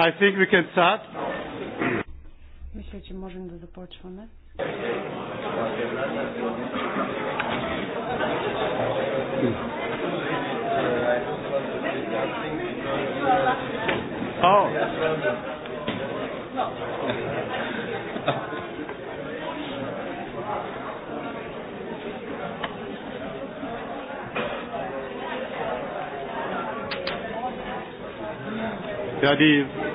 I think we can start. Мисля, че можем да започваме. Oh. Ja, die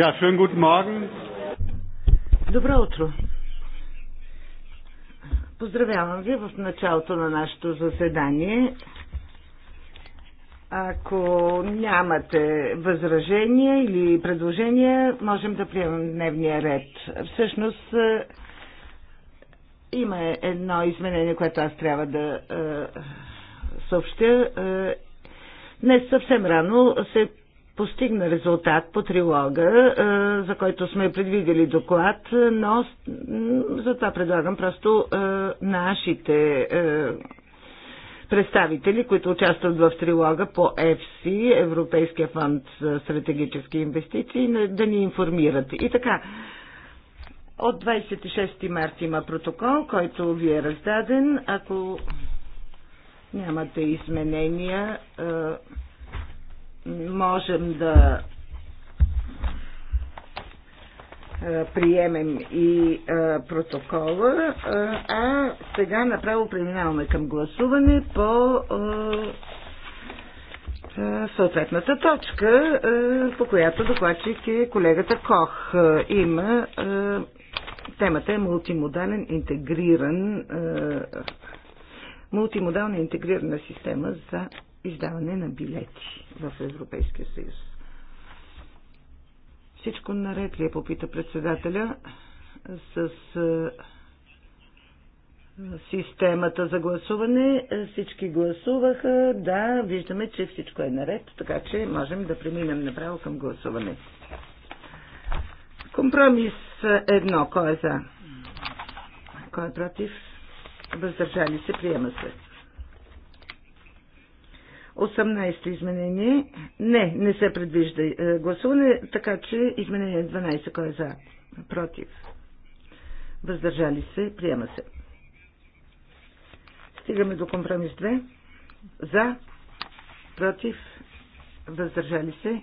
Ja, schönen guten Morgen. Добро утро. Поздравявам ви в началото на нашето заседание. Ако нямате възражения или предложения, можем да приемем дневния ред. Всъщност е, има едно изменение, което аз трябва да е, съобщя. Е, днес съвсем рано се постигна резултат по трилога, е, за който сме предвидели доклад, но затова предлагам просто е, нашите е, представители, които участват в трилога по ЕФСИ, Европейския фонд за стратегически инвестиции, да ни информират. И така, от 26 март има протокол, който ви е раздаден. Ако нямате изменения, можем да приемем и протокола, а сега направо преминаваме към гласуване по съответната точка, по която докладчик е колегата Кох. Има темата е мултимодален интегриран мултимодална интегрирана система за издаване на билети в Европейския съюз. Всичко наред ли е, попита председателя, с системата за гласуване. Всички гласуваха. Да, виждаме, че всичко е наред, така че можем да преминем направо към гласуване. Компромис едно. Кой е за? Кой е против? Въздържали се? Приема се. 18-то изменение. Не, не се предвижда е, гласуване, така че изменение 12, кой е за? Против. Въздържали се, приема се. Стигаме до компромис 2. За, против, въздържали се,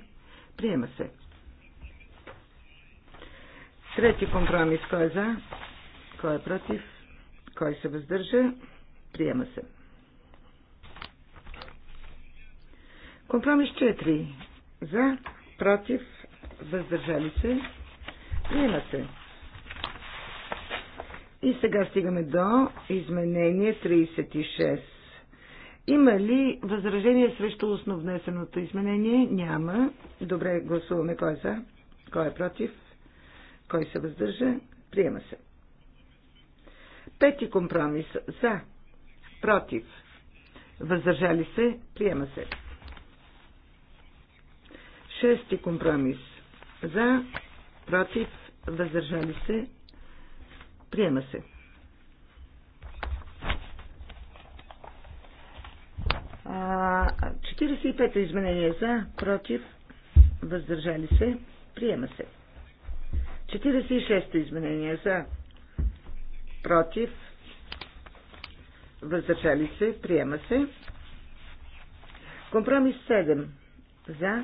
приема се. Трети компромис, кой е за, кой е против, кой се въздържа, приема се. Компромис 4. За, против, въздържали се, приема се. И сега стигаме до изменение 36. Има ли възражение срещу основнесеното изменение? Няма. Добре, гласуваме кой е за, кой е против, кой се въздържа. Приема се. Пети компромис. За, против, въздържали се, приема се. Шести компромис. За, против, въздържали се, приема се. А, 45 изменение за, против, въздържали се, приема се. 46 изменение за, против, въздържали се, приема се. Компромис 7 за,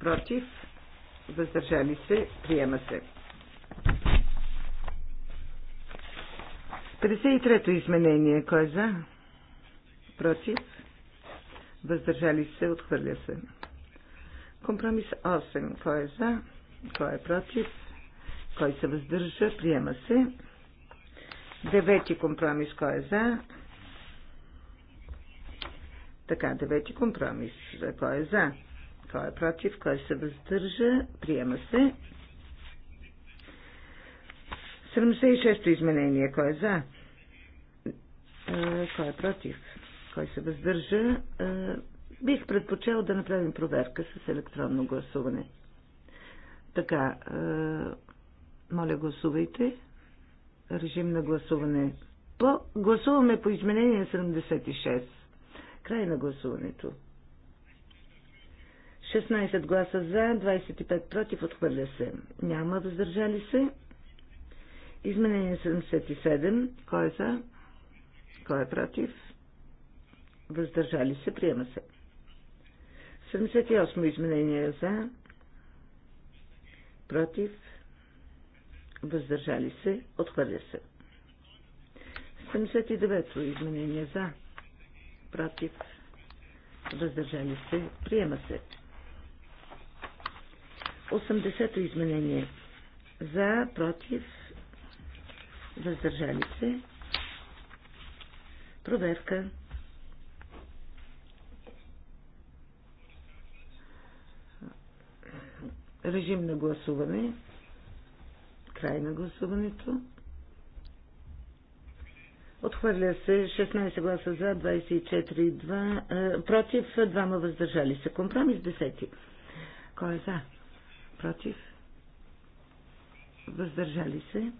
против, въздържали се, приема се. 53-то изменение. Кой е за? Против? Въздържали се, отхвърля се. Компромис 8. Кой е за? Кой е против? Кой се въздържа? Приема се. Девети компромис. Кой е за? Така, девети компромис. Кой е за? Кой е против? Кой се въздържа? Приема се. 76-то изменение. Кой е за? Е, кой е против? Кой се въздържа? Е, бих предпочел да направим проверка с електронно гласуване. Така, е, моля гласувайте. Режим на гласуване. По, гласуваме по изменение 76. Край на гласуването. 16 гласа за, 25 против, отхвърля се. Няма въздържали се. Изменение 77. Кой е за? Кой е против? Въздържали се. Приема се. 78 изменение е за. Против. Въздържали се. Отхвърля се. 79 изменение е за. Против. Въздържали се. Приема се. 80-то изменение. За, против, въздържали се. Проверка. Режим на гласуване. Край на гласуването. Отхвърля се 16 гласа за, 24 2, е, против, 2 въздържали се. Компромис 10. Кой е за? против, въздържали се.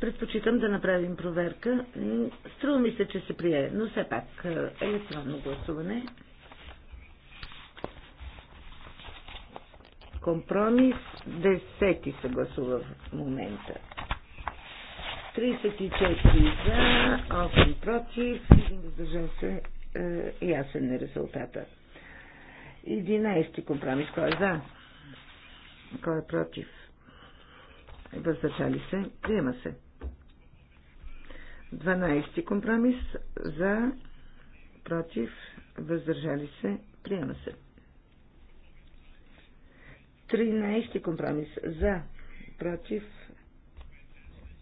Предпочитам да направим проверка. Струва ми се, че се прие, но все пак е, електронно гласуване. Компромис 10 се гласува в момента. 34 за, 8 против, 1 въздържал се е, ясен е резултата. 11 компромис, кой е за? Кой е против? Въздържали се. Приема се. 12 компромис за, против, въздържали се, приема се. 13 компромис за, против,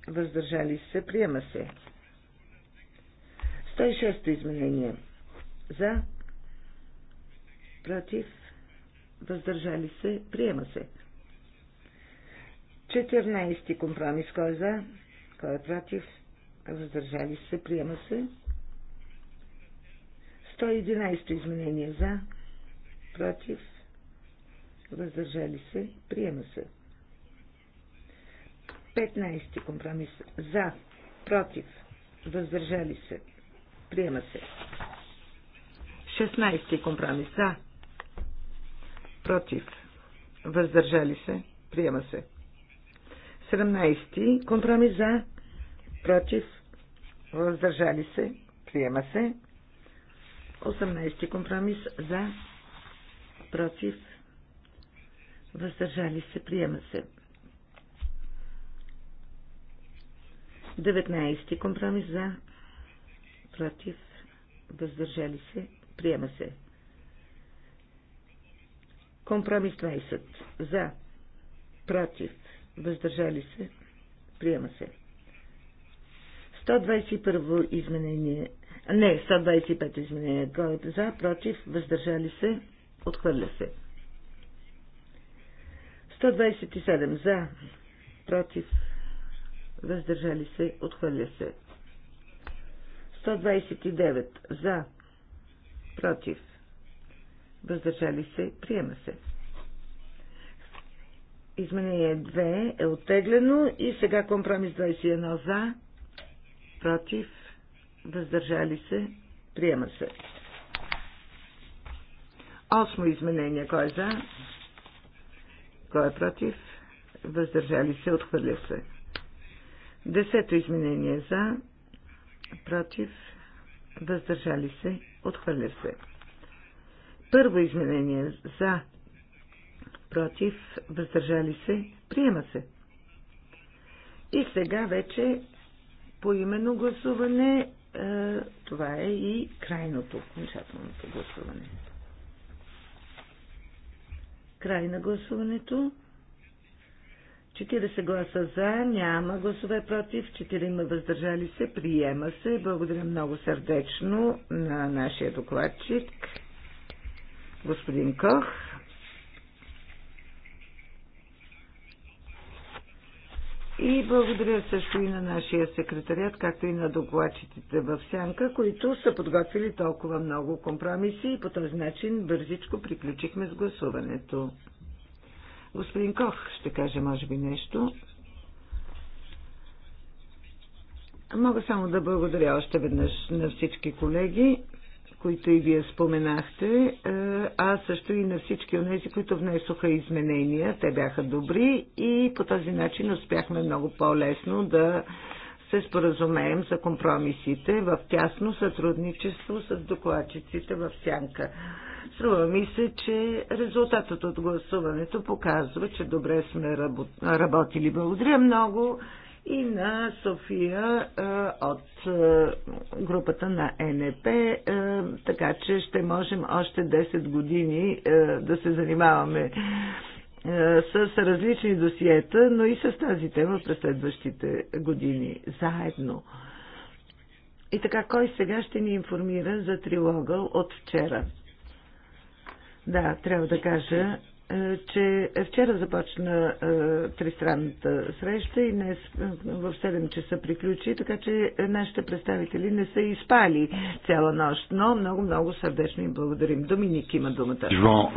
въздържали се, приема се. 106 изменение за, против, въздържали се, приема се. 14 компромис. Кой е за? Кой е против? Въздържали се. Приема се. 111 изменение за. Против. Въздържали се. Приема се. 15 компромис. За. Против. Въздържали се. Приема се. 16 компромис. За. Против. Въздържали се. Приема се. 17. Компромис за, против, въздържали се, приема се. 18. Компромис за, против, въздържали се, приема се. 19. Компромис за, против, въздържали се, приема се. Компромис 20. За, против, въздържали се, приема се. 121 изменение, не, 125 изменение, кой е за, против, въздържали се, отхвърля се. 127 за, против, въздържали се, отхвърля се. 129 за, против, въздържали се, приема се. Изменение 2 е оттеглено и сега компромис 21 за, против, въздържали се, приема се. Осмо изменение, кой е за, кой е против, въздържали се, отхвърля се. Десето изменение за, против, въздържали се, отхвърля се. Първо изменение за, против, въздържали се, приема се. И сега вече по именно гласуване, е, това е и крайното, окончателното гласуване. Край на гласуването. 40 гласа за, няма гласове против, 4 въздържали се, приема се. Благодаря много сърдечно на нашия докладчик, господин Кох. И благодаря също и на нашия секретарят, както и на докладчиците в Сянка, които са подготвили толкова много компромиси и по този начин бързичко приключихме с гласуването. Господин Кох ще каже може би нещо. Мога само да благодаря още веднъж на всички колеги които и вие споменахте, е, а също и на всички от тези, които внесоха изменения. Те бяха добри и по този начин успяхме много по-лесно да се споразумеем за компромисите в тясно сътрудничество с докладчиците в Сянка. Струва ми се, че резултатът от гласуването показва, че добре сме работили. Благодаря много и на София от групата на НП, така че ще можем още 10 години да се занимаваме с различни досиета, но и с тази тема през следващите години, заедно. И така, кой сега ще ни информира за трилога от вчера? Да, трябва да кажа, е, че вчера започна е, тристранната среща и днес е, в 7 часа приключи, така че нашите представители не са изпали цяла нощ, но много-много сърдечно им благодарим. Доминик има думата.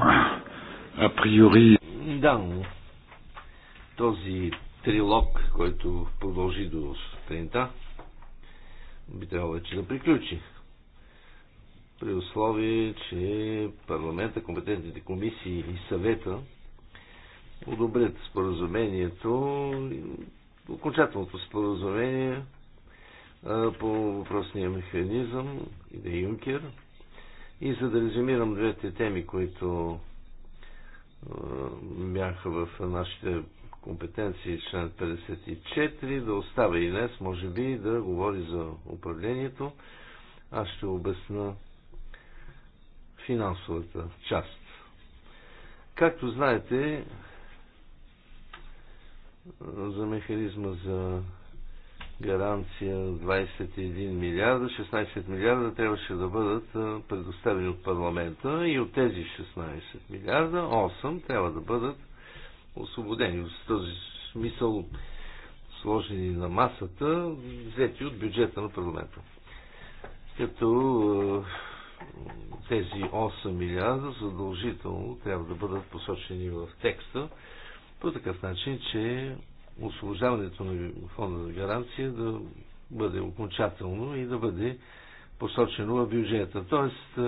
априори... Да, този трилог, който продължи до сутринта, би трябвало вече да приключи при условие, че парламента, компетентните комисии и съвета одобрят споразумението, окончателното споразумение по въпросния механизъм и да Юнкер. И за да резюмирам двете теми, които бяха в нашите компетенции, член 54, да остава и днес, може би, да говори за управлението. Аз ще обясна финансовата част. Както знаете, за механизма за гаранция 21 милиарда, 16 милиарда трябваше да бъдат предоставени от парламента и от тези 16 милиарда 8 трябва да бъдат освободени. В този смисъл сложени на масата, взети от бюджета на парламента. Като тези 8 милиарда задължително трябва да бъдат посочени в текста по такъв начин, че освобождаването на фонда за гаранция да бъде окончателно и да бъде посочено в бюджета. Тоест,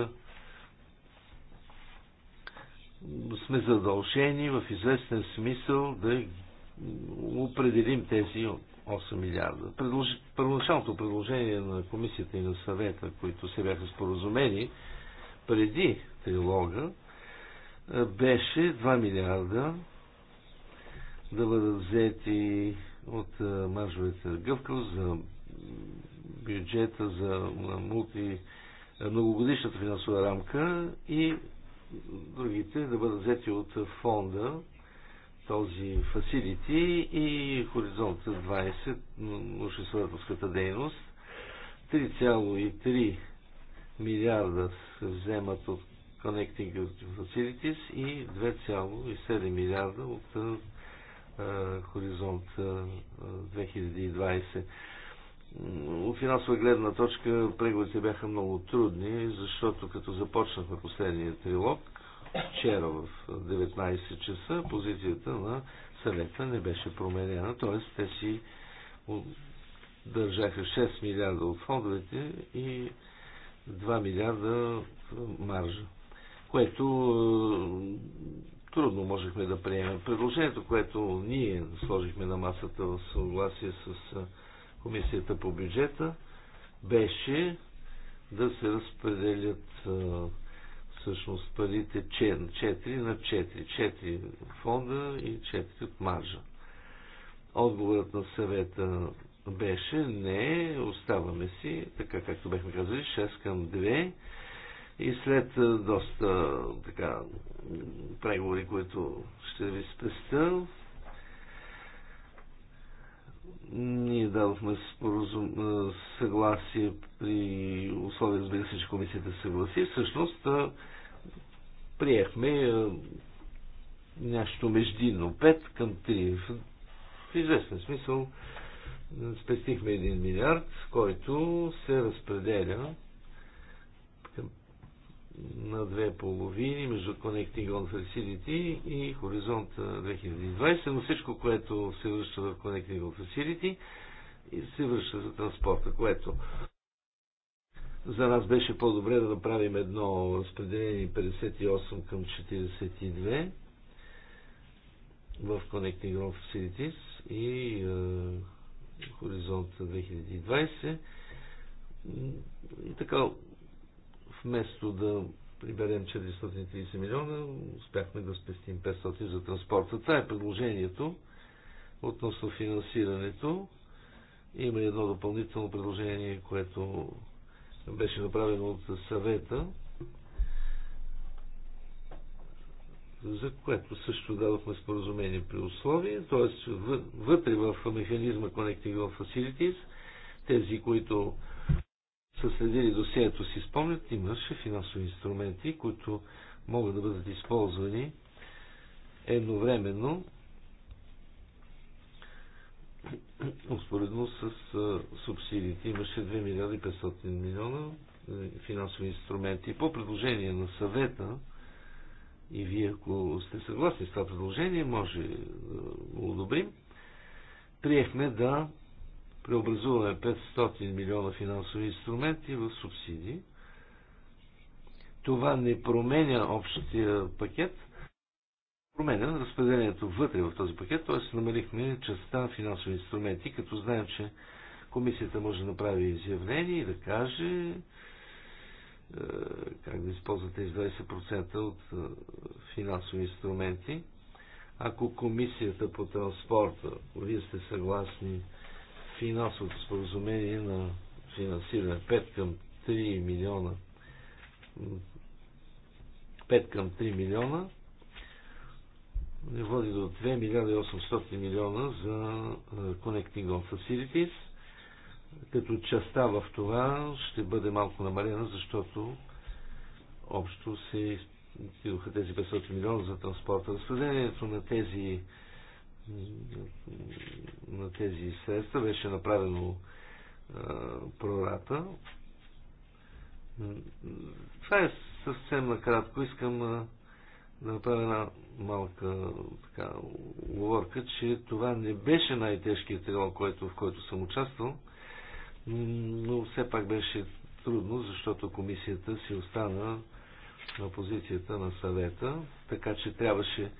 сме задължени в известен смисъл да определим тези 8 милиарда. Предлож... Първоначалното предложение на комисията и на съвета, които се бяха споразумени преди трилога, беше 2 милиарда да бъдат взети от маржовете гъвкавост за бюджета за мулти, многогодишната финансова рамка и другите да бъдат взети от фонда този фасилити и хоризонт 20 научно-изследователската дейност. 3,3 милиарда се вземат от Connecting Facilities и 2,7 милиарда от Хоризонт 2020. От финансова гледна точка преговорите бяха много трудни, защото като започнахме последния трилог, вчера в 19 часа позицията на съвета не беше променена, т.е. те си държаха 6 милиарда от фондовете и 2 милиарда маржа, което е, трудно можехме да приемем. Предложението, което ние сложихме на масата в съгласие с е, Комисията по бюджета, беше да се разпределят е, всъщност парите 4 на 4. 4 фонда и 4 от маржа. Отговорът на съвета беше не, оставаме си, така както бехме казали, 6 към 2. И след доста така, преговори, които ще ви спестя, ние давахме споразум... съгласие при условия, разбира се, че комисията се съгласи. Всъщност приехме нещо междинно 5 към 3. В известен смисъл спестихме 1 милиард, който се разпределя на две половини между Connecting on Facility и Хоризонт 2020, но всичко, което се връща в Connecting on Facility, се връща за транспорта, което за нас беше по-добре да направим едно разпределение 58 към 42 в Connecting Road Facilities и е, Хоризонт 2020. И така, Вместо да приберем 430 милиона, успяхме да спестим 500 за транспорта. Това е предложението относно финансирането. Има едно допълнително предложение, което беше направено от съвета, за което също дадохме споразумение при условие, т.е. вътре в механизма Connecting of Facilities, тези, които са следили досието си спомнят, имаше финансови инструменти, които могат да бъдат използвани едновременно успоредно с субсидиите. Имаше 2 милиарда и 500 милиона е, финансови инструменти. По предложение на съвета, и вие, ако сте съгласни с това предложение, може е, да го одобрим, приехме да преобразуваме 500 милиона финансови инструменти в субсидии. Това не променя общия пакет, променя разпределението вътре в този пакет, т.е. намалихме частта на финансови инструменти, като знаем, че комисията може да направи изявление и да каже е, как да използвате тези 20% от е, финансови инструменти. Ако комисията по транспорта, вие сте съгласни, финансовото споразумение на финансиране 5 към 3 милиона 5 към 3 милиона не води до 2 милиарда и 800 милиона за е, Connecting on Facilities, като частта в това ще бъде малко намалена, защото общо се изтидоха тези 500 милиона за транспорта. Разпределението на тези на тези средства беше направено прората. Това е съвсем накратко. Искам да направя една малка така, оговорка, че това не беше най-тежкият трилог, който, в който съм участвал, но все пак беше трудно, защото комисията си остана на позицията на съвета, така че трябваше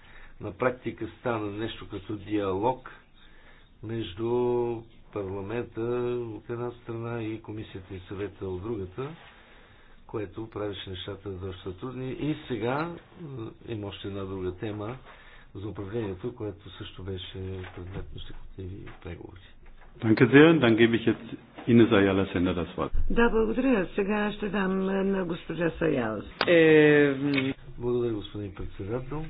на практика стана нещо като диалог между парламента от една страна и комисията и съвета от другата, което правеше нещата доста трудни. И сега има още една друга тема за управлението, което също беше предмет на щекотливи преговори. Да, благодаря. Сега ще дам на госпожа Саяла. Е, благодаря, господин председател.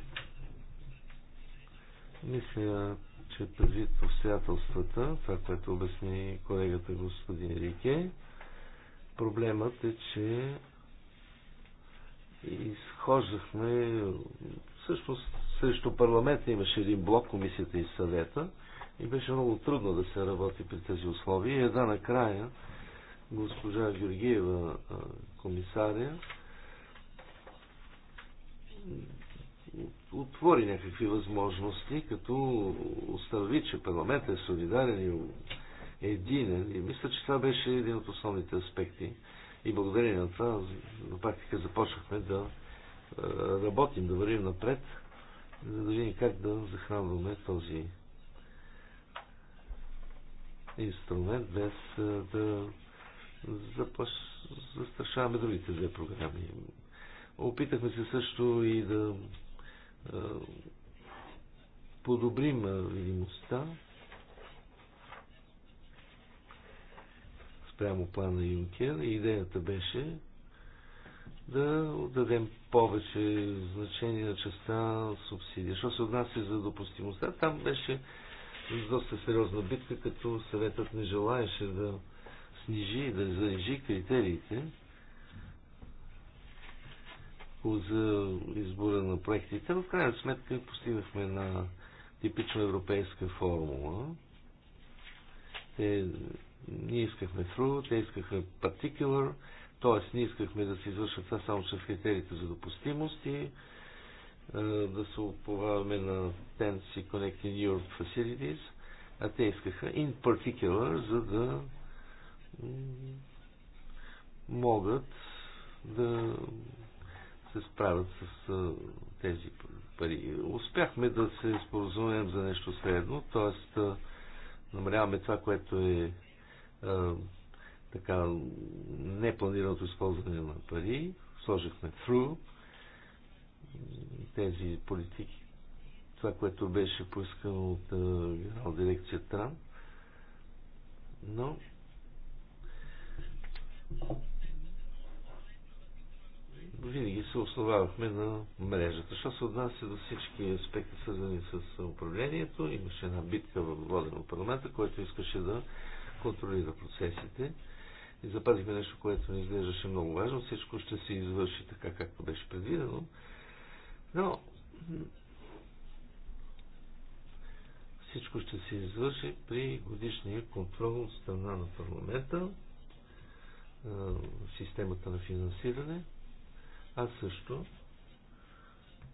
Мисля, че предвид обстоятелствата, това, което обясни колегата господин Рике, проблемът е, че изхождахме, всъщност срещу парламента имаше един блок, комисията и съвета, и беше много трудно да се работи при тези условия. И една накрая, госпожа Георгиева, комисаря, отвори някакви възможности, като установи, че парламентът е солидарен и единен. И мисля, че това беше един от основните аспекти. И благодарение на това, на практика започнахме да е, работим, да вървим напред, за да видим как да захранваме този инструмент, без е, да застрашаваме другите две програми. Опитахме се също и да е, подобрим е, видимостта спрямо плана Юнкер. Идеята беше да дадем повече значение на частта субсидия. Що се отнася за допустимостта, там беше доста сериозна битка, като съветът не желаеше да снижи и да занижи критериите за избора на проектите. В крайна сметка постигнахме една типична европейска формула. Те, ние искахме through, те искаха particular, т.е. ние искахме да се извършва това само чрез критериите за допустимост и е, да се оповаваме на Tensi Connecting Europe Facilities, а те искаха in particular, за да могат да се справят с тези пари. Успяхме да се споразумеем за нещо средно, т.е. намаляваме това, което е така непланираното използване на пари. Сложихме through тези политики. Това, което беше поискано от генерал дирекция Тран. Но винаги се основавахме на мрежата. Що се отнася до всички аспекти, свързани с управлението, имаше една битка в воден от парламента, който искаше да контролира процесите. И запазихме нещо, което ни изглеждаше много важно. Всичко ще се извърши така, както беше предвидено. Но всичко ще се извърши при годишния контрол от страна на парламента, системата на финансиране, а също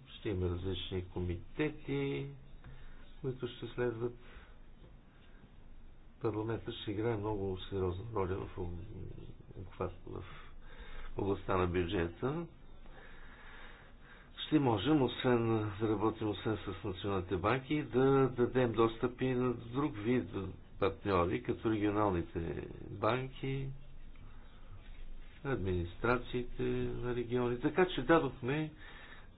ще има различни комитети, които ще следват. Парламентът ще играе много сериозна роля в, обхват, в областта на бюджета. Ще можем, освен да работим освен с националните банки, да дадем достъпи на друг вид партньори, като регионалните банки, администрациите на региони. Така че дадохме,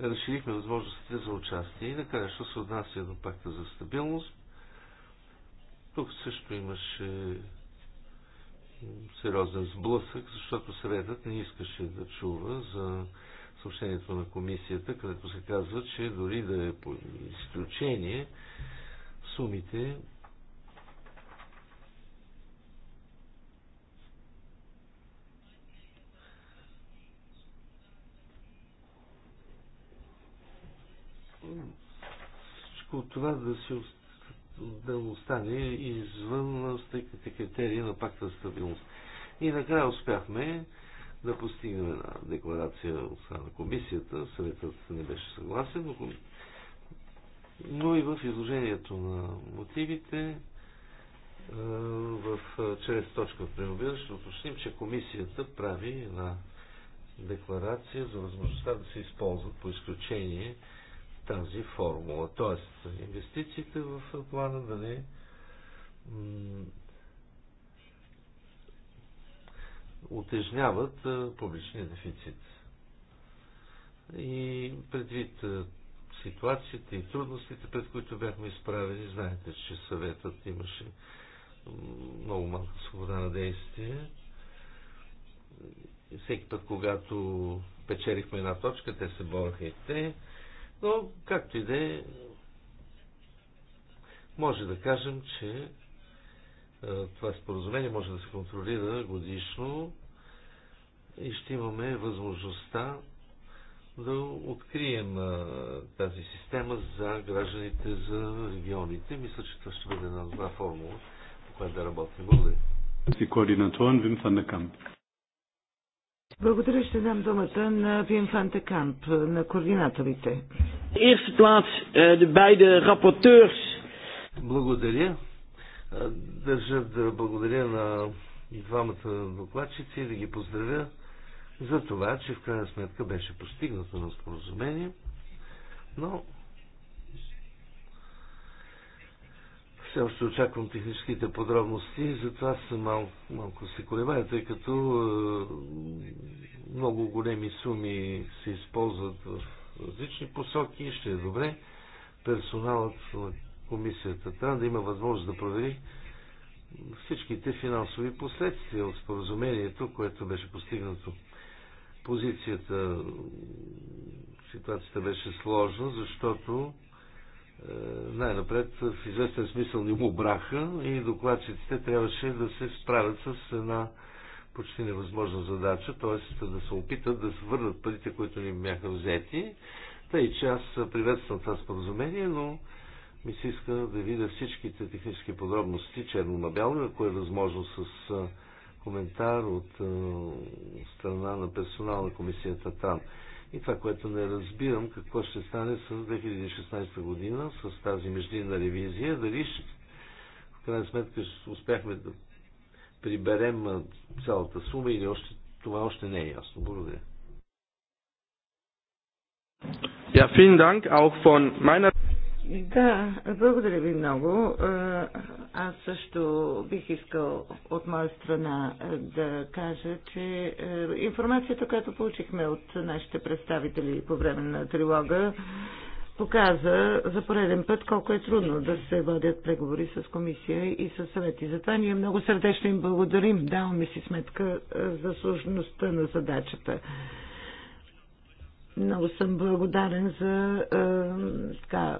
разширихме възможностите за участие. И накрая, що се отнася до пакта за стабилност, тук също имаше сериозен сблъсък, защото съветът не искаше да чува за съобщението на комисията, където се казва, че дори да е по изключение, сумите всичко това да се да остане извън стъките критерии на пакта за стабилност. И накрая успяхме да постигнем една декларация от страна на комисията. Съветът не беше съгласен, но, но и в изложението на мотивите в, чрез точка в преобида ще уточним, че комисията прави една декларация за възможността да се използват по изключение тази формула. Тоест, инвестициите в плана да не отежняват публичния дефицит. И предвид ситуацията и трудностите, пред които бяхме изправени, знаете, че съветът имаше много малка свобода на действие. Всеки път, когато печелихме една точка, те се бореха и те. Но, както и да е, може да кажем, че е, това споразумение може да се контролира годишно и ще имаме възможността да открием е, тази система за гражданите, за регионите. Мисля, че това ще бъде една добра формула, по която да работим. Благодаря. Координатор Вим благодаря, ще дам думата на Вин Камп, на координаторите. Eh, благодаря. Е, държа да благодаря на двамата докладчици и да ги поздравя за това, че в крайна сметка беше постигнато на споразумение, но Все още очаквам техническите подробности, затова съм мал, малко се колебая, тъй като е, много големи суми се използват в различни посоки. Ще е добре персоналът на комисията трябва да има възможност да провери всичките финансови последствия от споразумението, което беше постигнато. Позицията, ситуацията беше сложна, защото най-напред в известен смисъл ни му браха и докладчиците трябваше да се справят с една почти невъзможна задача, т.е. да се опитат да върнат парите, които ни бяха взети. Тъй, че аз приветствам това споразумение, но ми се иска да видя всичките технически подробности черно на бяло, ако е възможно с коментар от страна на персонал на комисията там. И това, което не разбирам, какво ще стане с 2016 година, с тази междинна ревизия, дали ще, в крайна сметка успяхме да приберем цялата сума или още, това още не е ясно. Благодаря. Ja, vielen Dank auch von meiner да, благодаря ви много. Е, аз също бих искал от моя страна е, да кажа, че е, информацията, която получихме от нашите представители по време на трилога, показа за пореден път колко е трудно да се водят преговори с комисия и с съвети. Затова ние много сърдечно им благодарим. Даваме си сметка за сложността на задачата. Много съм благодарен за е, така,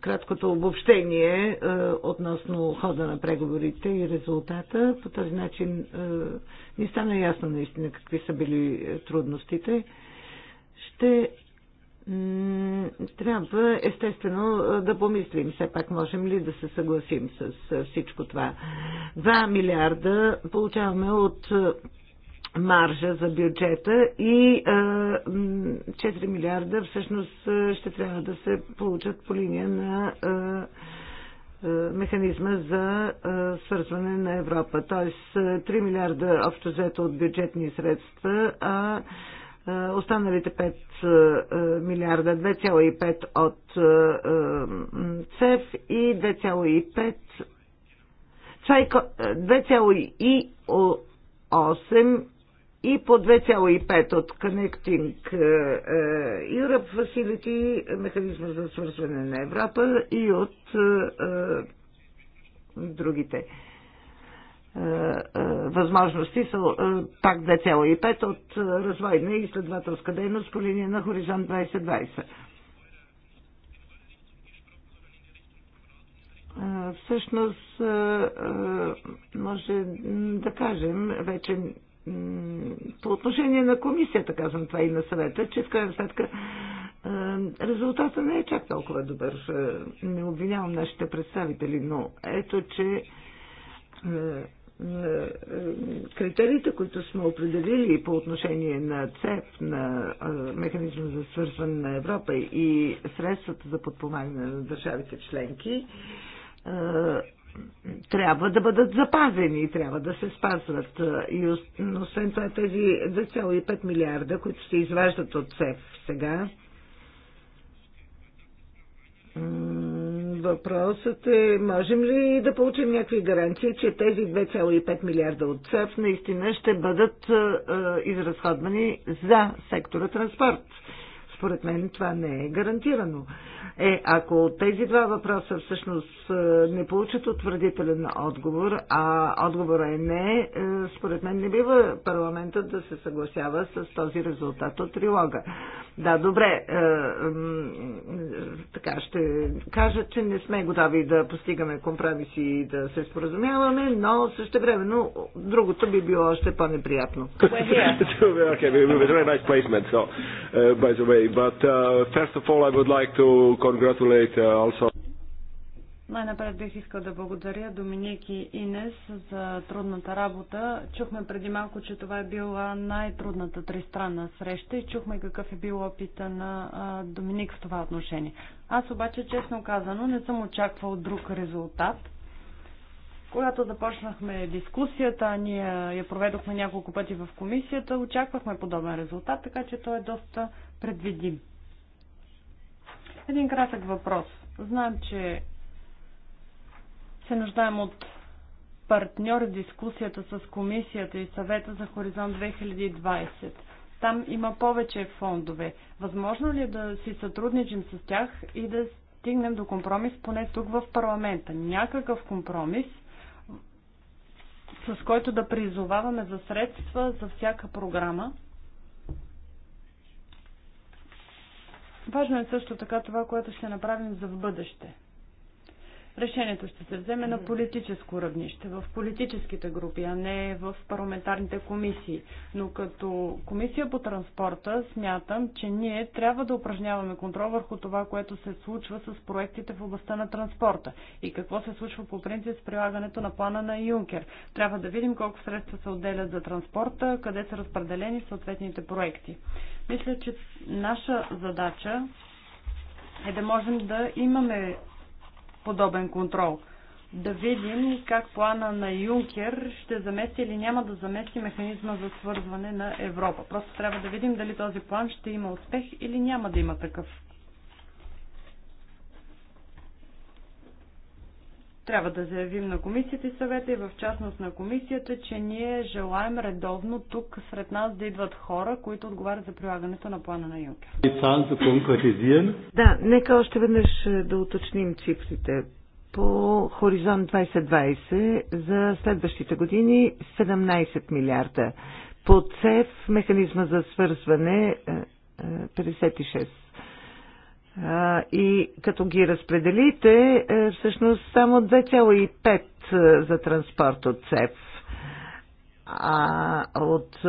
краткото обобщение е, относно хода на преговорите и резултата. По този начин е, ни стана ясно наистина какви са били е, трудностите. Ще трябва естествено е, да помислим все пак можем ли да се съгласим с всичко това. 2 милиарда получаваме от маржа за бюджета и 4 милиарда всъщност ще трябва да се получат по линия на механизма за свързване на Европа. Т.е. 3 милиарда общо взето от бюджетни средства, а останалите 5 милиарда, 2,5 от ЦЕФ и 2,5 2,8 и по 2,5 от Connecting е, е, Europe Facility, механизма за свързване на Европа и от е, другите възможности са пак 2,5 от развойна и изследователска дейност по линия на Хоризонт 2020. Всъщност, може да кажем, вече по отношение на комисията, казвам това и на съвета, че в крайна сметка е, резултата не е чак толкова добър. Е, не обвинявам нашите представители, но ето, че е, критериите, които сме определили по отношение на ЦЕП, на механизма за свързване на Европа и средствата за подпомагане на държавите членки, трябва да бъдат запазени и трябва да се спазват. И освен това тези 2,5 милиарда, които се изваждат от СЕФ сега, въпросът е, можем ли да получим някакви гаранции, че тези 2,5 милиарда от СЕФ наистина ще бъдат изразходвани за сектора транспорт? Според мен това не е гарантирано. Е, ако тези два въпроса всъщност е, не получат утвърдителен отговор, а отговора е не, е, според мен не бива парламентът да се съгласява с този резултат от трилога. Да, добре, е, е, така ще кажа, че не сме готови да постигаме компромиси и да се споразумяваме, но също времено другото би било още по-неприятно. okay, but uh, first of all I would like to congratulate uh, also най-напред бих искал да благодаря Доминик и Инес за трудната работа. Чухме преди малко, че това е била най-трудната тристранна среща и чухме какъв е бил опита на Доминик в това отношение. Аз обаче, честно казано, не съм очаквал друг резултат. Когато започнахме дискусията, ние я проведохме няколко пъти в комисията, очаквахме подобен резултат, така че той е доста предвидим. Един кратък въпрос. Знаем, че се нуждаем от партньор в дискусията с комисията и съвета за Хоризонт 2020. Там има повече фондове. Възможно ли е да си сътрудничим с тях и да стигнем до компромис поне тук в парламента? Някакъв компромис, с който да призоваваме за средства за всяка програма, Важно е също така това, което ще направим за в бъдеще решението ще се вземе на политическо равнище, в политическите групи, а не в парламентарните комисии. Но като комисия по транспорта смятам, че ние трябва да упражняваме контрол върху това, което се случва с проектите в областта на транспорта и какво се случва по принцип с прилагането на плана на Юнкер. Трябва да видим колко средства се отделят за транспорта, къде са разпределени съответните проекти. Мисля, че наша задача е да можем да имаме подобен контрол. Да видим как плана на Юнкер ще замести или няма да замести механизма за свързване на Европа. Просто трябва да видим дали този план ще има успех или няма да има такъв Трябва да заявим на комисията и съвета и в частност на комисията, че ние желаем редовно тук сред нас да идват хора, които отговарят за прилагането на плана на Юнкер. Да, нека още веднъж е, да уточним цифрите по Хоризонт 2020 за следващите години 17 милиарда. По ЦЕФ, механизма за свързване 56 е, е, и като ги разпределите, е, всъщност само 2,5 е, за транспорт от ЦЕФ. А от е,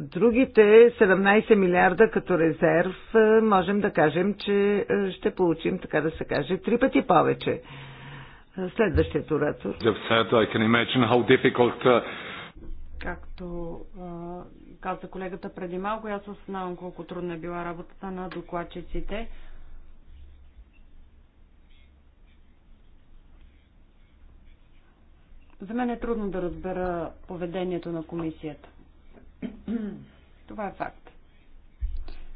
другите 17 милиарда като резерв можем да кажем, че ще получим, така да се каже, три пъти повече. Следващият оратор. Uh, Както каза колегата преди малко, аз осъзнавам колко трудна е била работата на докладчиците. За мен е трудно да разбера поведението на комисията. Това е факт.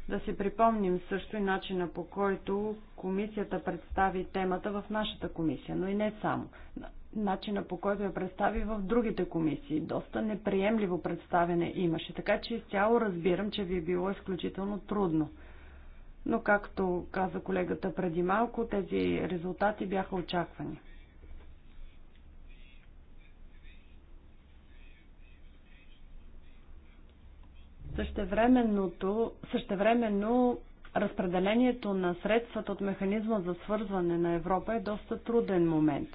Да си припомним също и начина по който комисията представи темата в нашата комисия, но и не само. Начина по който я представи в другите комисии. Доста неприемливо представяне имаше, така че изцяло разбирам, че ви е било изключително трудно. Но както каза колегата преди малко, тези резултати бяха очаквани. Същевременното, същевременно разпределението на средствата от механизма за свързване на Европа е доста труден момент.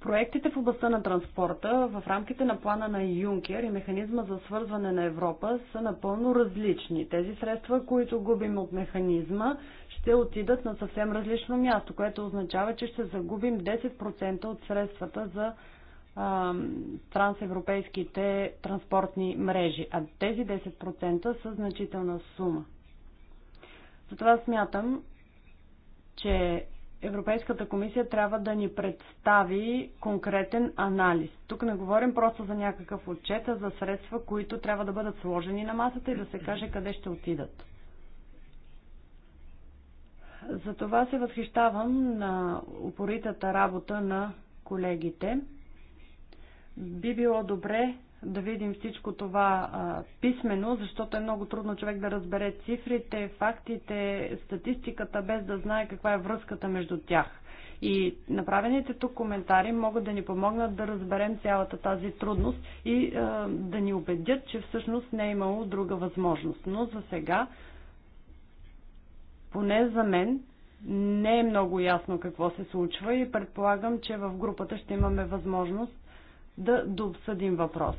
Проектите в областта на транспорта в рамките на плана на Юнкер и механизма за свързване на Европа са напълно различни. Тези средства, които губим от механизма, ще отидат на съвсем различно място, което означава, че ще загубим 10% от средствата за а, трансевропейските транспортни мрежи, а тези 10% са значителна сума. Затова смятам, че Европейската комисия трябва да ни представи конкретен анализ. Тук не говорим просто за някакъв отчет, а за средства, които трябва да бъдат сложени на масата и да се каже къде ще отидат. Затова се възхищавам на упоритата работа на колегите. Би било добре да видим всичко това а, писменно, защото е много трудно човек да разбере цифрите, фактите, статистиката, без да знае каква е връзката между тях. И направените тук коментари могат да ни помогнат да разберем цялата тази трудност и а, да ни убедят, че всъщност не е имало друга възможност. Но за сега поне за мен не е много ясно какво се случва и предполагам, че в групата ще имаме възможност да дообсъдим въпроса.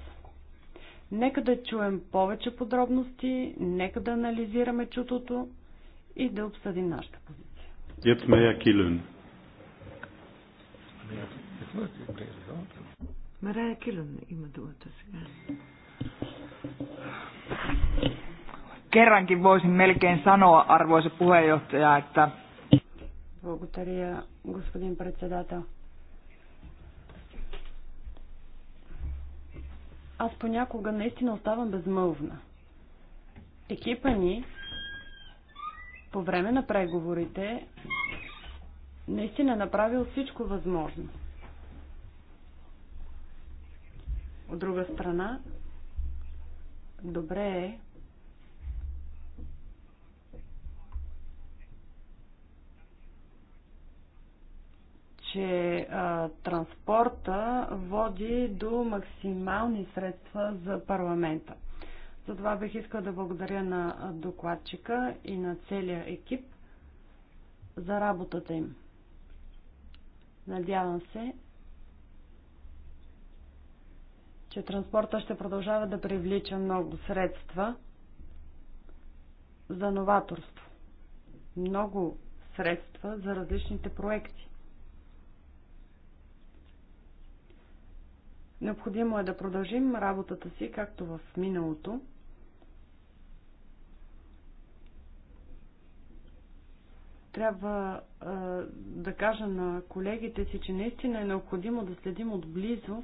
Нека да чуем повече подробности, нека да анализираме чутото и да обсъдим нашата позиция. Jetzt Meyer Марая Килен има думата сега kerrankin voisin melkein sanoa, arvoisa puheenjohtaja, että... Благодаря, господин председател. Аз понякога наистина оставам безмълвна. Екипа ни по време на преговорите наистина е направил всичко възможно. От друга страна, добре е че а, транспорта води до максимални средства за парламента. Затова бих искал да благодаря на докладчика и на целия екип за работата им. Надявам се, че транспорта ще продължава да привлича много средства за новаторство. Много средства за различните проекти. Необходимо е да продължим работата си, както в миналото. Трябва е, да кажа на колегите си, че наистина е необходимо да следим отблизо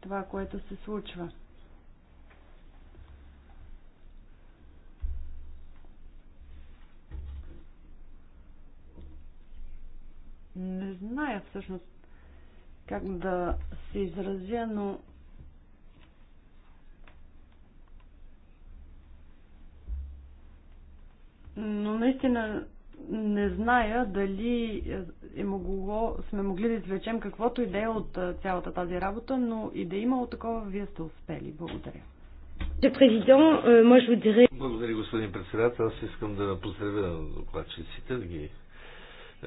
това, което се случва. Не зная всъщност как да се изразя, но но наистина не зная дали е могло, сме могли да извлечем каквото и да е от цялата тази работа, но и да е имало такова, вие сте успели. Благодаря. Euh, Благодаря, господин председател. Аз искам да поздравя докладчиците, да ги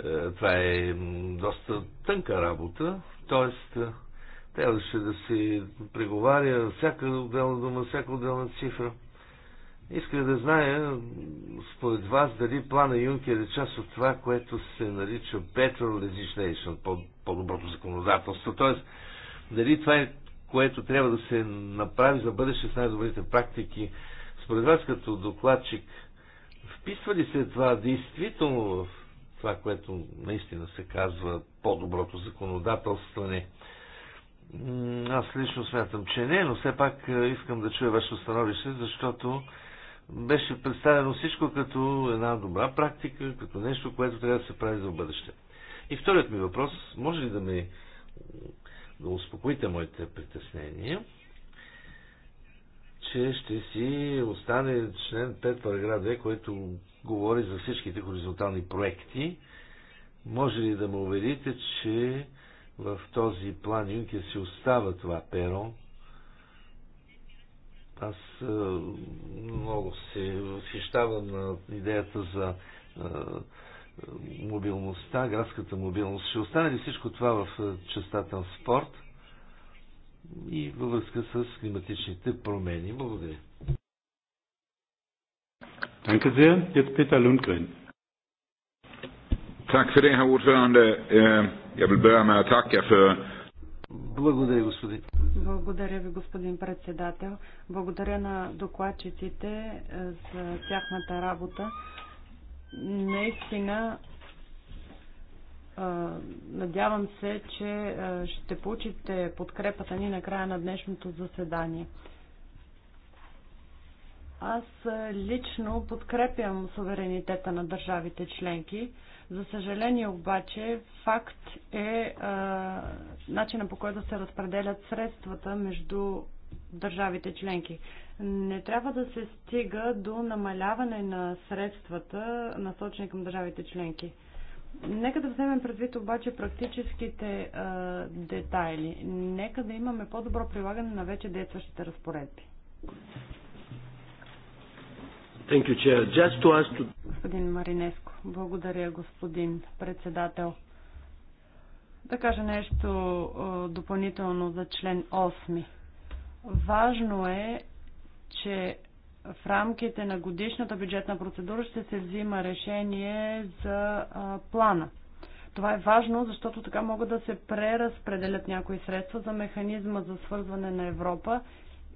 е, това е доста тънка работа, т.е. трябваше да се преговаря всяка отделна дума, всяка отделна цифра. Исках да зная, според вас, дали плана Юнкер е част от това, което се нарича Better Legislation, по-доброто -по законодателство. Т.е. дали това е което трябва да се направи за бъдеще с най-добрите практики. Според вас като докладчик, вписва ли се това действително в това, което наистина се казва по-доброто законодателстване. Аз лично смятам, че не, но все пак е, искам да чуя вашето становище, защото беше представено всичко като една добра практика, като нещо, което трябва да се прави за бъдеще. И вторият ми въпрос, може ли да ми да успокоите моите притеснения, че ще си остане член 5 параграф 2, който говори за всичките хоризонтални проекти. Може ли да ме убедите, че в този план Юнкер си остава това перо? Аз е, много се възхищавам на идеята за е, е, мобилността, градската мобилност. Ще остане ли всичко това в частта транспорт и във връзка с климатичните промени? Благодаря. Danke sehr. Jetzt Peter Lundgren. Tack för det, herr ordförande. Eh, jag vill börja med att tacka för благодаря, господин. Благодаря ви, господин председател. Благодаря на докладчиците е, за тяхната работа. Наистина, е, надявам се, че е, ще получите подкрепата ни на края на днешното заседание. Аз е, лично подкрепям суверенитета на държавите членки. За съжаление обаче, факт е а, е, начина по който се разпределят средствата между държавите членки. Не трябва да се стига до намаляване на средствата, насочени към държавите членки. Нека да вземем предвид обаче практическите а, е, детайли. Нека да имаме по-добро прилагане на вече действащите разпоредби. Thank you, Chair. Just to ask to... Господин Маринеско, благодаря, господин председател. Да кажа нещо допълнително за член 8. Важно е, че в рамките на годишната бюджетна процедура ще се взима решение за плана. Това е важно, защото така могат да се преразпределят някои средства за механизма за свързване на Европа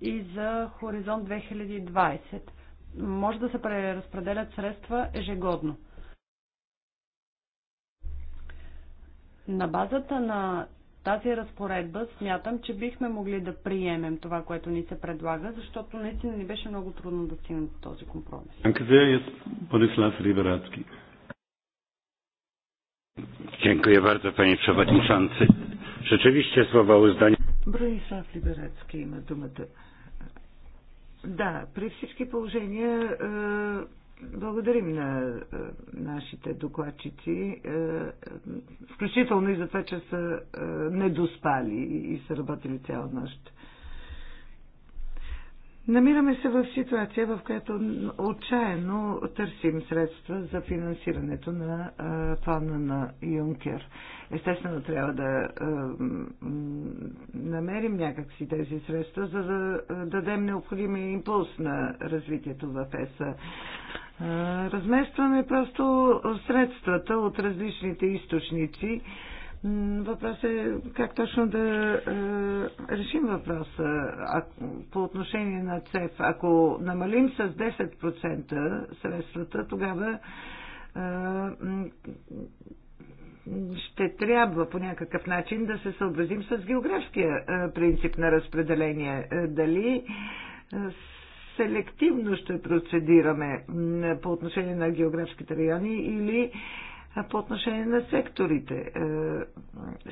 и за Хоризонт 2020 може да се преразпределят средства ежегодно. На базата на тази разпоредба смятам, че бихме могли да приемем това, което ни се предлага, защото наистина ни беше много трудно да стигнем до този компромис. Борислав Liberacki. Dziękuję bardzo panie przewodniczący. Rzeczywiście słowa uzdania. Bronisław ma думата. Да, при всички положения е, благодарим на е, нашите докладчици, е, включително и за това, че са недоспали и са работили цяла нощ. Намираме се в ситуация, в която отчаяно търсим средства за финансирането на а, плана на Юнкер. Естествено, трябва да а, намерим някакси тези средства, за да дадем необходимия импулс на развитието в ЕСА. Разместваме просто средствата от различните източници. Въпрос е как точно да е, решим въпроса а, по отношение на ЦЕФ. Ако намалим с 10% средствата, тогава е, ще трябва по някакъв начин да се съобразим с географския е, принцип на разпределение. Е, дали е, селективно ще процедираме по отношение на географските райони или е, а по отношение на секторите, е,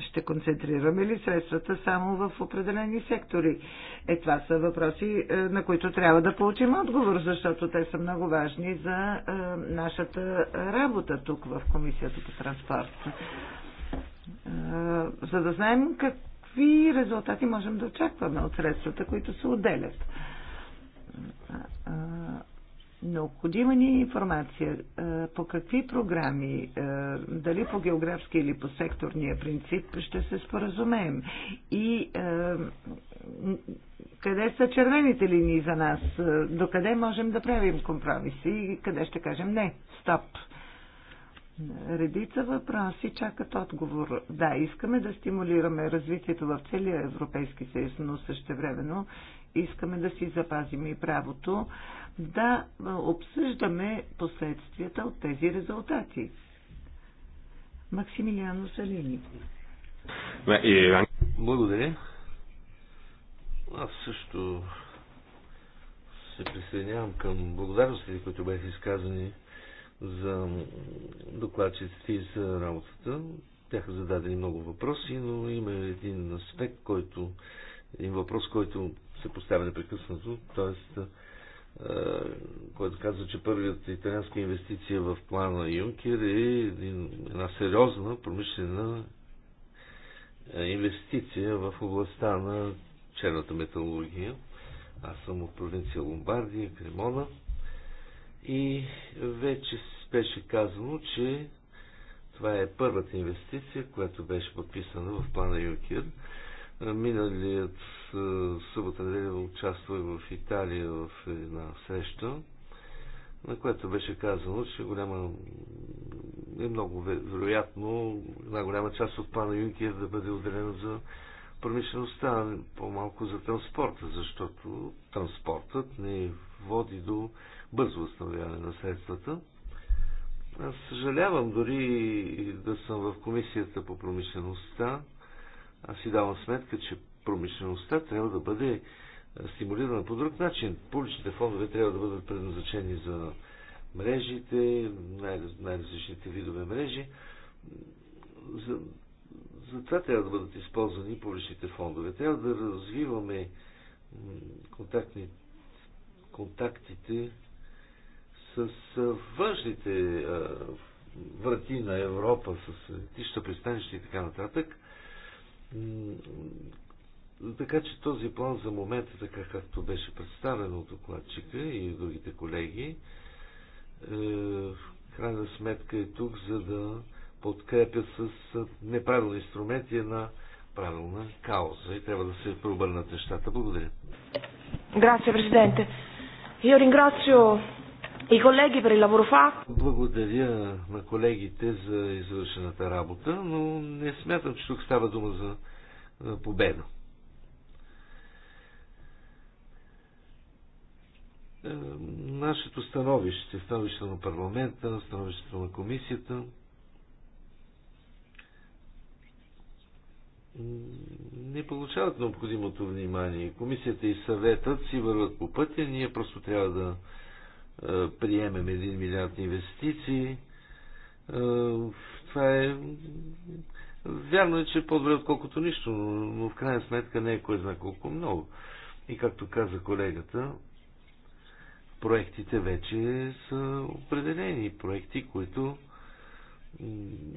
ще концентрираме ли средствата само в определени сектори? Е, това са въпроси, е, на които трябва да получим отговор, защото те са много важни за е, нашата работа тук в Комисията по транспорт. За да знаем какви резултати можем да очакваме от средствата, които се отделят Необходима ни е информация е, по какви програми, е, дали по географски или по секторния принцип ще се споразумеем и къде са червените линии за нас, докъде можем да правим компромиси и къде ще кажем не, стоп. Редица въпроси чакат отговор. Да, искаме да стимулираме развитието в целия Европейски съюз, но същевременно искаме да си запазим и правото да обсъждаме последствията от тези резултати. Максимилиано Салини. Благодаря. Аз също се присъединявам към благодарностите, които бяха изказани за докладчиците и за работата. Бяха зададени много въпроси, но има един аспект, който, един въпрос, който се поставя непрекъснато, т.е. Е, който казва, че първият италианска инвестиция в плана Юнкер е една сериозна промишлена е, инвестиция в областта на черната металургия. Аз съм от провинция Ломбардия, Кремона. И вече беше казано, че това е първата инвестиция, която беше подписана в плана Юнкер. Миналият събота неделя участва в Италия в една среща, на което беше казано, че голяма, е много вероятно една голяма част от плана Юнкер да бъде отделена за промишлеността, по-малко за транспорта, защото транспортът не води до бързо възстановяване на средствата. Аз съжалявам дори да съм в комисията по промишлеността, аз си давам сметка, че промишлеността трябва да бъде е, стимулирана по друг начин. Публичните фондове трябва да бъдат предназначени за мрежите, най-различните видове мрежи. За, за това трябва да бъдат използвани публичните фондове. Трябва да развиваме контактни, контактите с външните врати на Европа, с летища, пристанища и така нататък. Така че този план за момента, е така както беше представен от докладчика и другите колеги. Е, в крайна сметка е тук, за да подкрепя с неправилни инструменти на правилна кауза и трябва да се пробърнат нещата. Благодаря. Грация, президенте. Io ringrazio и колеги, при Лаврофа. Благодаря на колегите за извършената работа, но не смятам, че тук става дума за победа. Е, нашето становище, становището на парламента, становището на комисията, не получават необходимото внимание. Комисията и съветът си върват по пътя, ние просто трябва да е, приемем 1 милиард инвестиции. Е, това е... Вярно е, че е по-добре отколкото нищо, но в крайна сметка не е кой знае колко много. И както каза колегата, проектите вече са определени. Проекти, които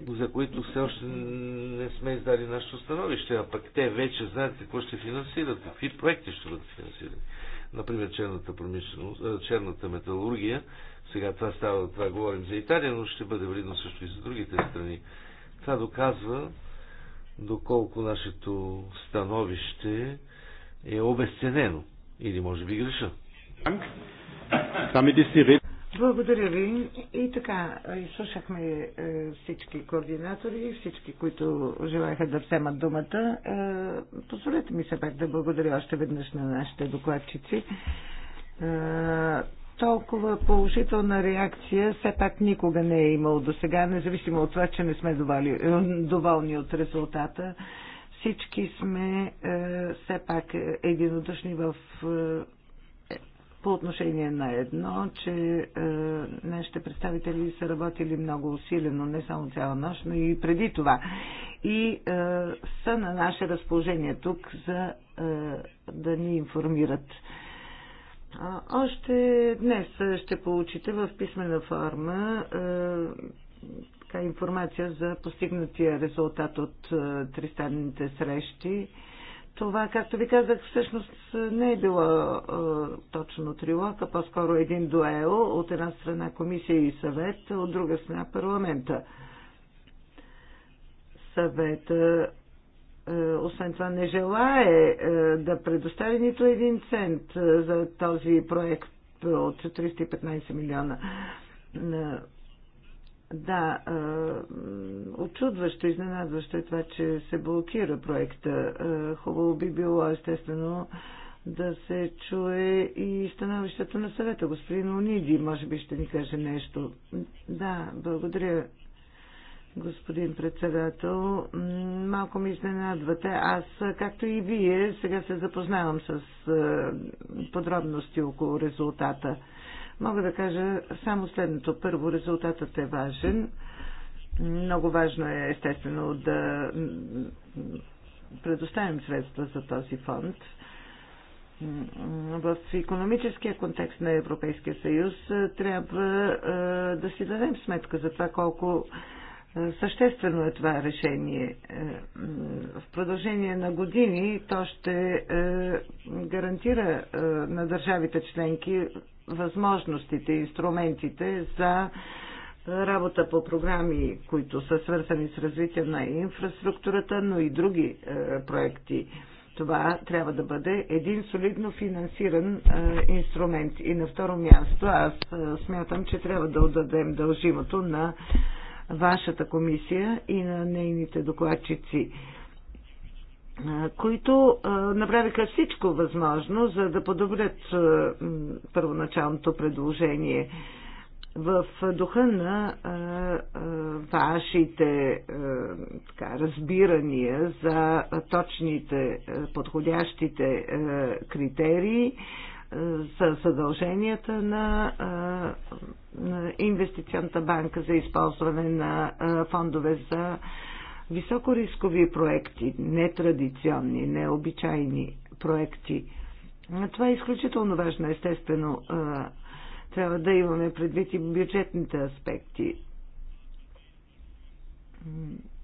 за които все още не сме издали нашето становище, а пък те вече знаят какво ще финансират, какви проекти ще бъдат финансирани. Например, черната черната металургия. Сега това става, това говорим за Италия, но ще бъде вредно също и за другите страни. Това доказва доколко нашето становище е обесценено. Или може би греша. Благодаря ви. И така, изслушахме е, всички координатори, всички, които желаяха да вземат думата. Е, позволете ми се пак да благодаря още веднъж на нашите докладчици. Е, толкова положителна реакция все пак никога не е имал до сега, независимо от това, че не сме довали, доволни от резултата. Всички сме все пак единодушни в по отношение на едно, че е, нашите представители са работили много усилено, не само цяла нощ, но и преди това. И е, са на наше разположение тук, за е, да ни информират. Още днес ще получите в писмена форма е, така, информация за постигнатия резултат от е, тристанните срещи това, както ви казах, всъщност не е било е, точно трилог, а по-скоро един дуел. От една страна комисия и съвет, от друга страна парламента. Съвета, освен това, не желае да предостави нито един цент за този проект от 315 милиона да, е, очудващо, изненадващо е това, че се блокира проекта. Е, хубаво би било, естествено, да се чуе и становището на съвета. Господин Ониди, може би ще ни каже нещо. Да, благодаря, господин председател. Малко ми изненадвате. Аз, както и вие, сега се запознавам с подробности около резултата. Мога да кажа само следното. Първо, резултатът е важен. Много важно е, естествено, да предоставим средства за този фонд. В економическия контекст на Европейския съюз е, трябва е, да си дадем сметка за това колко Съществено е това решение. Е, в продължение на години то ще е, гарантира е, на държавите членки възможностите, инструментите за работа по програми, които са свързани с развитие на инфраструктурата, но и други проекти. Това трябва да бъде един солидно финансиран инструмент. И на второ място аз смятам, че трябва да отдадем дължимото на вашата комисия и на нейните докладчици, които направиха всичко възможно, за да подобрят първоначалното предложение в духа на вашите така, разбирания за точните, подходящите критерии, е, са задълженията на, е, на инвестиционната банка за използване на е, фондове за високорискови проекти, нетрадиционни, необичайни проекти. Това е изключително важно, естествено. Трябва да имаме предвид и бюджетните аспекти.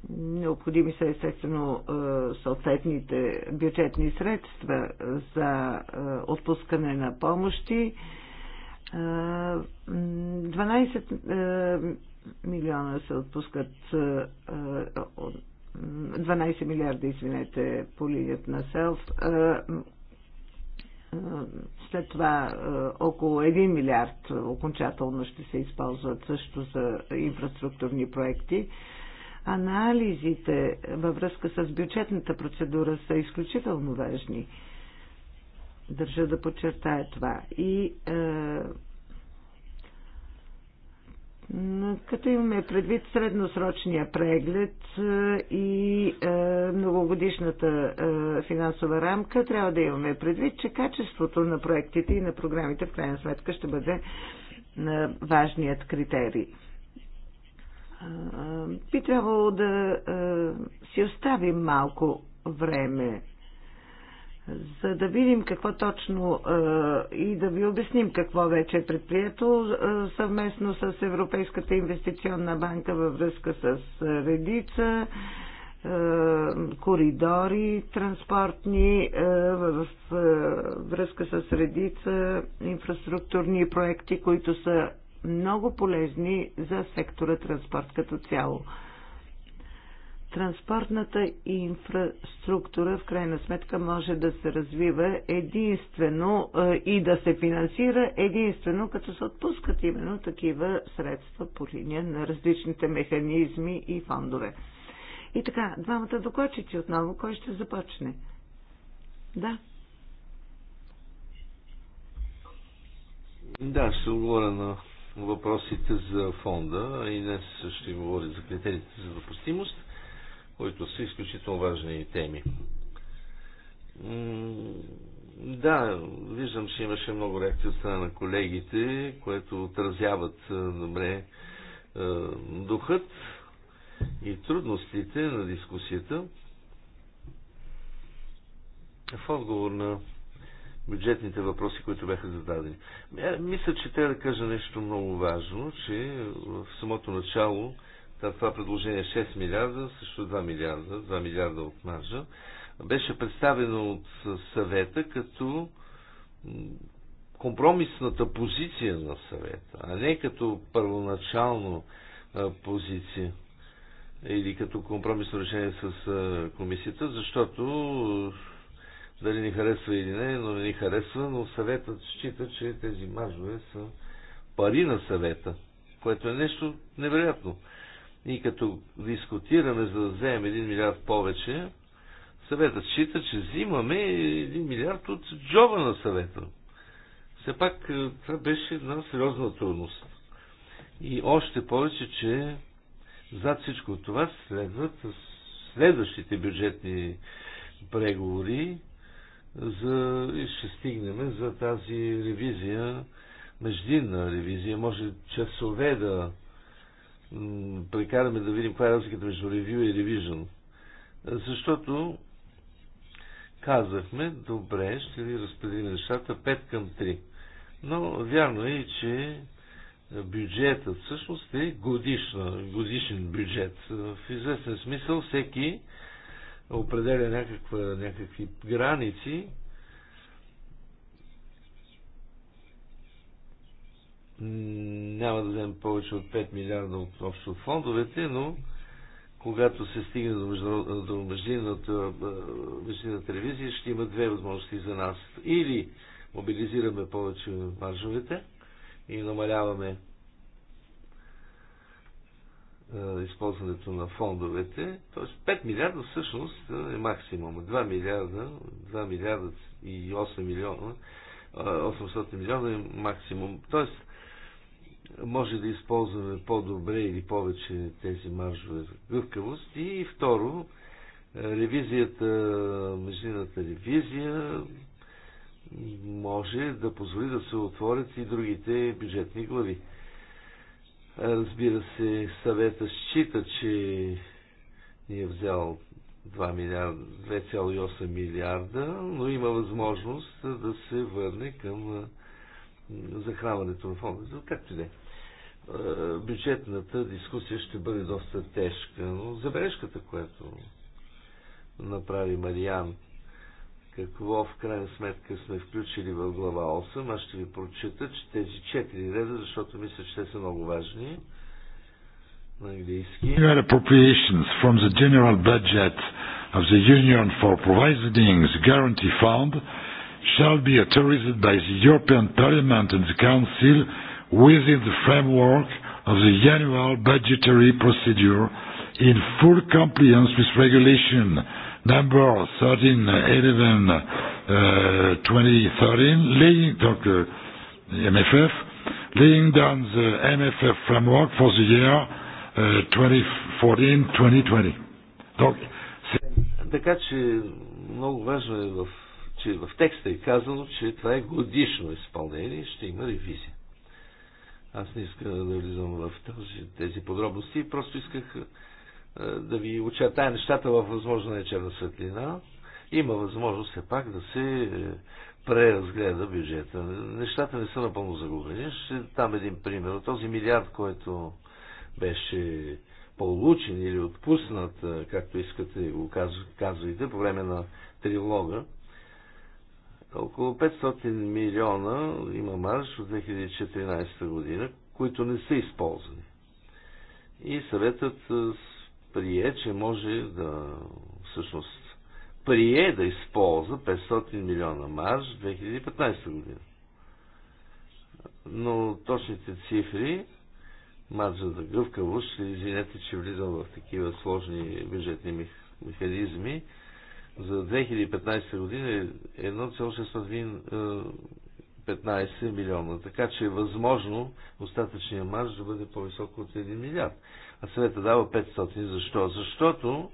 Необходими са естествено е, съответните бюджетни средства за е, отпускане на помощи. 12 е, милиона се отпускат 12 милиарда, извинете, по линията на селф. След това около 1 милиард окончателно ще се използват също за инфраструктурни проекти анализите във връзка с бюджетната процедура са изключително важни. Държа да подчертая това. И е, като имаме предвид средносрочния преглед е, и е, многогодишната е, финансова рамка, трябва да имаме предвид, че качеството на проектите и на програмите в крайна сметка ще бъде важният критерий би трябвало да си оставим малко време, за да видим какво точно и да ви обясним какво вече е предприето съвместно с Европейската инвестиционна банка във връзка с редица коридори транспортни в връзка с редица инфраструктурни проекти, които са много полезни за сектора транспорт като цяло. Транспортната инфраструктура в крайна сметка може да се развива единствено е, и да се финансира единствено като се отпускат именно такива средства по линия на различните механизми и фондове. И така, двамата докочици отново, кой ще започне? Да. Да, ще отговоря на въпросите за фонда и днес ще говори за критериите за допустимост, които са изключително важни теми. Да, виждам, че имаше много реакции от страна на колегите, което отразяват добре духът и трудностите на дискусията. В отговор на бюджетните въпроси, които бяха зададени. Е, мисля, че трябва да кажа нещо много важно, че в самото начало това предложение 6 е милиарда, също 2 милиарда, 2 милиарда от маржа, беше представено от съвета като компромисната позиция на съвета, а не като първоначално позиция или като компромисно решение с комисията, защото дали ни харесва или не, но не ни харесва, но съветът счита, че тези маржове са пари на съвета, което е нещо невероятно. И като дискутираме за да вземем 1 милиард повече, съветът счита, че взимаме 1 милиард от джоба на съвета. Все пак е, това беше една сериозна трудност. И още повече, че зад всичко това следват следващите бюджетни преговори, за, и ще стигнем за тази ревизия, междинна ревизия. Може часове да прекараме да видим каква е разликата между ревю и ревижън. Защото казахме, добре, ще ви разпределим нещата 5 към 3. Но вярно е, че бюджетът всъщност е годишна, годишен бюджет. В известен смисъл всеки определя някаква, някакви граници, няма да вземем повече от 5 милиарда от общо фондовете, но когато се стигне до, до междинната ревизия, ще има две възможности за нас. Или мобилизираме повече маржовете и намаляваме е, използването на фондовете. Т.е. 5 милиарда всъщност е максимум. 2 милиарда, 2 милиарда и 8 милиона, 800 е, милиона е максимум. Тоест, може да използваме по-добре или повече тези маржове за гъвкавост. И второ, е, ревизията, междинната ревизия може да позволи да се отворят и другите бюджетни глави. Разбира се, съвета счита, че ни е взял 2 милиарда, 2,8 милиарда, но има възможност да се върне към захранването на фонда. Както и да е. Бюджетната дискусия ще бъде доста тежка, но забележката, която направи Мариан какво в крайна сметка сме включили в глава 8. Аз ще ви прочита че тези 4 реда, защото мисля, че те са много важни на английски. appropriations from the general budget of the Union for Providings Guarantee Fund shall be authorized by the European Parliament and the Council within the framework of the annual budgetary procedure in full compliance with regulation number 13, 11, uh, 2013, laying, donc, uh, MFF, laying down the MFF framework for the year uh, 2014-2020. така че много важно е в, че в текста е казано, че това е годишно изпълнение, ще има ревизия. Аз не искам да влизам в тези подробности, просто исках е, да ви очертая нещата във възможна лечебна светлина. Има възможност все пак да се е, преразгледа бюджета. Нещата не са напълно загубени. Ще дам един пример. този милиард, който беше получен или отпуснат, е, както искате го казвайте, по време на трилога, около 500 милиона има марш от 2014 година, които не са използвани. И съветът прие, че може да всъщност прие да използва 500 милиона марш 2015 година. Но точните цифри, маржата гъвкаво, ще извинете, че влизам в такива сложни бюджетни механизми, за 2015 година е 1,615 е, милиона. Така че е възможно остатъчния марш да бъде по-висок от 1 милиард а съвета дава 500. Защо? Защото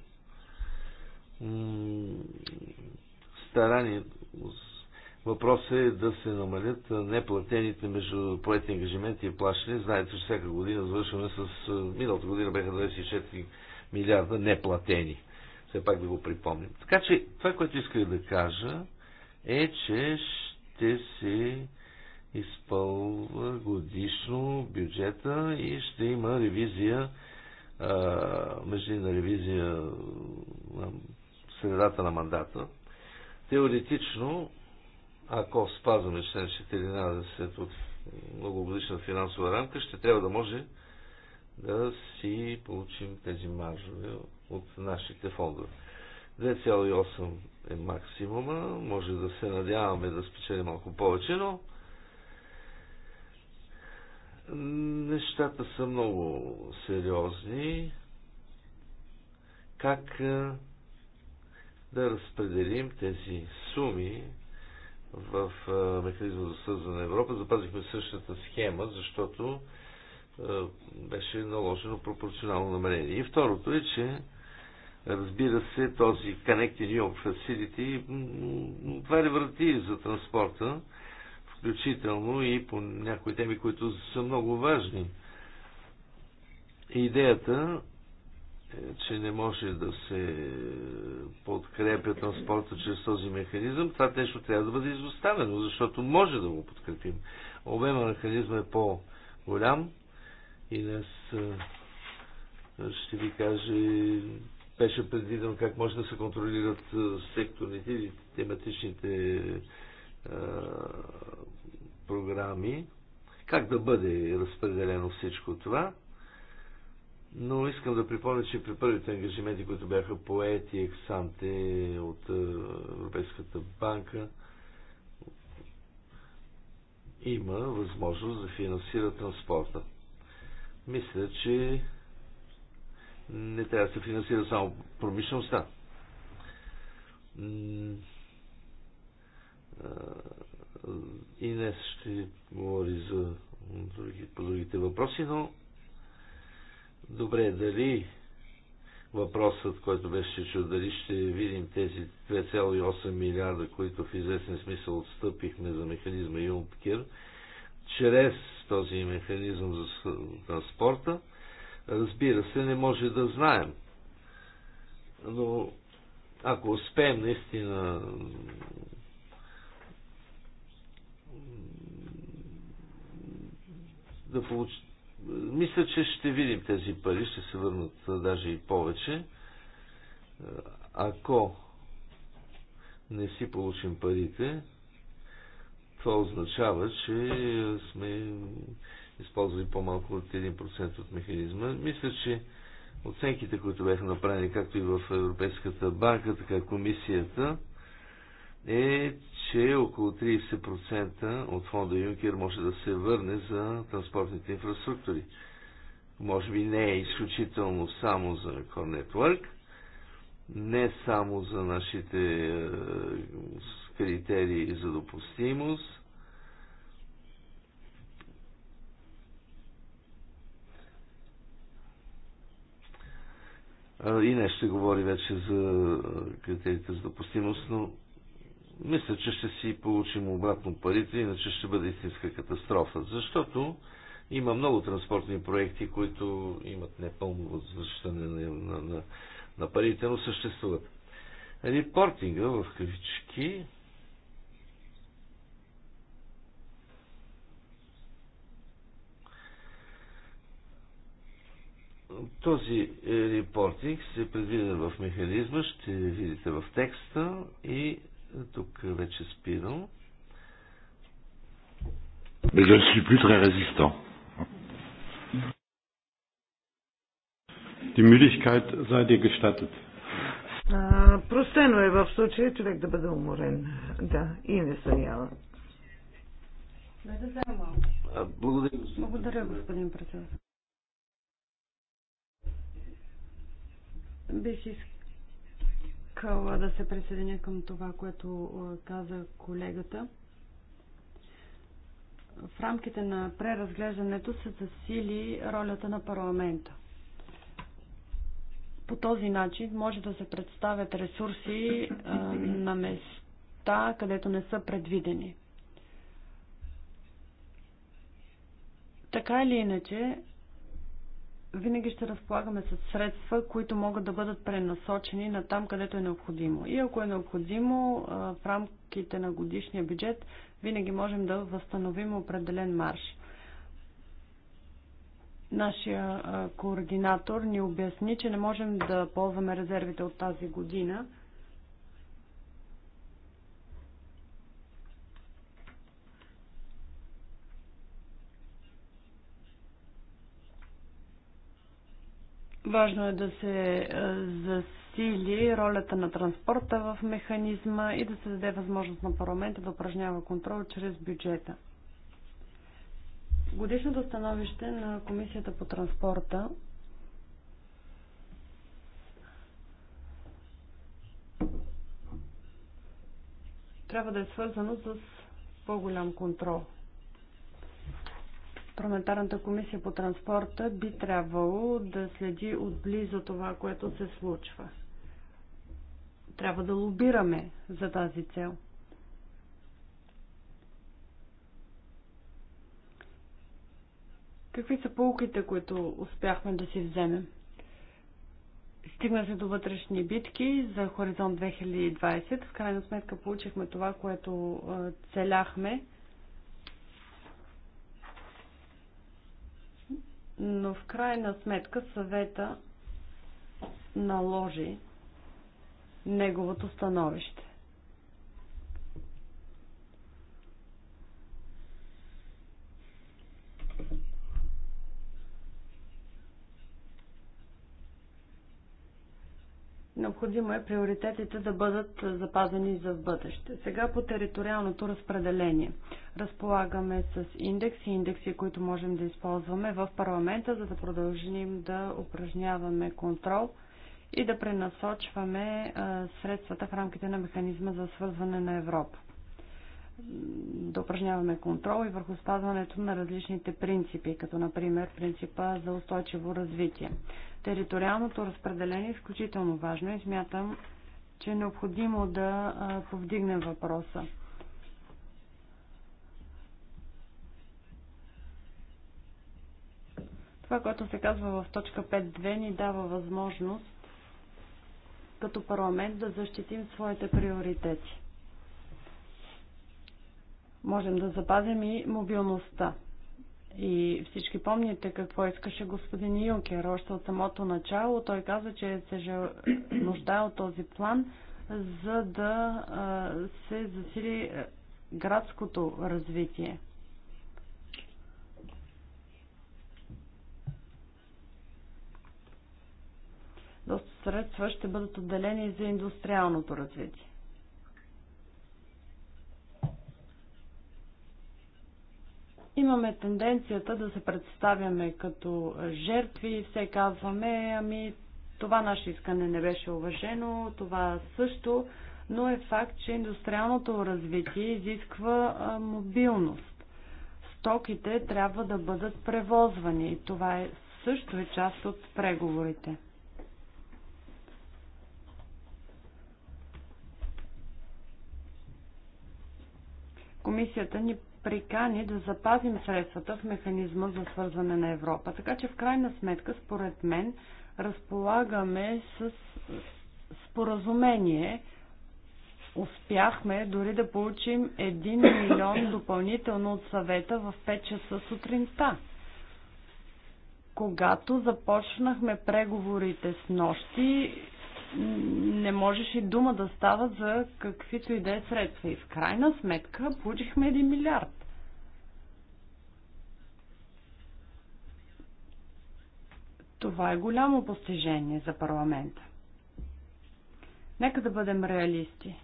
старание, въпросът е да се намалят неплатените между поети ангажименти и плащане. Знаете, че всяка година завършваме с... Миналата година бяха 24 милиарда неплатени. Все пак да го припомним. Така че това, което исках да кажа е, че ще се изпълва годишно бюджета и ще има ревизия междинна ревизия на средата на мандата. Теоретично, ако спазваме член 14 от многогодишна финансова рамка, ще трябва да може да си получим тези маржове от нашите фондове. 2,8 е максимума, може да се надяваме да спечели малко повече, но Нещата са много сериозни. Как да разпределим тези суми в механизма за свързване на Европа. Запазихме същата схема, защото беше наложено пропорционално намерение. И второто е, че разбира се, този Connecting New York Facility отваря врати за транспорта включително и по някои теми, които са много важни. Идеята е, че не може да се подкрепя транспорта чрез този механизъм, това нещо трябва да бъде изоставено, защото може да го подкрепим. Обема на механизма е по-голям и днес е, ще ви кажа, беше предвидено как може да се контролират е, секторните или тематичните програми, как да бъде разпределено всичко това. Но искам да припомня, че при първите ангажименти, които бяха поети, ексанте от е, Европейската банка, има възможност да финансира транспорта. Мисля, че не трябва да се финансира само промишлеността. И днес ще говори за други, по другите въпроси, но добре, дали въпросът, който беше чу, дали ще видим тези 2,8 милиарда, които в известен смисъл отстъпихме за механизма Юнкер, чрез този механизъм за транспорта, разбира се, не може да знаем. Но ако успеем наистина да получ... Мисля, че ще видим тези пари, ще се върнат даже и повече. Ако не си получим парите, това означава, че сме използвали по-малко от 1% от механизма. Мисля, че оценките, които бяха направени както и в Европейската банка, така и комисията, е, че около 30% от фонда Юнкер може да се върне за транспортните инфраструктури. Може би не е изключително само за Core Network, не само за нашите е, критерии за допустимост, И не ще говори вече за е, критериите за допустимост, но мисля, че ще си получим обратно парите, иначе ще бъде истинска катастрофа. Защото има много транспортни проекти, които имат непълно възвръщане на, на, на, на парите, но съществуват. Репортинга нали, в кавички този репортинг се предвиден в механизма, ще видите в текста и тук вече спирам. Mais je ne suis plus très résistant. Die Müdigkeit sei dir gestattet. простено е в случая човек да бъде уморен. Да, и не се ява. Благодаря, господин председател. Бих искал искала да се присъединя към това, което каза колегата. В рамките на преразглеждането се засили ролята на парламента. По този начин може да се представят ресурси на места, където не са предвидени. Така или иначе, винаги ще разполагаме с средства, които могат да бъдат пренасочени на там, където е необходимо. И ако е необходимо, в рамките на годишния бюджет винаги можем да възстановим определен марш. Нашия координатор ни обясни, че не можем да ползваме резервите от тази година, Важно е да се е, засили ролята на транспорта в механизма и да се даде възможност на парламента да упражнява контрол чрез бюджета. Годишното становище на Комисията по транспорта трябва да е свързано с по-голям контрол. Парламентарната комисия по транспорта би трябвало да следи отблизо това, което се случва. Трябва да лобираме за тази цел. Какви са полуките, които успяхме да си вземем? Стигна се до вътрешни битки за Хоризонт 2020. В крайна сметка получихме това, което целяхме – но в крайна сметка съвета наложи неговото становище. Необходимо е приоритетите да бъдат запазени за в бъдеще. Сега по териториалното разпределение. Разполагаме с индекси, индекси, които можем да използваме в парламента, за да продължим да упражняваме контрол и да пренасочваме средствата в рамките на механизма за свързване на Европа. Да упражняваме контрол и върху спазването на различните принципи, като например принципа за устойчиво развитие. Териториалното разпределение е изключително важно и смятам, че е необходимо да повдигнем въпроса. Това, което се казва в точка 5.2, ни дава възможност като парламент да защитим своите приоритети. Можем да запазим и мобилността. И всички помните какво искаше господин Юнкер. Още от самото начало той каза, че се нуждае от този план, за да се засили градското развитие. Доста средства ще бъдат отделени за индустриалното развитие. имаме тенденцията да се представяме като жертви, все казваме, ами това наше искане не беше уважено, това също, но е факт, че индустриалното развитие изисква мобилност. Стоките трябва да бъдат превозвани и това е, също е част от преговорите. Комисията ни прикани да запазим средствата в механизма за свързване на Европа. Така че в крайна сметка, според мен, разполагаме с споразумение, успяхме дори да получим 1 милион допълнително от съвета в 5 часа сутринта. Когато започнахме преговорите с нощи, не можеше и дума да става за каквито и да е средства. И в крайна сметка получихме 1 милиард. Това е голямо постижение за парламента. Нека да бъдем реалисти.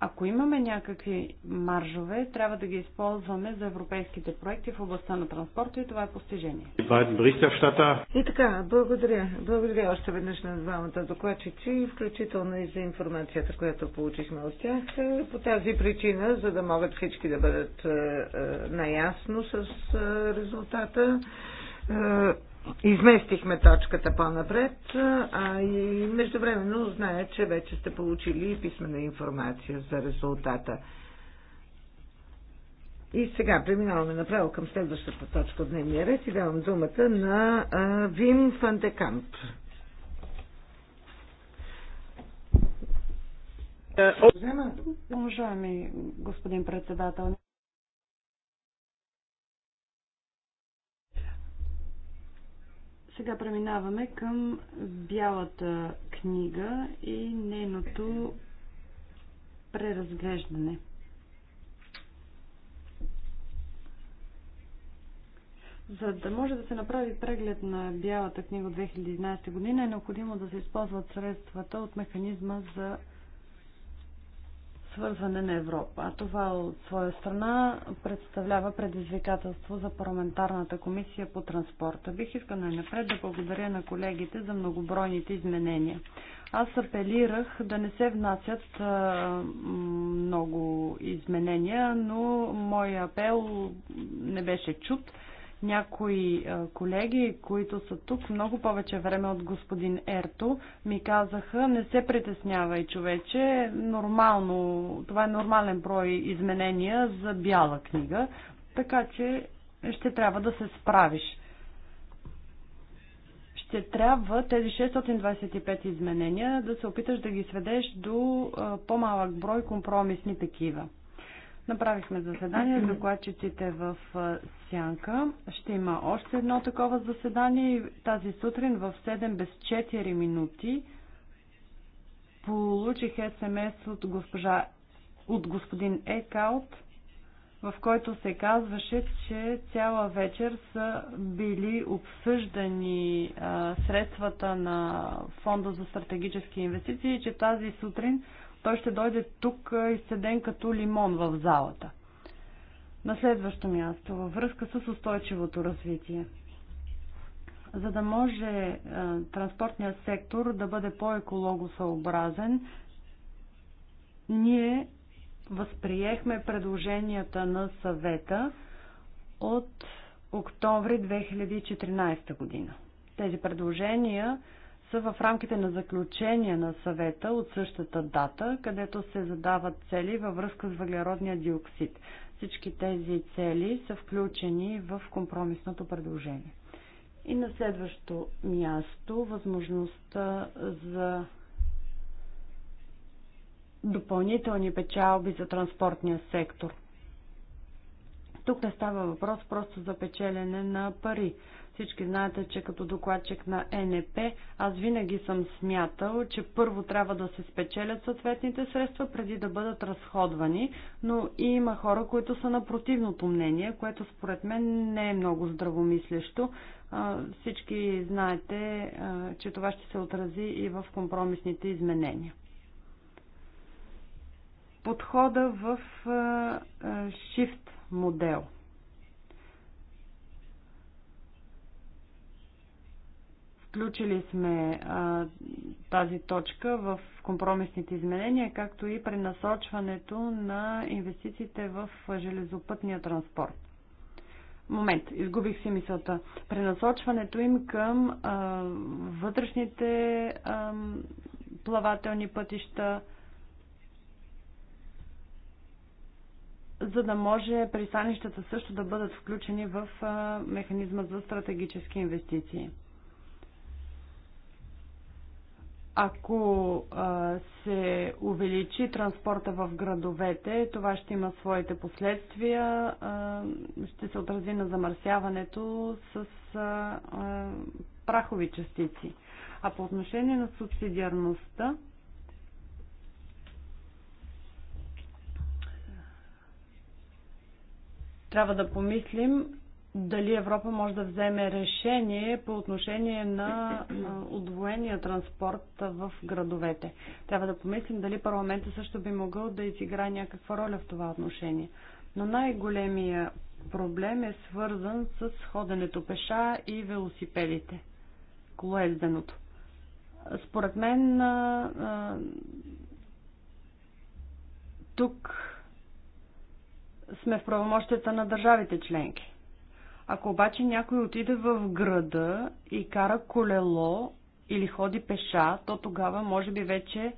Ако имаме някакви маржове, трябва да ги използваме за европейските проекти в областта на транспорта и това е постижение. И така, благодаря. Благодаря още веднъж на двамата докладчици, включително и за информацията, която получихме от тях. По тази причина, за да могат всички да бъдат е, е, наясно с е, резултата, Изместихме точката по-напред а и междувременно знае, че вече сте получили писмена информация за резултата. И сега преминаваме направо към следващата точка от дневния ред и давам думата на а, Вим Фантекамп. Е, Уважаеми господин председател, Сега преминаваме към бялата книга и нейното преразглеждане. За да може да се направи преглед на Бялата книга от 2011 година е необходимо да се използват средствата от механизма за свързване на Европа. А това от своя страна представлява предизвикателство за парламентарната комисия по транспорта. Бих искала най-напред да благодаря на колегите за многобройните изменения. Аз апелирах да не се внасят много изменения, но моя апел не беше чут някои колеги, които са тук много повече време от господин Ерто, ми казаха, не се притеснявай човече, нормално, това е нормален брой изменения за бяла книга, така че ще трябва да се справиш ще трябва тези 625 изменения да се опиташ да ги сведеш до по-малък брой компромисни такива. Направихме заседание с докладчиците в Сянка. Ще има още едно такова заседание тази сутрин в 7 без 4 минути. Получих СМС от, госпожа, от господин Екаут, в който се казваше, че цяла вечер са били обсъждани средствата на Фонда за стратегически инвестиции и че тази сутрин той ще дойде тук изцеден като лимон в залата. На следващо място, във връзка с устойчивото развитие. За да може транспортният сектор да бъде по-екологосъобразен, ние възприехме предложенията на съвета от октомври 2014 година. Тези предложения са в рамките на заключение на съвета от същата дата, където се задават цели във връзка с въглеродния диоксид. Всички тези цели са включени в компромисното предложение. И на следващо място възможността за допълнителни печалби за транспортния сектор. Тук не става въпрос просто за печелене на пари. Всички знаете, че като докладчик на НП, аз винаги съм смятал, че първо трябва да се спечелят съответните средства, преди да бъдат разходвани, но и има хора, които са на противното мнение, което според мен не е много здравомислещо. Всички знаете, че това ще се отрази и в компромисните изменения подхода в shift модел. Включили сме а, тази точка в компромисните изменения, както и пренасочването на инвестициите в железопътния транспорт. Момент, изгубих си мисълта. Пренасочването им към а, вътрешните а, плавателни пътища, за да може пристанищата също да бъдат включени в а, механизма за стратегически инвестиции. Ако а, се увеличи транспорта в градовете, това ще има своите последствия, а, ще се отрази на замърсяването с а, а, прахови частици. А по отношение на субсидиарността, трябва да помислим дали Европа може да вземе решение по отношение на удвоения транспорт в градовете. Трябва да помислим дали парламента също би могъл да изиграе някаква роля в това отношение. Но най-големия проблем е свързан с ходенето пеша и велосипедите, колоезденото. Според мен тук сме в правомощията на държавите членки. Ако обаче някой отиде в града и кара колело или ходи пеша, то тогава може би вече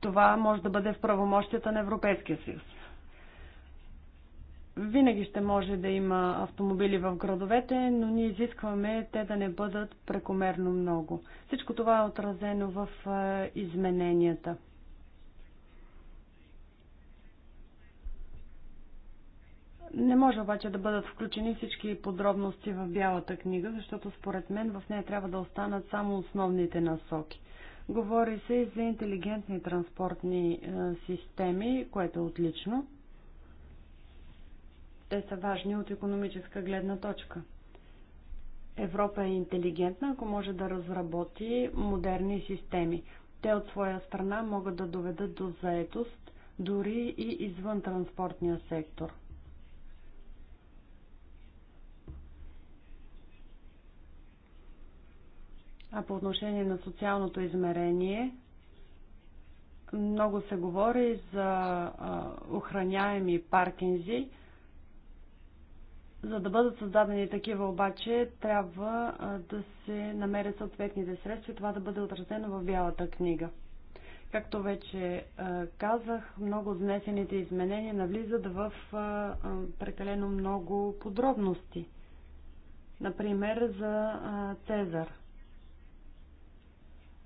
това може да бъде в правомощията на Европейския съюз. Винаги ще може да има автомобили в градовете, но ние изискваме те да не бъдат прекомерно много. Всичко това е отразено в е, измененията. Не може обаче да бъдат включени всички подробности в Бялата книга, защото според мен в нея трябва да останат само основните насоки. Говори се и за интелигентни транспортни е, системи, което е отлично. Те са важни от економическа гледна точка. Европа е интелигентна, ако може да разработи модерни системи. Те от своя страна могат да доведат до заетост, дори и извън транспортния сектор. А по отношение на социалното измерение, много се говори за охраняеми паркинзи. За да бъдат създадени такива обаче, трябва да се намерят съответните средства и това да бъде отразено в Бялата книга. Както вече казах, много от внесените изменения навлизат в прекалено много подробности. Например, за Цезар –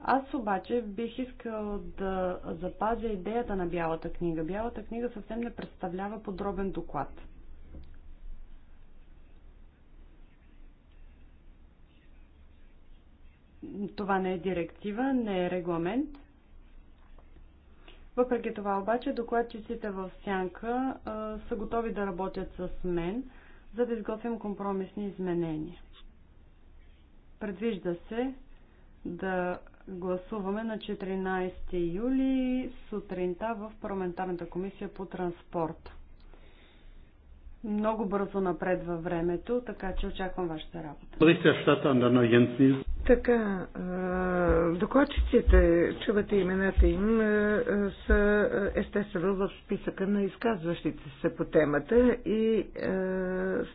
аз обаче бих искал да запазя идеята на Бялата книга. Бялата книга съвсем не представлява подробен доклад. Това не е директива, не е регламент. Въпреки това обаче докладчиците в Сянка а, са готови да работят с мен, за да изготвим компромисни изменения. Предвижда се да гласуваме на 14 юли сутринта в парламентарната комисия по транспорт. Много бързо напредва времето, така че очаквам вашата работа. Така, докладчиците, чувате имената им, са естествено в списъка на изказващите се по темата и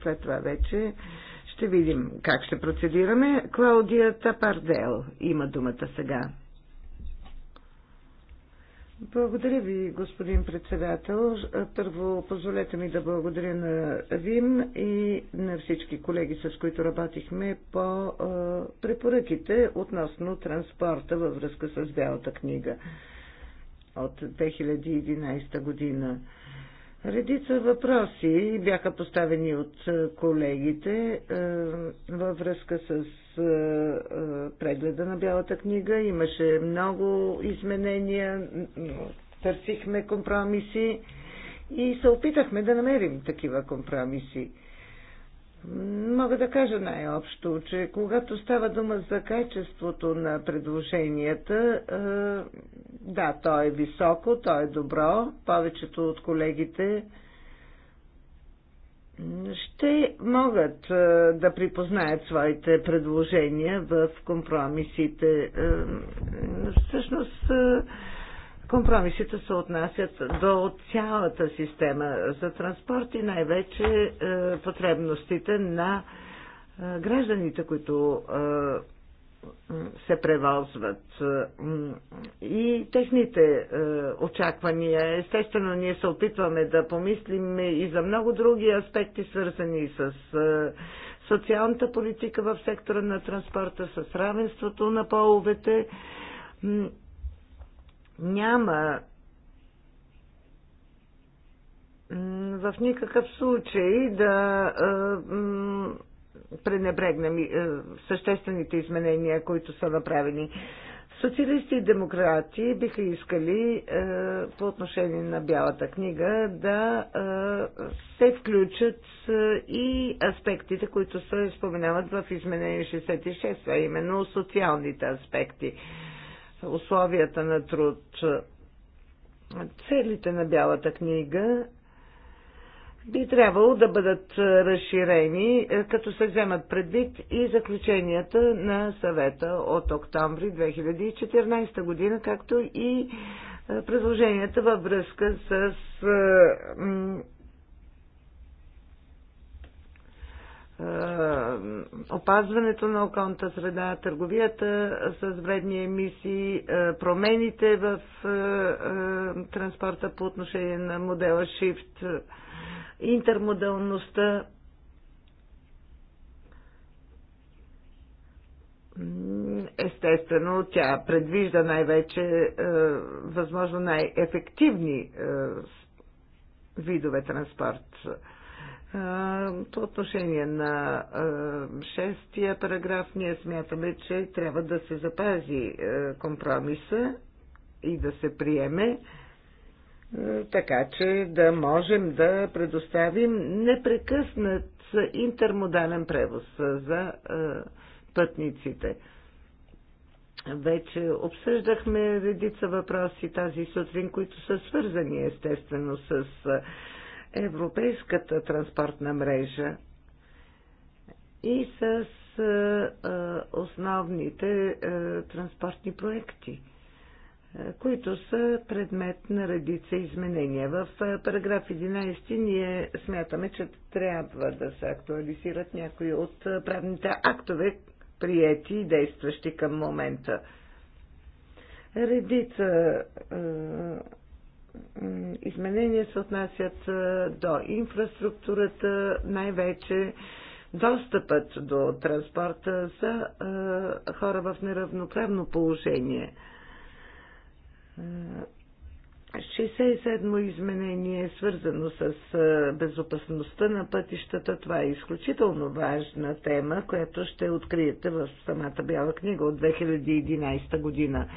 след това вече ще видим как ще процедираме. Клаудия Тапардел има думата сега. Благодаря ви, господин председател. Първо, позволете ми да благодаря на ВИМ и на всички колеги, с които работихме по препоръките относно транспорта във връзка с Бялата книга от 2011 година. Редица въпроси бяха поставени от е, колегите е, във връзка с е, прегледа на Бялата книга. Имаше много изменения, търсихме компромиси и се опитахме да намерим такива компромиси. Мога да кажа най-общо, че когато става дума за качеството на предложенията, е, да, то е високо, то е добро. Повечето от колегите ще могат е, да припознаят своите предложения в компромисите. Е, всъщност, Компромисите се отнасят до цялата система за транспорт и най-вече е, потребностите на е, гражданите, които е, се превозват и техните очаквания. Естествено, ние се опитваме да помислим и за много други аспекти, свързани с социалната политика в сектора на транспорта, с равенството на половете няма в никакъв случай да пренебрегнем съществените изменения, които са направени. Социалисти и демократи биха искали по отношение на Бялата книга да се включат и аспектите, които се споменават в изменение 66, а именно социалните аспекти условията на труд, целите на Бялата книга би трябвало да бъдат разширени, като се вземат предвид и заключенията на съвета от октомври 2014 година, както и предложенията във връзка с Е, опазването на околната среда, търговията с вредни емисии, е, промените в е, транспорта по отношение на модела Shift, интермодалността. Естествено, тя предвижда най-вече възможно най-ефективни видове транспорт по отношение на шестия параграф ние смятаме, че трябва да се запази компромиса и да се приеме, така че да можем да предоставим непрекъснат интермодален превоз за пътниците. Вече обсъждахме редица въпроси тази сутрин, които са свързани естествено с европейската транспортна мрежа и с основните транспортни проекти, които са предмет на редица изменения. В параграф 11 ние смятаме, че трябва да се актуализират някои от правните актове, приети и действащи към момента. Редица изменения се отнасят до инфраструктурата, най-вече достъпът до транспорта за хора в неравноправно положение. 67-мо изменение е свързано с безопасността на пътищата. Това е изключително важна тема, която ще откриете в самата Бяла книга от 2011 година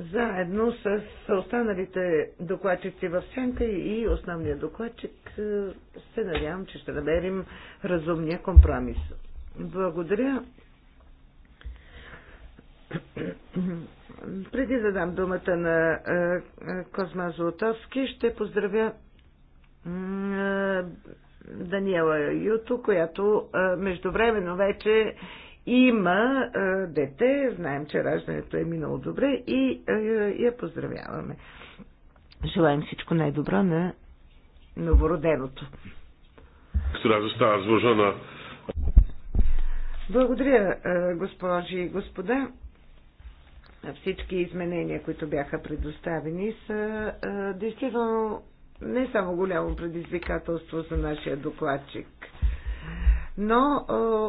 заедно с останалите докладчици в сянка и основния докладчик е, се надявам, че ще намерим разумния компромис. Благодаря. Преди да дам думата на е, е, Козма Золотовски, ще поздравя Даниела Юто, която междувременно вече има а, е, дете, знаем, че раждането е минало добре и а, е, я поздравяваме. Желаем всичко най-добро на новороденото. Благодаря, е, госпожи и господа. Всички изменения, които бяха предоставени, са действително не само голямо предизвикателство за нашия докладчик – но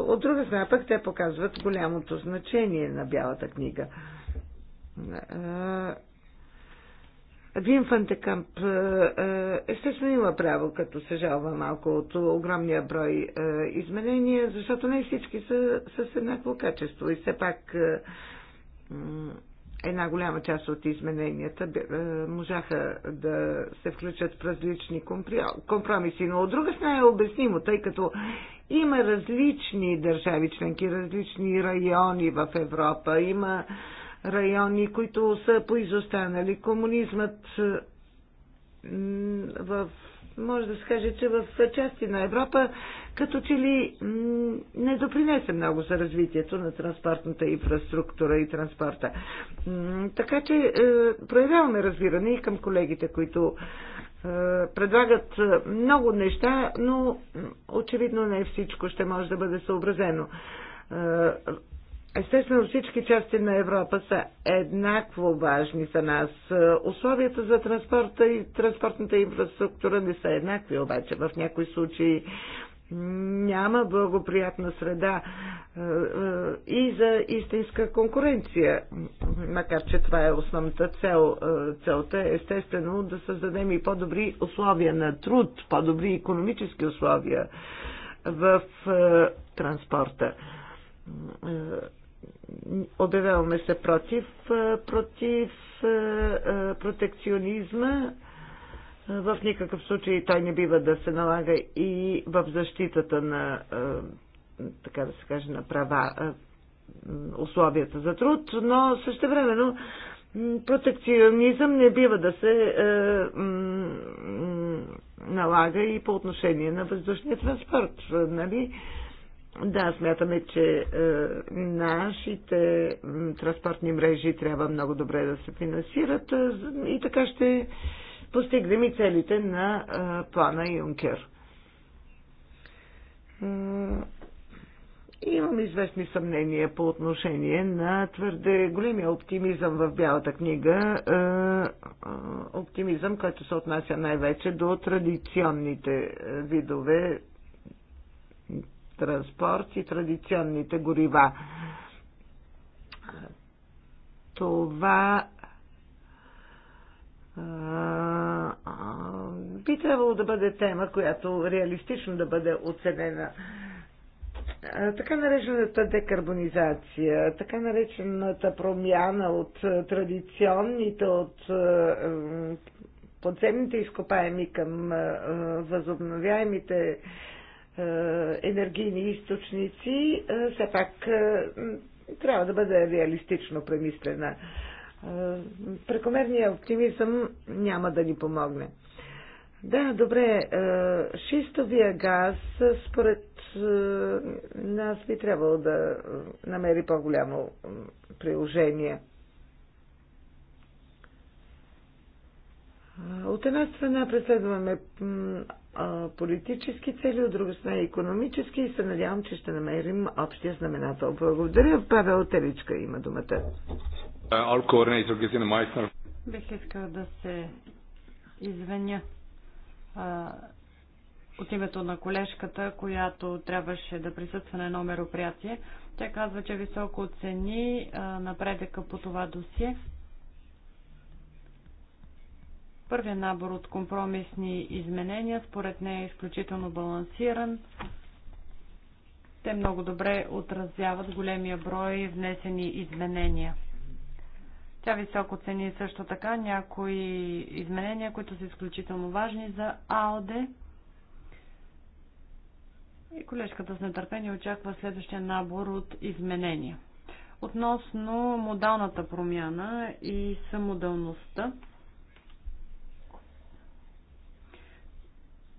от друга страна пък те показват голямото значение на Бялата книга. Вин Фантекамп естествено има право, като се жалва малко от огромния брой изменения, защото не всички са с еднакво качество и все пак една голяма част от измененията можаха да се включат в различни компромиси, но от друга страна е обяснимо, тъй като има различни държави членки, различни райони в Европа. Има райони, които са поизостанали. Комунизмът е, в, може да се каже, че в части на Европа като че ли не допринесе много за развитието на транспортната инфраструктура и транспорта. Така че е, проявяваме разбиране и към колегите, които е, предлагат е, много неща, но очевидно не всичко ще може да бъде съобразено. Е, естествено, всички части на Европа са еднакво важни за нас. Условията за транспорта и транспортната инфраструктура не са еднакви, обаче в някои случаи няма благоприятна среда е, е, и за истинска конкуренция, макар че това е основната цел. Е, целта е естествено да създадем и по-добри условия на труд, по-добри економически условия в транспорта. Обявяваме се против, против протекционизма в никакъв случай той не бива да се налага и в защитата на, така да се каже, на права, условията за труд, но същевременно протекционизъм не бива да се налага и по отношение на въздушния транспорт. Нали? Да, смятаме, че е, нашите е, транспортни мрежи трябва много добре да се финансират е, и така ще постигнем и целите на плана Юнкер. И имам известни съмнения по отношение на твърде големия оптимизъм в Бялата книга. Оптимизъм, който се отнася най-вече до традиционните видове транспорт и традиционните горива. Това би трябвало да бъде тема, която реалистично да бъде оценена. Така наречената декарбонизация, така наречената промяна от традиционните, от подземните изкопаеми към възобновяемите енергийни източници, все пак трябва да бъде реалистично премислена. Прекомерният оптимизъм няма да ни помогне. Да, добре. Е, шистовия газ, е, според е, нас, би трябвало да намери по-голямо приложение. От една страна преследваме политически цели, от друга страна економически и се надявам, че ще намерим общия знаменател. Благодаря. Павел Теличка има думата. Бих искал да се извиня от името на колежката, която трябваше да присъства на едно мероприятие. Тя казва, че високо оцени напредъка по това досие. Първият набор от компромисни изменения според нея е изключително балансиран. Те много добре отразяват големия брой внесени изменения. Тя високо цени също така някои изменения, които са изключително важни за АОД. И колежката с нетърпение очаква следващия набор от изменения. Относно модалната промяна и самодалността,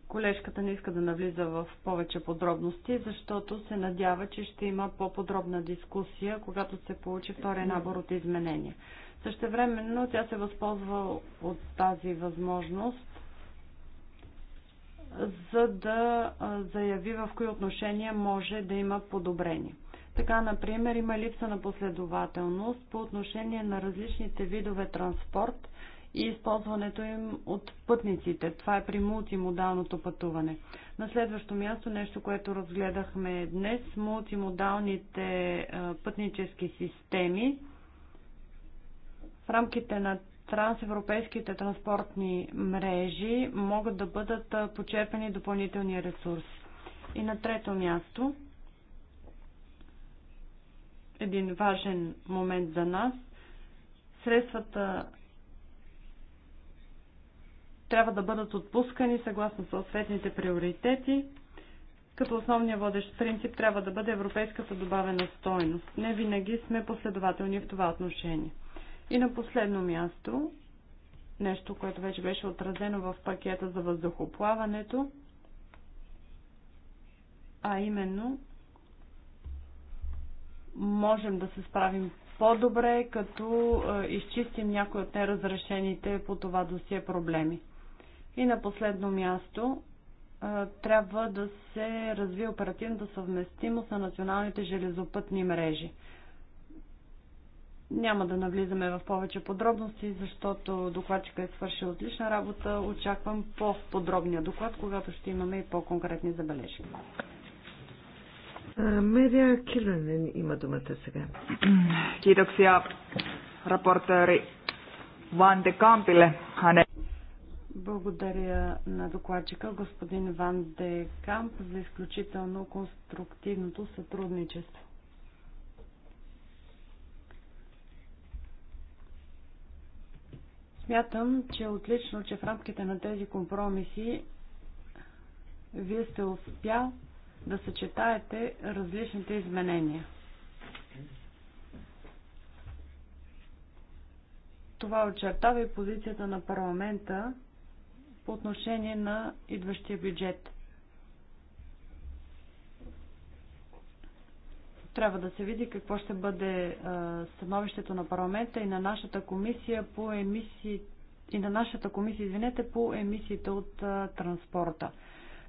колежката не иска да навлиза в повече подробности, защото се надява, че ще има по-подробна дискусия, когато се получи втория набор от изменения. Същевременно тя се възползва от тази възможност, за да заяви в кои отношения може да има подобрение. Така, например, има липса на последователност по отношение на различните видове транспорт и използването им от пътниците. Това е при мултимодалното пътуване. На следващо място, нещо, което разгледахме днес, мултимодалните пътнически системи – рамките на трансевропейските транспортни мрежи могат да бъдат почерпени допълнителни ресурси. И на трето място, един важен момент за нас, средствата трябва да бъдат отпускани съгласно съответните приоритети, като основния водещ принцип трябва да бъде европейската добавена стойност. Не винаги сме последователни в това отношение. И на последно място, нещо, което вече беше отразено в пакета за въздухоплаването, а именно можем да се справим по-добре, като изчистим някои от неразрешените по това досие проблеми. И на последно място трябва да се развие оперативната съвместимост на националните железопътни мрежи. Няма да навлизаме в повече подробности, защото докладчика е свършил отлична работа. Очаквам по-подробния доклад, когато ще имаме и по-конкретни забележки. Медиа Киланен има думата сега. Kiitoksia рапортери Ван де Кампиле. Благодаря на докладчика господин Ван де Камп за изключително конструктивното сътрудничество. Смятам, че е отлично, че в рамките на тези компромиси вие сте успял да съчетаете различните изменения. Това очертава и позицията на парламента по отношение на идващия бюджет – трябва да се види какво ще бъде становището на парламента и на нашата комисия по емисии и на нашата комисия, извинете, по емисиите от транспорта.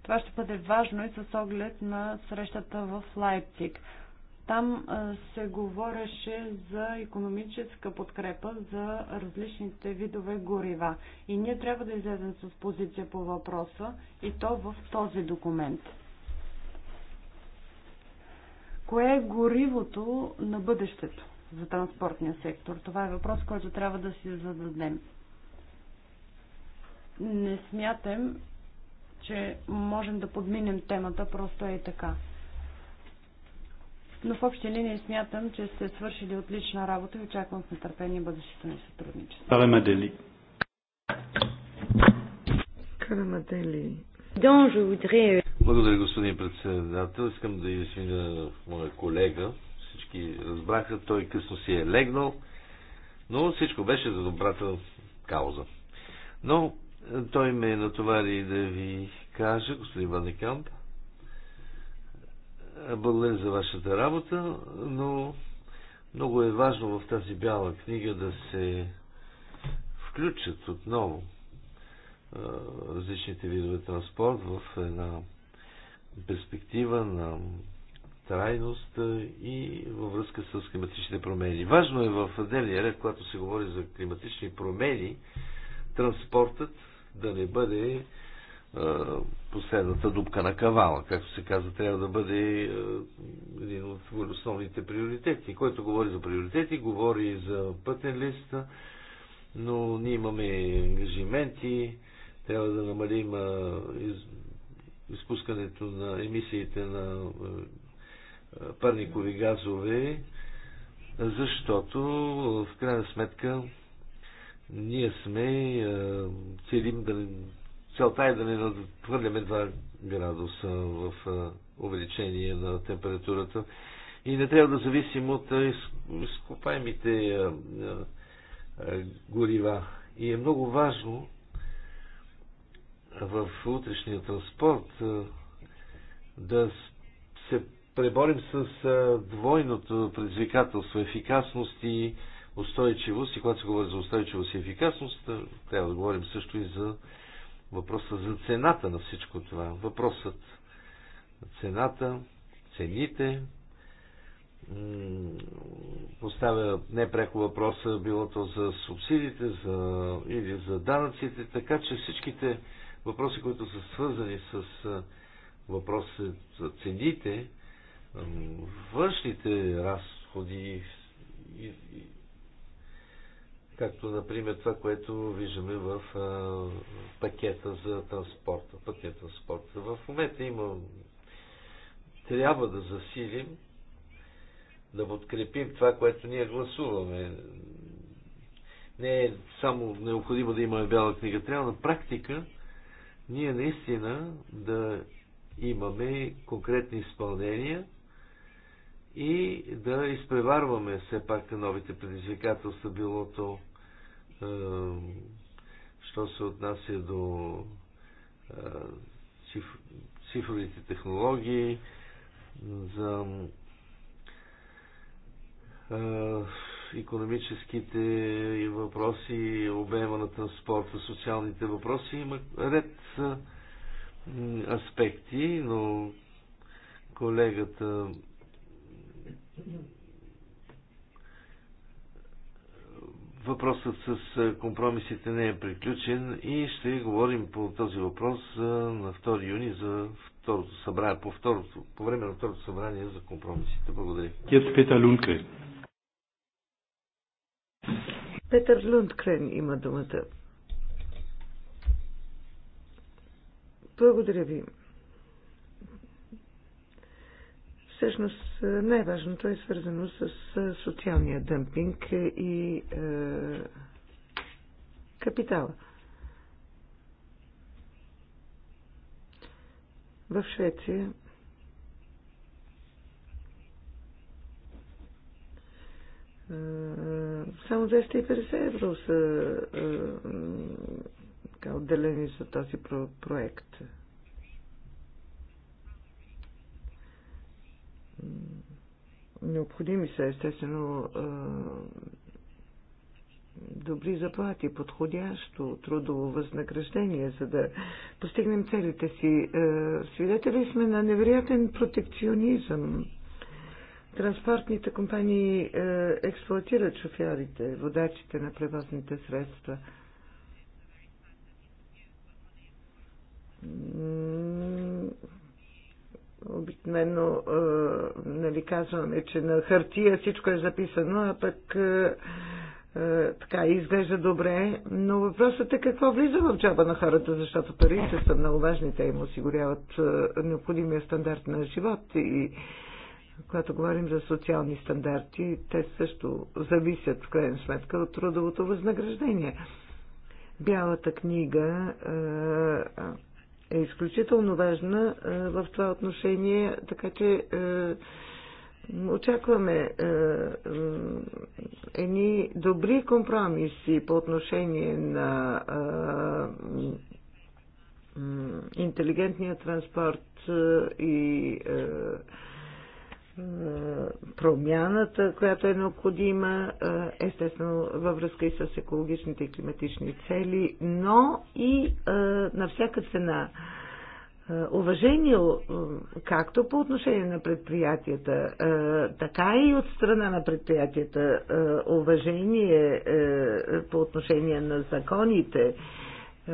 Това ще бъде важно и с оглед на срещата в Лайпциг. Там се говореше за економическа подкрепа за различните видове горива. И ние трябва да излезем с позиция по въпроса и то в този документ. Кое е горивото на бъдещето за транспортния сектор? Това е въпрос, който трябва да си зададем. Не смятам, че можем да подминем темата просто е така. Но в общи линии смятам, че сте свършили отлична работа и очаквам с нетърпение бъдещето ни сътрудничество. Карамадели. Карамадели. Donc, je voudrais благодаря, господин председател. Искам да извиня моя колега. Всички разбраха, той късно си е легнал, но всичко беше за добрата кауза. Но е, той ме натовари да ви кажа, господин Ванекамп, е, благодаря за вашата работа, но много е важно в тази бяла книга да се включат отново е, различните видове транспорт в една перспектива, на трайност и във връзка с климатичните промени. Важно е в дневния ред, когато се говори за климатични промени, транспортът да не бъде последната дупка на кавала, както се казва, трябва да бъде един от основните приоритети. Който говори за приоритети, говори за пътен лист, но ние имаме ангажименти, трябва да намалим изпускането на емисиите на е, е, парникови газове, защото в крайна сметка ние сме, е, целим да целта е да не надхвърляме 2 градуса в увеличение на температурата и не трябва да зависим от изкопаемите горива. И е много важно в утрешния транспорт е, да се преборим с е, двойното предизвикателство ефикасност и устойчивост. И когато се говори за устойчивост и ефикасност, е, трябва да говорим също и за въпроса за цената на всичко това. Въпросът на цената, цените, поставя непреко въпроса, било то за субсидиите за, или за данъците, така че всичките въпроси, които са свързани с въпроси за цените, външните разходи, както например това, което виждаме в пакета за транспорта, пътния транспорт. В момента има трябва да засилим, да подкрепим това, което ние гласуваме. Не е само необходимо да имаме бяла книга, трябва на практика ние наистина да имаме конкретни изпълнения и да изпреварваме все пак новите предизвикателства, било то, е, що се отнася до е, циф, цифровите технологии, за е, економическите въпроси, обема на транспорта, социалните въпроси. Има ред аспекти, но колегата въпросът с компромисите не е приключен и ще говорим по този въпрос на 2 юни за второто събрание, по, второто, по време на второто събрание за компромисите. Благодаря. Петър Петър Лундкрен има думата. Благодаря ви. Всъщност най-важното е свързано с социалния дъмпинг и е, капитала. В Швеция Е, само 250 евро са е, така, отделени за този проект. Необходими са, естествено, е, добри заплати, подходящо трудово възнаграждение, за да постигнем целите си. Свидетели сме на невероятен протекционизъм Транспортните компании е, експлуатират шофьорите, водачите на превозните средства. Обикновено е, нали, казваме, че на хартия всичко е записано, а пък е, така изглежда добре, но въпросът е какво влиза в джоба на хората, защото парите са много важни, те им осигуряват необходимия стандарт на живот и когато говорим за социални стандарти, те също зависят в крайна сметка от трудовото възнаграждение. Бялата книга е, е изключително важна е, в това отношение, така че е, очакваме едни добри компромиси по отношение на интелигентния транспорт и е, промяната, която е необходима, е, естествено във връзка и с екологичните и климатични цели, но и е, на всяка цена уважение както по отношение на предприятията, така и от страна на предприятията, уважение по отношение на законите, е,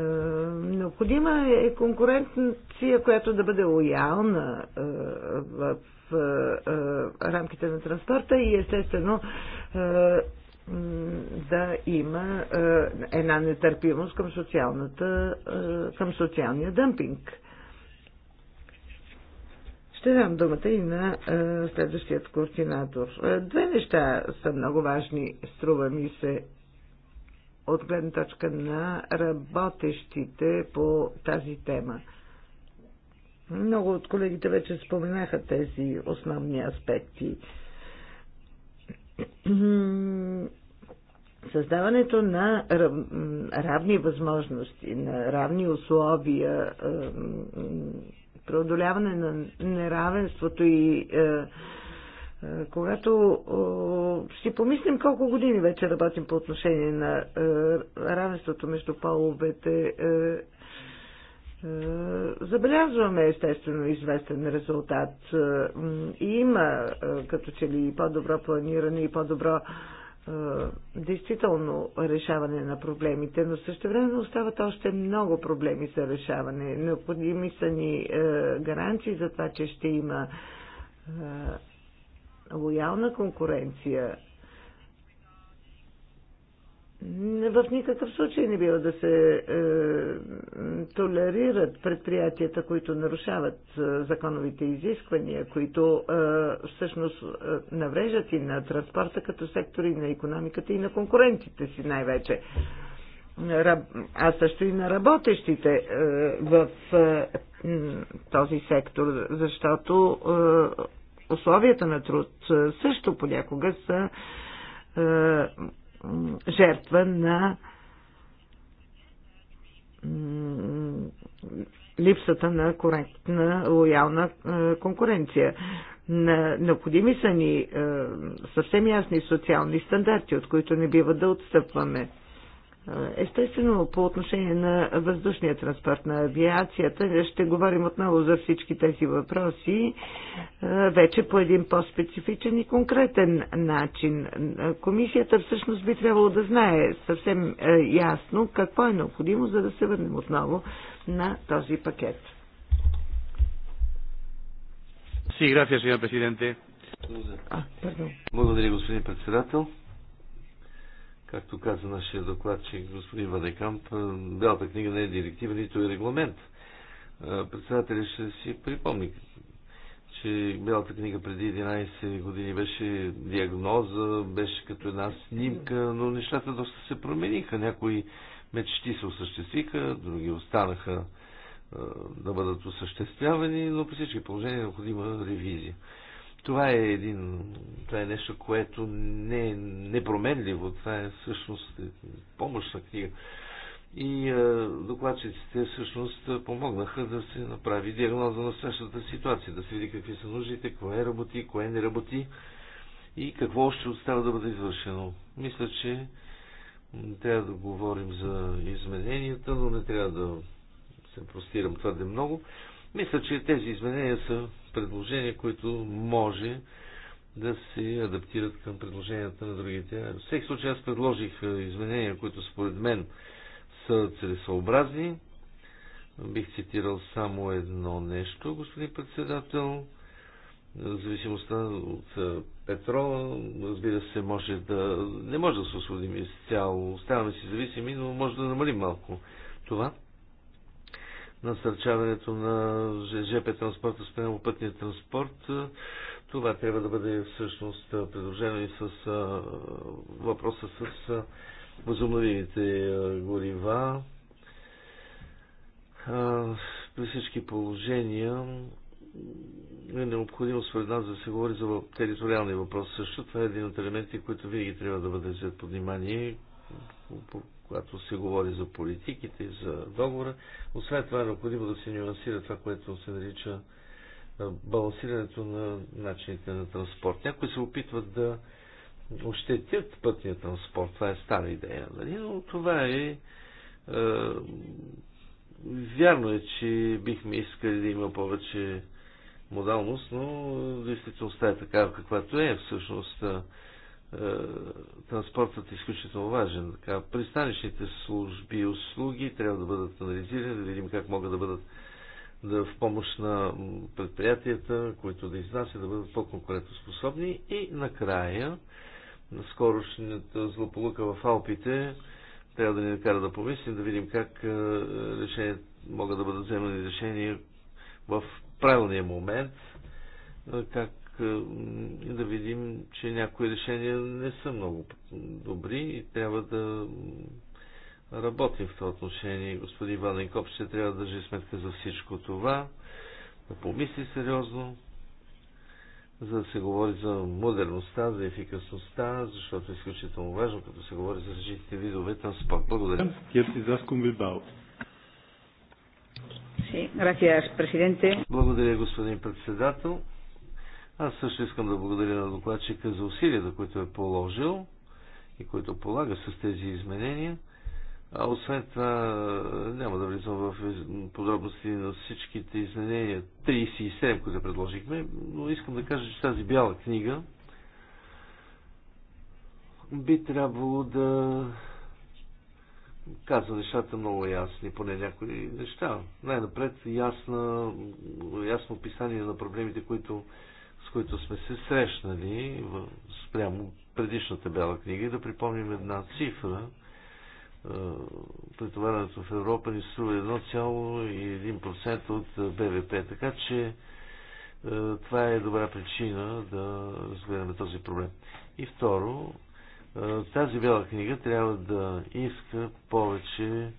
необходима е конкуренция, която да бъде лоялна е, в е, рамките на транспорта и естествено да има една нетърпимост към, социалната, към социалния дъмпинг. Ще дам думата и на следващият координатор. Две неща са много важни, струва ми се от гледна точка на работещите по тази тема. Много от колегите вече споменаха тези основни аспекти. Създаването на равни възможности, на равни условия, преодоляване на неравенството и е, е, когато си помислим колко години вече работим по отношение на е, равенството между половете, е, забелязваме естествено известен резултат. И има като че ли по-добро планиране и по-добро действително решаване на проблемите, но също време остават още много проблеми за решаване. Необходими са ни гаранции за това, че ще има лоялна конкуренция. В никакъв случай не бива да се е, толерират предприятията, които нарушават е, законовите изисквания, които е, всъщност е, наврежат и на транспорта като сектор, и на економиката, и на конкурентите си най-вече. А също и на работещите е, в е, този сектор, защото е, условията на труд също понякога са жертва на липсата на коректна, лоялна конкуренция. Необходими са ни съвсем ясни социални стандарти, от които не бива да отстъпваме. Естествено, по отношение на въздушния транспорт на авиацията, ще говорим отново за всички тези въпроси, е, вече по един по-специфичен и конкретен начин. Комисията всъщност би трябвало да знае съвсем е, ясно какво е необходимо, за да се върнем отново на този пакет. Sí, gracias, señor presidente. Благодаря, господин председател. Както каза нашия докладчик господин Вадекамп, е, Бялата книга не е директива, нито е регламент. Е, председателя ще си припомни, че Бялата книга преди 11 години беше диагноза, беше като една снимка, но нещата доста се промениха. Някои мечти се осъществиха, други останаха е, да бъдат осъществявани, но при всички положения е необходима ревизия. Това е един, това е нещо, което не е непроменливо. Това е всъщност помощна книга. И е, докладчиците всъщност помогнаха да се направи диагноза на същата ситуация, да се види какви са нуждите, кое работи, кое не работи и какво още остава да бъде извършено. Мисля, че трябва да говорим за измененията, но не трябва да се простирам твърде много. Мисля, че тези изменения са предложения, които може да се адаптират към предложенията на другите. В всеки случай аз предложих е, изменения, които според мен са целесообразни. Бих цитирал само едно нещо, господин председател. Зависимостта от е, петрола, разбира се, може да... Не може да се освободим изцяло. Оставаме си зависими, но може да намалим малко това насърчаването на ЖП транспорта с пътния транспорт. Това трябва да бъде всъщност предложено и с а, въпроса с а, възобновимите а, горива. А, при всички положения е необходимо според нас да се говори за териториалния въпрос също. Това е един от елементите, които винаги трябва да бъде взет под внимание когато се говори за политиките и за договора. Освен това е необходимо да се нюансира това, което се нарича балансирането на начините на транспорт. Някои се опитват да ощетят пътния транспорт. Това е стара идея, нали? но това е, е Вярно е, че бихме искали да има повече модалност, но действителността е така, каквато е. Всъщност е, транспортът е изключително важен. Така, пристанищните служби и услуги трябва да бъдат анализирани, да видим как могат да бъдат да в помощ на предприятията, които да изнасят, да бъдат по-конкурентоспособни. И накрая, скорошната злополука в Алпите трябва да ни накара да помислим, да видим как е, решение, могат да бъдат вземани решения в правилния момент, е, как е, да видим, че някои решения не са много добри и трябва да работим в това отношение. Господин Ваненкоп ще трябва да държи сметка за всичко това, да помисли сериозно, за да се говори за модерността, за ефикасността, защото е изключително важно, като се говори за различните видове транспорт. Благодаря. Благодаря, господин председател. Аз също искам да благодаря на докладчика за усилията, които е положил и които полага с тези изменения. А освен това, няма да влизам в подробности на всичките изменения 37, които предложихме, но искам да кажа, че тази бяла книга би трябвало да казва нещата много ясни, поне някои неща. Най-напред ясна, ясно описание на проблемите, които с които сме се срещнали спрямо предишната бяла книга и да припомним една цифра. Е, претоварването в Европа ни струва 1,1% от е, БВП. Така че е, това е добра причина да разгледаме този проблем. И второ, тази бяла книга трябва да иска повече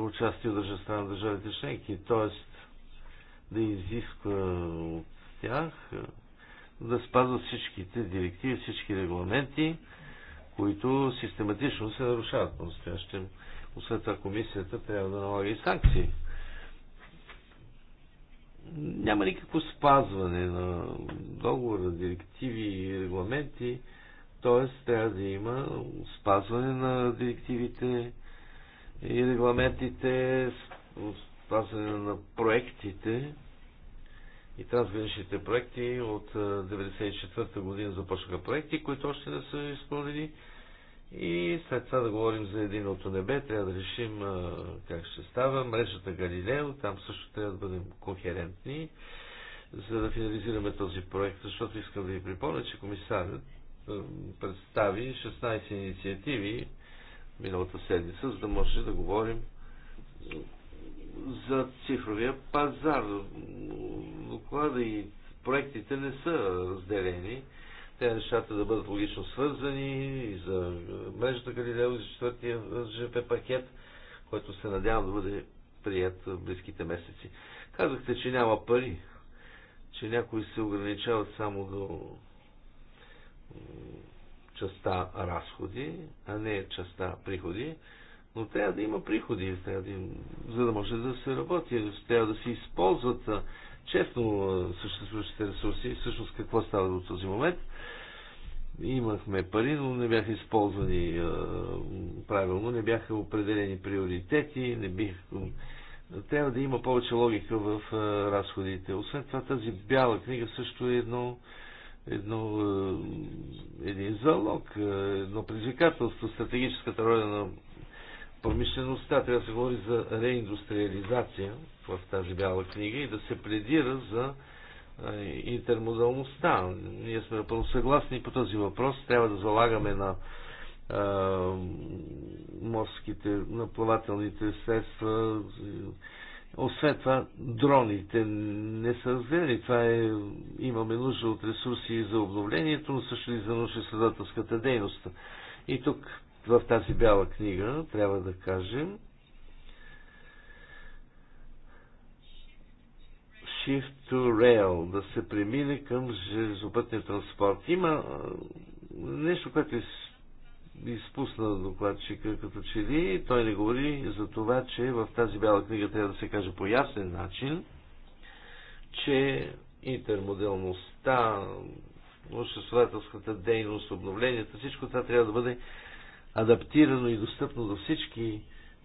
участие от държавата на държавите членки, т.е. да изисква от тях да спазват всичките директиви, всички регламенти, които систематично се нарушават по настоящем. Освен това комисията трябва да налага и санкции. Няма никакво спазване на договора, директиви и регламенти, т.е. трябва да има спазване на директивите и регламентите, спазване на проектите, и трансграничните проекти от 1994 година започнаха проекти, които още не са изпълнени. И след това да говорим за единото небе, трябва да решим как ще става. Мрежата Галилео, там също трябва да бъдем кохерентни, за да финализираме този проект, защото искам да ви припомня, че комисарът представи 16 инициативи миналата седмица, за да може да говорим за цифровия пазар. Доклада и проектите не са разделени. Те нещата да бъдат логично свързани и за мрежата Галилео и за четвъртия ЖП пакет, който се надявам да бъде прият в близките месеци. Казахте, че няма пари, че някои се ограничават само до частта разходи, а не частта приходи. Но трябва да има приходи, трябва да им, за да може да се работи, трябва да се използват честно съществуващите ресурси. Всъщност какво става до този момент? Имахме пари, но не бяха използвани правилно, не бяха определени приоритети, не бих... Трябва да има повече логика в разходите. Освен това, тази бяла книга също е едно едно, един залог, едно предизвикателство, стратегическата роля на промишлеността. Трябва да се говори за реиндустриализация в тази бяла книга и да се пледира за интермодалността. Ние сме напълно съгласни по този въпрос. Трябва да залагаме на морските наплавателните средства. Освен това, дроните не са разгледани. Това е, имаме нужда от ресурси за обновлението, но също и за научно-следователската дейност. И тук в тази бяла книга, трябва да кажем, Shift to Rail, да се премине към железопътния транспорт. Има нещо, което е изпусна докладчика като че ли. Той не говори за това, че в тази бяла книга трябва да се каже по ясен начин, че интермоделността, обществователската дейност, обновленията, всичко това трябва да бъде адаптирано и достъпно за всички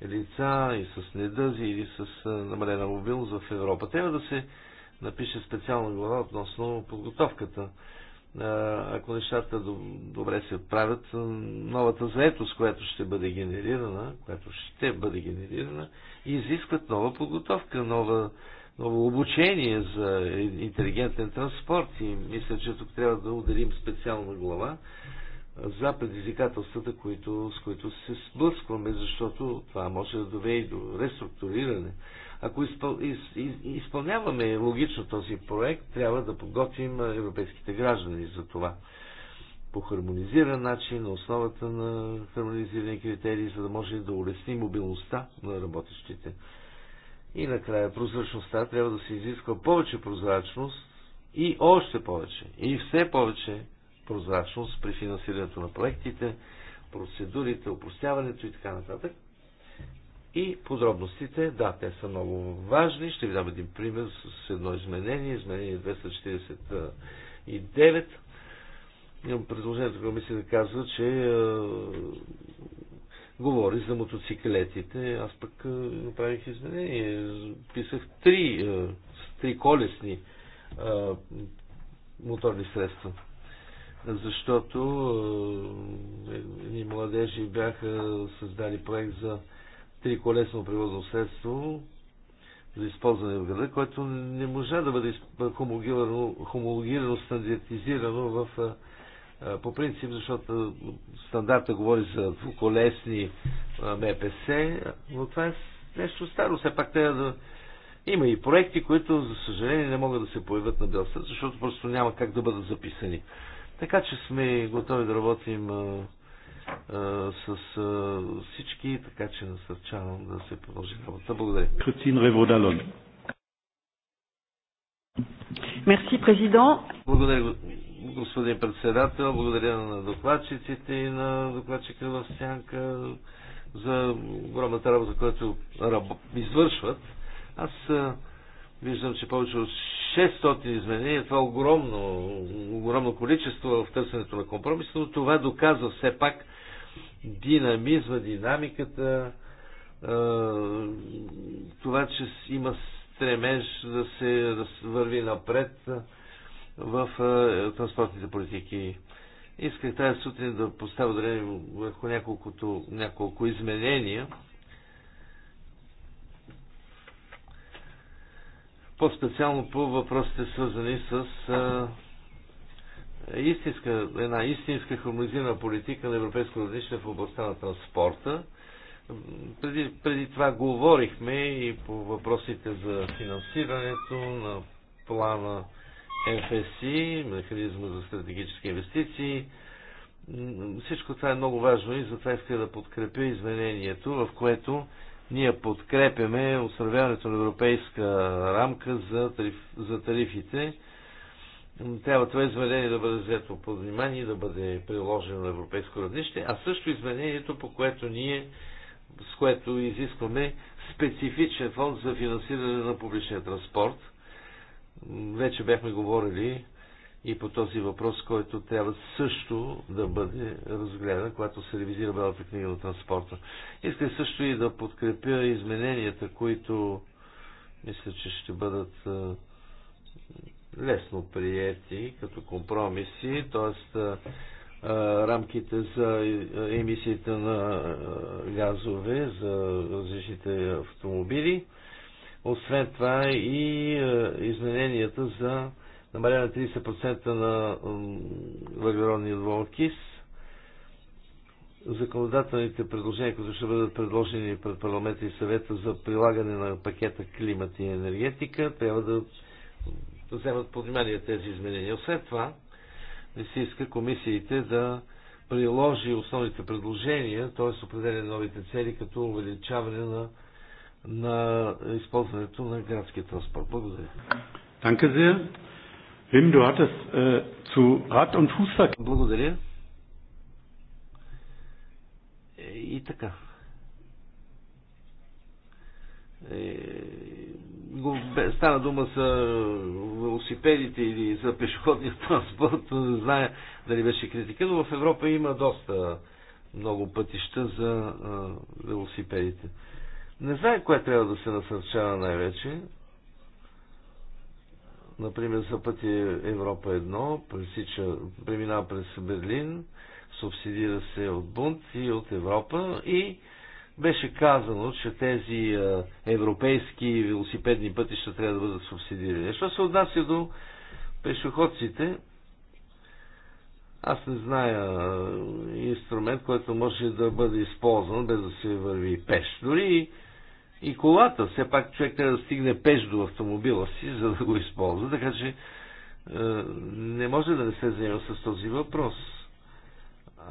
лица и с недъзи или с намалена мобилност в Европа. Трябва да се напише специална глава относно подготовката. Ако нещата добре се отправят, новата заетост, която ще бъде генерирана, която ще бъде генерирана, изискват нова подготовка, нова, ново обучение за интелигентен транспорт и мисля, че тук трябва да ударим специална глава за предизвикателствата, които, с които се сблъскваме, защото това може да доведе и до реструктуриране. Ако изпъл, из, из, изпълняваме логично този проект, трябва да подготвим европейските граждани за това. По хармонизиран начин, на основата на хармонизирани критерии, за да може да улесни мобилността на работещите. И накрая прозрачността трябва да се изисква повече прозрачност и още повече, и все повече прозрачност при финансирането на проектите, процедурите, упростяването и така нататък. И подробностите, да, те са много важни. Ще ви дам един пример с едно изменение, изменение 249. Имам Предложението се да казва, че е, говори за мотоциклетите. Аз пък е, направих изменение. Писах три, е, три колесни е, моторни средства защото е, едни младежи бяха създали проект за триколесно превозно средство за използване в града, което не можа да бъде хомологирано, хомологирано стандартизирано в, е, е, по принцип, защото стандарта говори за двуколесни МПС, но това е нещо старо. Все пак трябва да има и проекти, които, за съжаление, не могат да се появят на бял защото просто няма как да бъдат записани. Така че сме готови да работим а, а, с а, всички, така че насърчавам да се продължи работа. Благодаря. Кристин Реводалон. Мерси, президент. Благодаря, господин председател. Благодаря на докладчиците и на докладчика в Сянка за огромната работа, която раб... извършват. Аз Виждам, че повече от 600 изменения, това е огромно, огромно количество в търсенето на компромис, но това доказва все пак динамизма, динамиката, това, че има стремеж да се да върви напред в транспортните политики. Исках тази сутрин да поставя дрени върху няколко изменения по-специално по въпросите свързани с а, истинска, една истинска хармонизирана политика на европейско равнище в областта на транспорта. Преди, преди това говорихме и по въпросите за финансирането на плана МФСИ, механизма за стратегически инвестиции. Всичко това е много важно и затова иска да подкрепя изменението, в което ние подкрепяме установяването на европейска рамка за, тариф, за тарифите. Трябва това изменение да бъде взето под внимание и да бъде приложено на европейско равнище, а също изменението, по което ние, с което изискваме специфичен фонд за финансиране на публичния транспорт. Вече бяхме говорили и по този въпрос, който трябва също да бъде разгледан, когато се ревизира Белата книга на транспорта. Искам също и да подкрепя измененията, които мисля, че ще бъдат лесно приети като компромиси, т.е. рамките за емисиите на газове за различните автомобили. Освен това и измененията за намаляване на 30% на въглеродния двуокис. Законодателните предложения, които ще бъдат предложени пред парламента и съвета за прилагане на пакета климат и енергетика, трябва да вземат под внимание тези изменения. Освен това, не се иска комисиите да приложи основните предложения, т.е. определяне на новите цели, като увеличаване на, на използването на градския транспорт. Благодаря. Wim, du hattest äh, zu Rad- und Fußverkehr. Благодаря. Е, и така. Е, Стана дума за велосипедите или за пешеходния транспорт, не зная дали беше критика, но в Европа има доста много пътища за велосипедите. Не знае кое трябва да се насърчава най-вече. Например, за пътя Европа 1 пресича, преминава през Берлин, субсидира се от Бунт и от Европа и беше казано, че тези европейски велосипедни пътища трябва да бъдат субсидирани. Що се отнася до пешеходците, аз не зная инструмент, който може да бъде използван без да се върви пеш. Дори и колата. Все пак човек трябва да стигне пеш до автомобила си, за да го използва, така че е, не може да не се заема с този въпрос.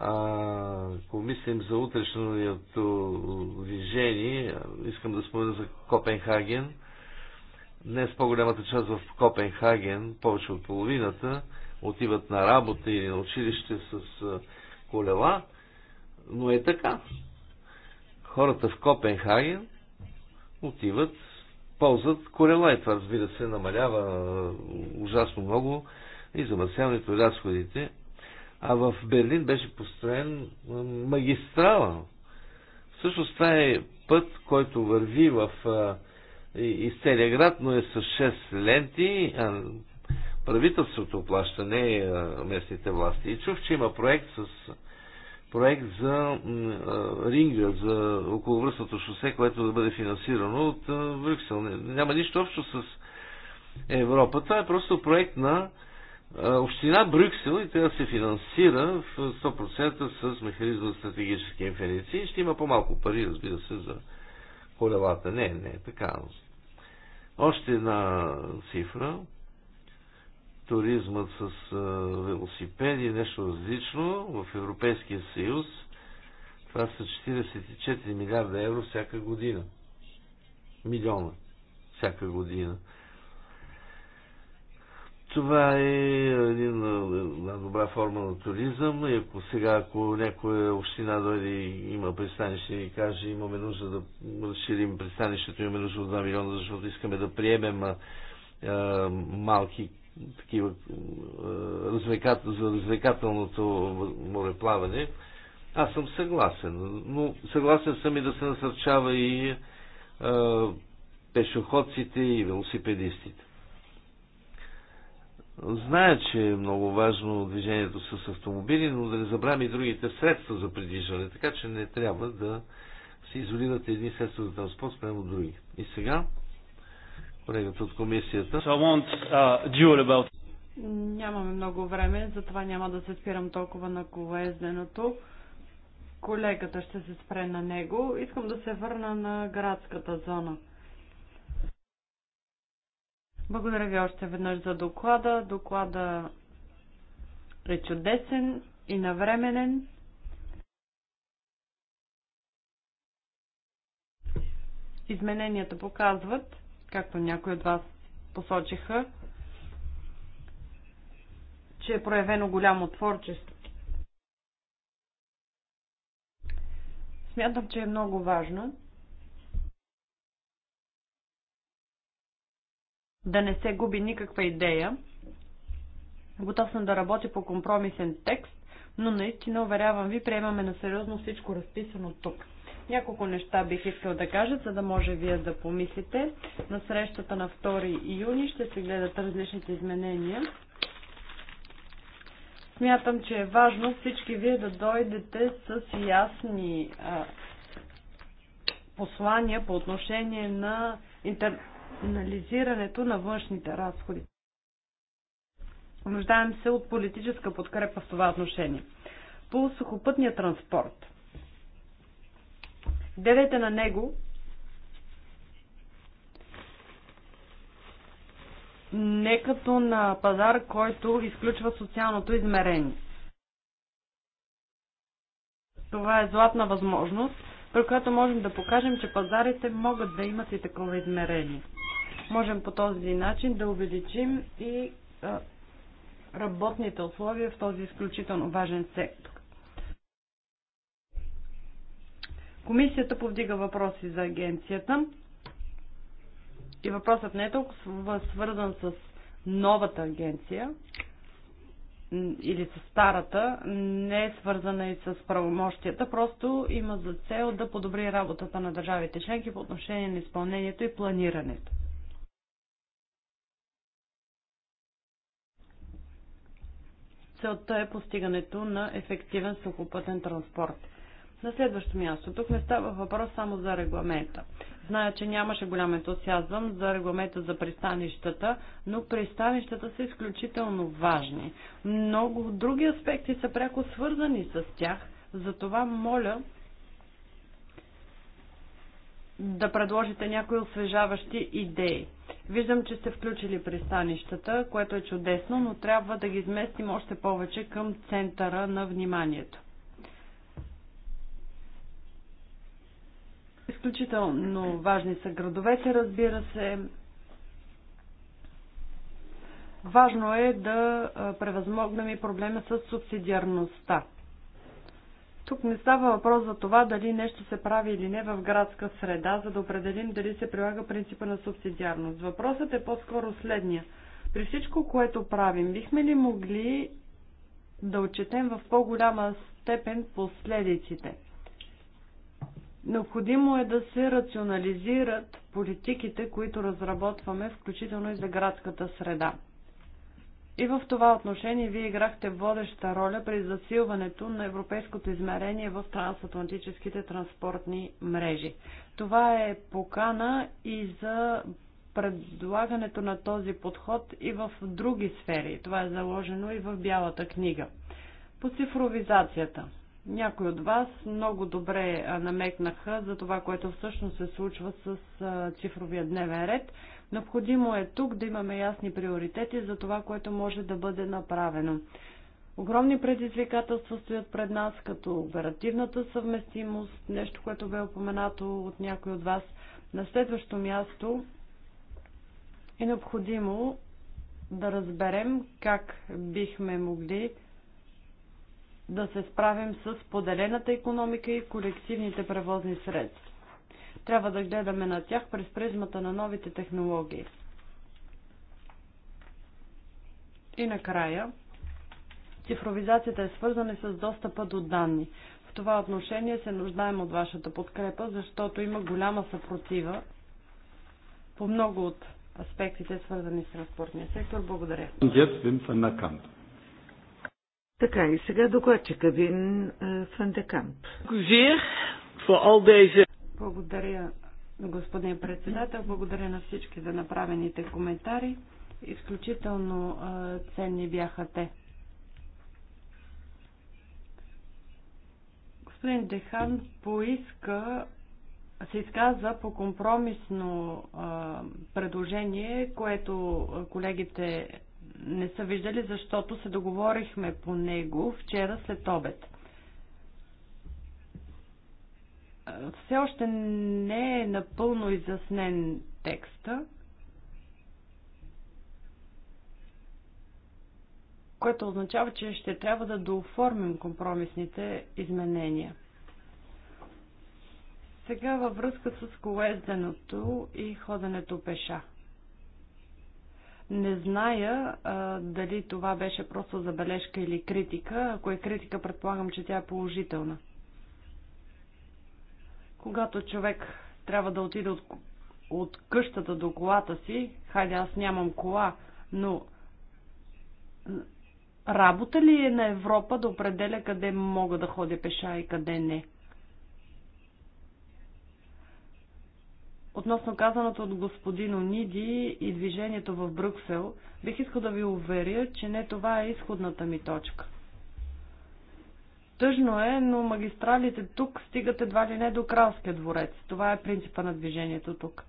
А, ако мислим за утрешното движение, искам да спомена за Копенхаген. Днес по-голямата част в Копенхаген, повече от половината, отиват на работа или на училище с е, колела, но е така. Хората в Копенхаген отиват, ползват корела и това разбира се намалява ужасно много и замърсяването и разходите. А в Берлин беше построен магистрала. Всъщност това е път, който върви в из целия град, но е с 6 ленти. А правителството плаща, не местните власти. И чух, че има проект с проект за ринга, за околовръстното шосе, което да бъде финансирано от Брюксел. Няма нищо общо с Европа. Това е просто проект на Община Брюксел и трябва да се финансира в 100% с механизма за стратегически инференции. Ще има по-малко пари, разбира се, за колелата. Не, не, е така. Още една цифра туризмът с велосипеди, нещо различно в Европейския съюз. Това са 44 милиарда евро всяка година. Милиона всяка година. Това е една добра форма на туризъм. И ако сега, ако някоя община дойде и има пристанище и каже, имаме нужда да разширим пристанището, имаме нужда от 2 милиона, защото искаме да приемем а, малки такива е, развлекат, за развлекателното мореплаване. Аз съм съгласен, но съгласен съм и да се насърчава и е, пешеходците и велосипедистите. Зная, че е много важно движението с автомобили, но да не забравяме и другите средства за придвижване, така че не трябва да се изолират едни средства за транспорт спрямо други. И сега колегата от комисията. So I want, uh, about... Нямаме много време, затова няма да се спирам толкова на колезденото. Колегата ще се спре на него. Искам да се върна на градската зона. Благодаря ви още веднъж за доклада. Доклада е чудесен и навременен. Измененията показват, както някои от вас посочиха, че е проявено голямо творчество. Смятам, че е много важно да не се губи никаква идея. Готов съм да работя по компромисен текст, но наистина, уверявам ви, приемаме на сериозно всичко разписано тук. Няколко неща бих искал да кажа, за да може вие да помислите. На срещата на 2 юни ще се гледат различните изменения. Смятам, че е важно всички вие да дойдете с ясни а, послания по отношение на интернализирането на външните разходи. Нуждаем се от политическа подкрепа в това отношение. По сухопътния транспорт – Дадете на него не като на пазар, който изключва социалното измерение. Това е златна възможност, при която можем да покажем, че пазарите могат да имат и такова измерение. Можем по този начин да увеличим и работните условия в този изключително важен сектор. Комисията повдига въпроси за агенцията и въпросът не е толкова свързан с новата агенция или с старата, не е свързана и с правомощията, просто има за цел да подобри работата на държавите членки по отношение на изпълнението и планирането. Целта е постигането на ефективен сухопътен транспорт. На следващо място, тук не става въпрос само за регламента. Зная, че нямаше голям ентусиазъм за регламента за пристанищата, но пристанищата са изключително важни. Много други аспекти са пряко свързани с тях, затова моля да предложите някои освежаващи идеи. Виждам, че сте включили пристанищата, което е чудесно, но трябва да ги изместим още повече към центъра на вниманието. Изключително важни са градовете, разбира се. Важно е да превъзмогнем и проблема с субсидиарността. Тук не става въпрос за това дали нещо се прави или не в градска среда, за да определим дали се прилага принципа на субсидиарност. Въпросът е по-скоро следния. При всичко, което правим, бихме ли могли да отчетем в по-голяма степен последиците? Необходимо е да се рационализират политиките, които разработваме, включително и за градската среда. И в това отношение вие играхте водеща роля при засилването на европейското измерение в трансатлантическите транспортни мрежи. Това е покана и за предлагането на този подход и в други сфери. Това е заложено и в Бялата книга. По цифровизацията. Някои от вас много добре намекнаха за това, което всъщност се случва с цифровия дневен ред. Необходимо е тук да имаме ясни приоритети за това, което може да бъде направено. Огромни предизвикателства стоят пред нас, като оперативната съвместимост, нещо, което бе опоменато от някой от вас. На следващо място е необходимо да разберем как бихме могли да се справим с поделената економика и колективните превозни средства. Трябва да гледаме на тях през призмата на новите технологии. И накрая, цифровизацията е свързана с достъпа до данни. В това отношение се нуждаем от вашата подкрепа, защото има голяма съпротива по много от аспектите, свързани с транспортния сектор. Благодаря. Така и сега докладчика Вин е, Фандекамп. Благодаря, господин председател. Благодаря на всички за направените коментари. Изключително е, ценни бяха те. Господин Дехан поиска се изказа по компромисно а, е, предложение, което колегите не са виждали, защото се договорихме по него вчера след обед. Все още не е напълно изяснен текста, което означава, че ще трябва да дооформим компромисните изменения. Сега във връзка с колезденото и ходенето пеша. Не зная а, дали това беше просто забележка или критика. Ако е критика, предполагам, че тя е положителна. Когато човек трябва да отиде от, от къщата до колата си, хайде аз нямам кола, но работа ли е на Европа да определя къде мога да ходя пеша и къде не? Относно казаното от господин Ониди и движението в Брюксел, бих искал да ви уверя, че не това е изходната ми точка. Тъжно е, но магистралите тук стигат едва ли не до Кралския дворец. Това е принципа на движението тук.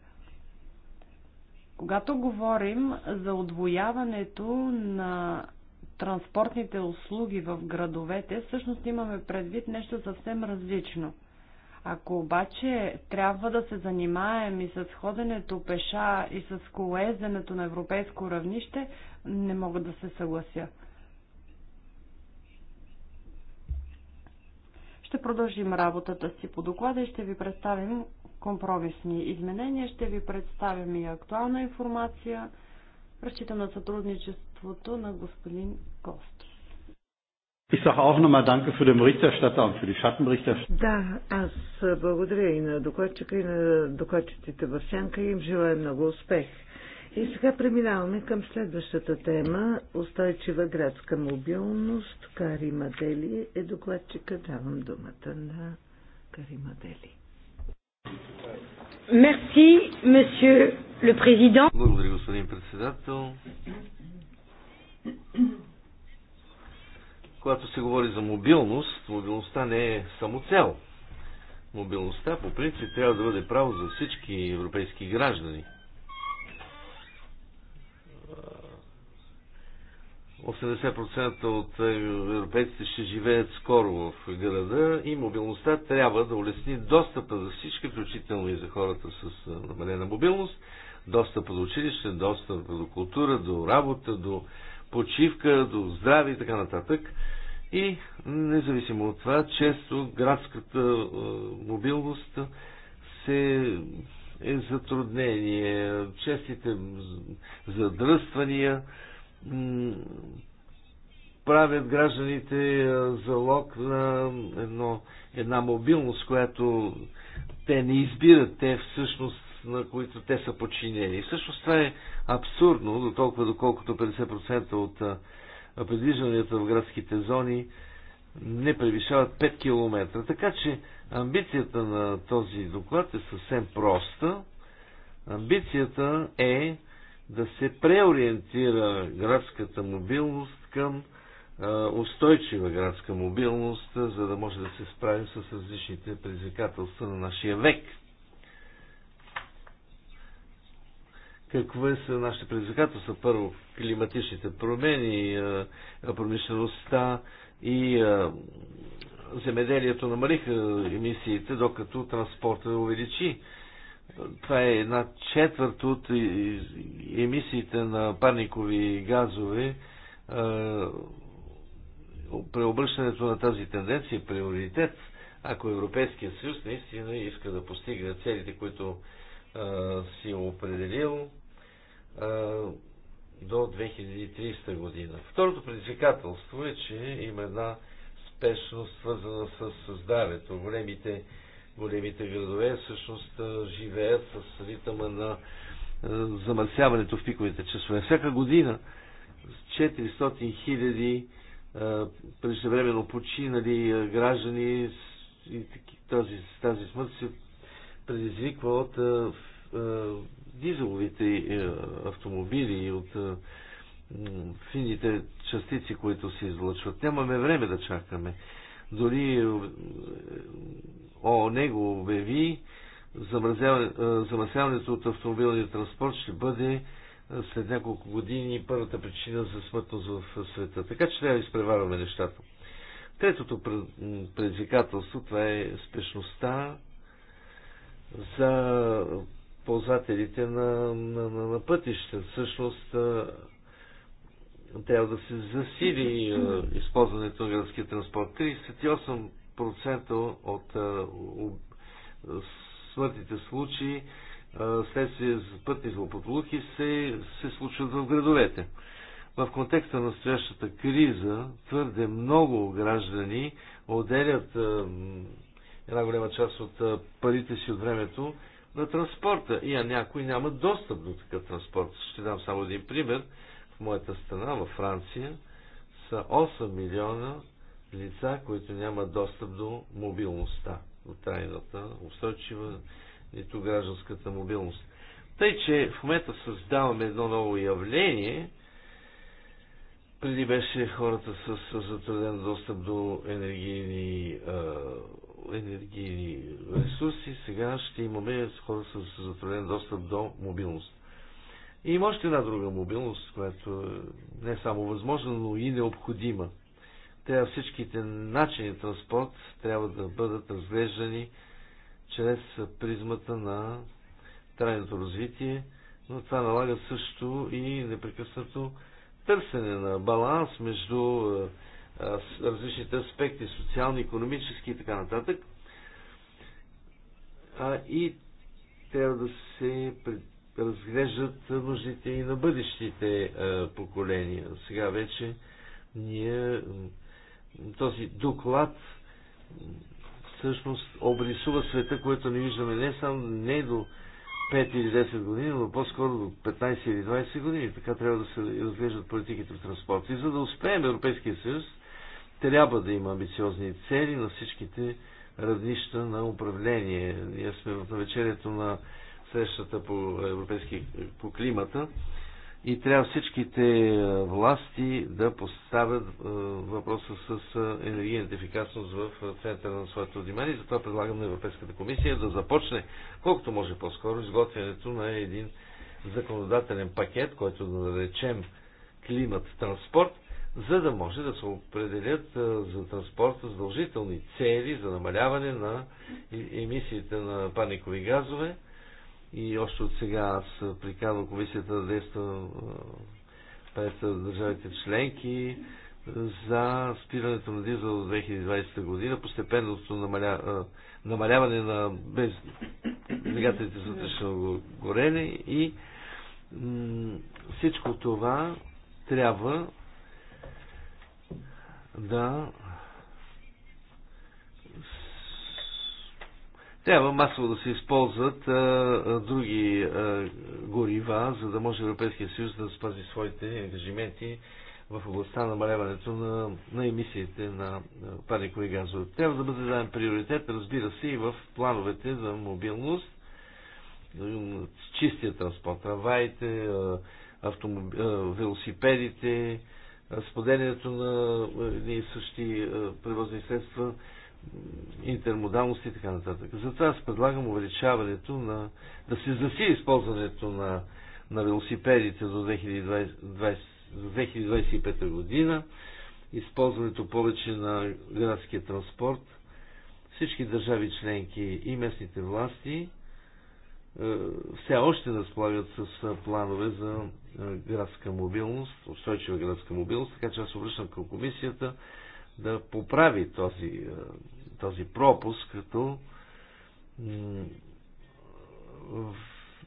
Когато говорим за отвояването на транспортните услуги в градовете, всъщност имаме предвид нещо съвсем различно – ако обаче трябва да се занимаем и с ходенето пеша и с колезенето на европейско равнище, не мога да се съглася. Ще продължим работата си по доклада и ще ви представим компромисни изменения, ще ви представим и актуална информация. Разчитам на сътрудничеството на господин Кост. Ich sage auch nochmal Danke für den Berichterstatter und für die Schattenberichterstatter. Да, аз благодаря и на докладчика, и на докладчиците в Сянка и им желая много успех. И сега преминаваме към следващата тема – устойчива градска мобилност. Кари Мадели е докладчика. Давам думата на Кари Мадели. Мерси, месье ле президент. Благодаря, господин председател. Когато се говори за мобилност, мобилността не е само цел. Мобилността по принцип трябва да бъде право за всички европейски граждани. 80% от европейците ще живеят скоро в града и мобилността трябва да улесни достъпа за всички, включително и за хората с намалена мобилност, достъпа до училище, достъпа до култура, до работа, до почивка, до здраве и така нататък. И независимо от това, често градската мобилност се е затруднение, честите задръствания правят гражданите залог на едно, една мобилност, която те не избират, те всъщност на които те са подчинени. Всъщност това е абсурдно, до толкова доколкото 50% от а придвижванията в градските зони не превишават 5 км. Така че амбицията на този доклад е съвсем проста. Амбицията е да се преориентира градската мобилност към устойчива градска мобилност, за да може да се справим с различните предизвикателства на нашия век. Какво е са нашите предизвикателства? Първо, климатичните промени, промишлеността и земеделието намалиха емисиите, докато транспорта увеличи. Това е една четвърт от емисиите на парникови газове. Преобръщането на тази тенденция е приоритет, ако Европейския съюз наистина иска да постигне целите, които си е определил до 2030 година. Второто предизвикателство е, че има една спешност, свързана с здравето. Големите, големите градове всъщност живеят с ритъма на замърсяването в пиковите часове. Всяка година 400 хиляди преждевременно починали граждани и тази, тази смърт се предизвиква от дизеловите е, автомобили и от е, фините частици, които се излъчват. Нямаме време да чакаме. Дори е, ООН го обяви, замърсяването от автомобилния транспорт ще бъде след няколко години първата причина за смъртност в света. Така че трябва да изпреварваме нещата. Третото предизвикателство, това е спешността за ползвателите на, на, на, на пътища. Всъщност трябва да се засили използването на градския транспорт. 38% от е, смъртните случаи следствие за пътни злополуки се, се случват в градовете. В контекста на настоящата криза твърде много граждани отделят една голяма част от парите си от времето на транспорта. И а някои нямат достъп до такъв транспорт. Ще дам само един пример. В моята страна, във Франция, са 8 милиона лица, които нямат достъп до мобилността, до трайната, устойчива, нито гражданската мобилност. Тъй, че в момента създаваме едно ново явление. Преди беше хората с затруден достъп до енергийни енергийни ресурси, сега ще имаме хора с затруднен достъп до мобилност. И има още една друга мобилност, която е не е само възможна, но и необходима. Трябва всичките начини транспорт трябва да бъдат разглеждани чрез призмата на трайното развитие, но това налага също и непрекъснато търсене на баланс между е, различните аспекти, социални, економически и така нататък. А, и трябва да се разглеждат нуждите и на бъдещите поколения. Сега вече ние този доклад всъщност обрисува света, което не виждаме не само не до 5 или 10 години, но по-скоро до 15 или 20 години. Така трябва да се разглеждат политиките в транспорта. И за да успеем Европейския съюз трябва да има амбициозни цели на всичките равнища на управление. Ние сме в навечерието на срещата по, европейски, по климата и трябва всичките власти да поставят въпроса с енергийната ефикасност в центъра на своето внимание. И затова предлагам на Европейската комисия да започне колкото може по-скоро изготвянето на един законодателен пакет, който да наречем климат транспорт, за да може да се определят за транспорта задължителни цели за намаляване на емисиите на паникови газове. И още от сега аз приказвам комисията да действа пред държавите членки за спирането на дизел до 2020 година, постепенното намаля, намаляване на без двигателите за тъчно горене и всичко това трябва да трябва масово да се използват а, а, други а, горива, за да може Европейския съюз да спази своите ангажименти в областта на намаляването на, на емисиите на парникови газове. Трябва да бъде даден приоритет, разбира се, и в плановете за мобилност, чистия транспорт, трамваите, автомоб... велосипедите, споделянето на едни и същи превозни средства, интермодалност и така нататък. Затова аз предлагам увеличаването на... да се заси използването на, на велосипедите до 2020, 2025 година, използването повече на градския транспорт, всички държави членки и местните власти е, все още разполагат с е, планове за е, градска мобилност, устойчива градска мобилност, така че аз обръщам към комисията да поправи този, този пропуск, като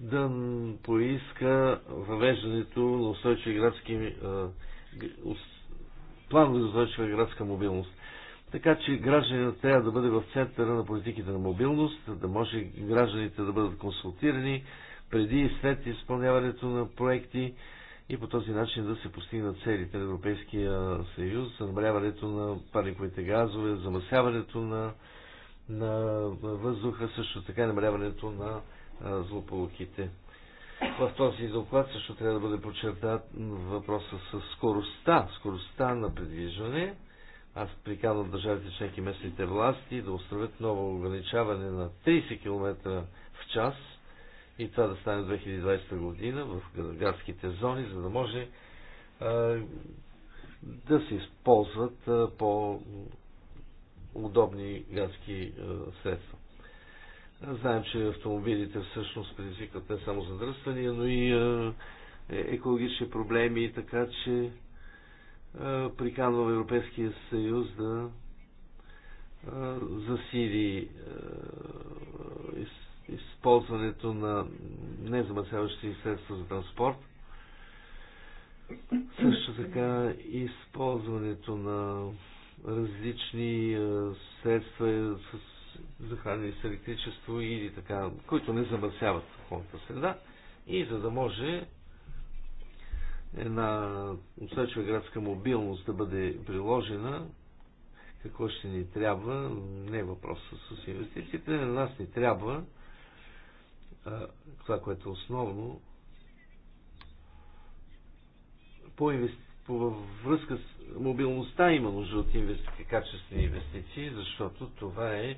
да поиска въвеждането на устойчиви градски планове за устойчива градска мобилност. Така че гражданите трябва да бъде в центъра на политиките на мобилност, да може гражданите да бъдат консултирани преди и след изпълняването на проекти и по този начин да се постигнат целите на Европейския съюз, за намаляването на парниковите газове, замъсяването на, на въздуха, също така и намаляването на а, злополуките. В този доклад също трябва да бъде подчертан въпроса с скоростта, скоростта на предвижване, аз приказвам държавите членки местните власти да установят ново ограничаване на 30 км в час и това да стане 2020 година в градските зони, за да може а, да се използват а, по удобни градски а, средства. Знаем, че автомобилите всъщност предизвикват не само задръствания, но и е, екологични проблеми, така че приканва Европейския съюз да засили използването на незамърсяващи средства за транспорт. Също така използването на различни средства е, с захранени с електричество или така, които не замърсяват околната среда и за да може една устойчива градска мобилност да бъде приложена, какво ще ни трябва, не е въпроса с инвестициите, на нас ни трябва това, което е основно по, инвести... по във връзка с мобилността има нужда от инвести... качествени инвестиции, защото това е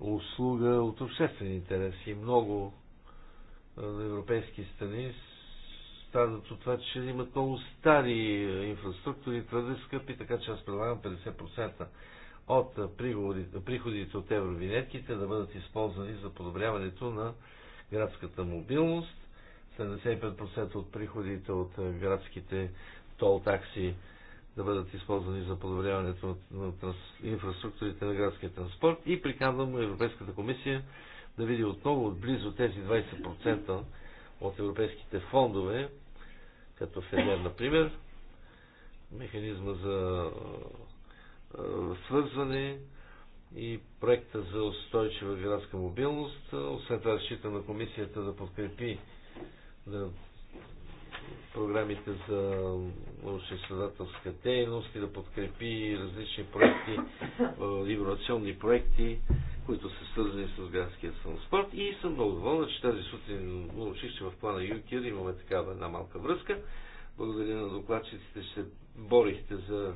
услуга от обществен интерес и много европейски страни страдат от това, че имат много стари е, инфраструктури, твърде скъпи, така че аз предлагам 50% от е, приходите от евровинетките да бъдат използвани за подобряването на градската мобилност. 75% от приходите от е, градските тол такси да бъдат използвани за подобряването на инфраструктурите на градския транспорт и приканвам Европейската комисия да види отново отблизо тези 20% от европейските фондове, като ФЕДЕР, например, механизма за свързване и проекта за устойчива градска мобилност. Освен това, разчита на комисията да подкрепи да програмите за научно-изследователска дейност и да подкрепи различни проекти, е, инновационни проекти, които са свързани с градския транспорт. И съм много доволен, че тази сутрин научих, че в плана Юкер имаме такава една малка връзка. Благодаря на докладчиците, че се борихте за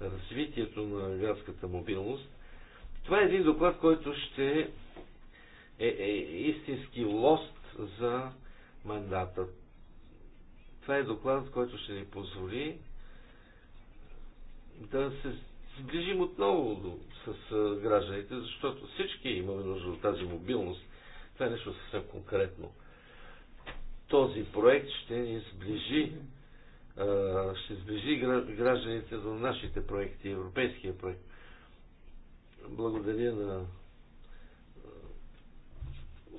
развитието на градската мобилност. Това е един доклад, който ще е, е истински лост за мандатът това е доклад, който ще ни позволи да се сближим отново до, с гражданите, защото всички имаме нужда от тази мобилност. Това е нещо съвсем конкретно. Този проект ще ни сближи, ще сближи гражданите до нашите проекти, европейския проект. Благодаря на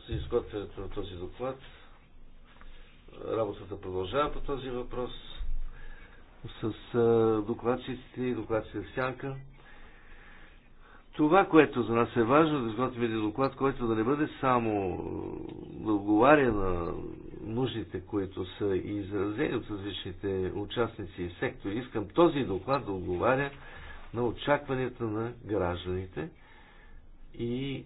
за изготвянето на този доклад работата продължава по този въпрос с а, докладчиците и докладчите в сянка. Това, което за нас е важно, да изготвим един доклад, който да не бъде само да отговаря на нуждите, които са изразени от различните участници и сектори. Искам този доклад да отговаря на очакванията на гражданите и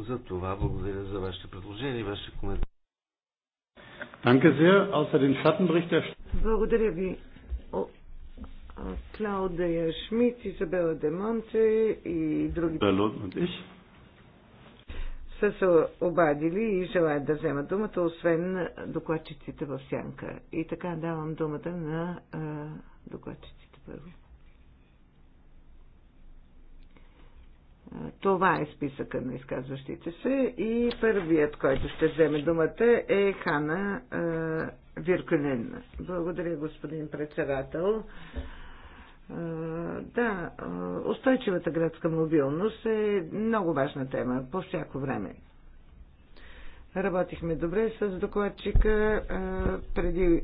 за това благодаря за вашите предложения и вашите коментари. Danke sehr. Außer den Schattenberichter. Благодаря ви. Клаудия Шмидт, Изабела Демонте и други. Са се обадили и желаят да вземат думата, освен докладчиците в сянка. И така давам думата на докладчиците първо. Това е списъка на изказващите се и първият, който ще вземе думата е Хана е, Вирконен. Благодаря, господин председател. Да, устойчивата градска мобилност е много важна тема по всяко време. Работихме добре с докладчика преди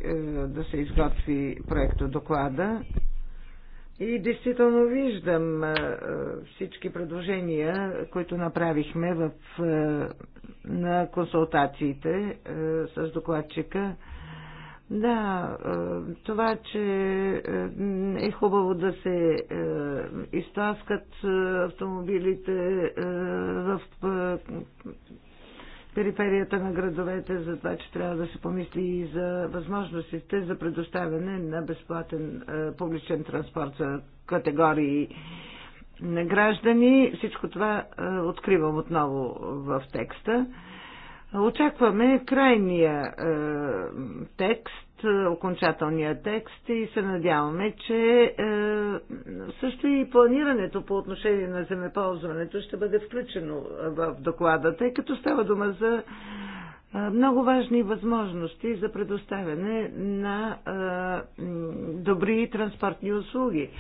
да се изготви проекто доклада и действително виждам всички предложения, които направихме в, на консултациите с докладчика. Да, това, че е хубаво да се изтласкат автомобилите в периферията на градовете, за това, че трябва да се помисли и за възможностите за предоставяне на безплатен е, публичен транспорт за категории на граждани. Всичко това е, откривам отново в текста. Очакваме крайния е, текст е, окончателния текст и се надяваме, че е, също и планирането по отношение на земеползването ще бъде включено в доклада, тъй като става дума за е, много важни възможности за предоставяне на добри транспортни услуги.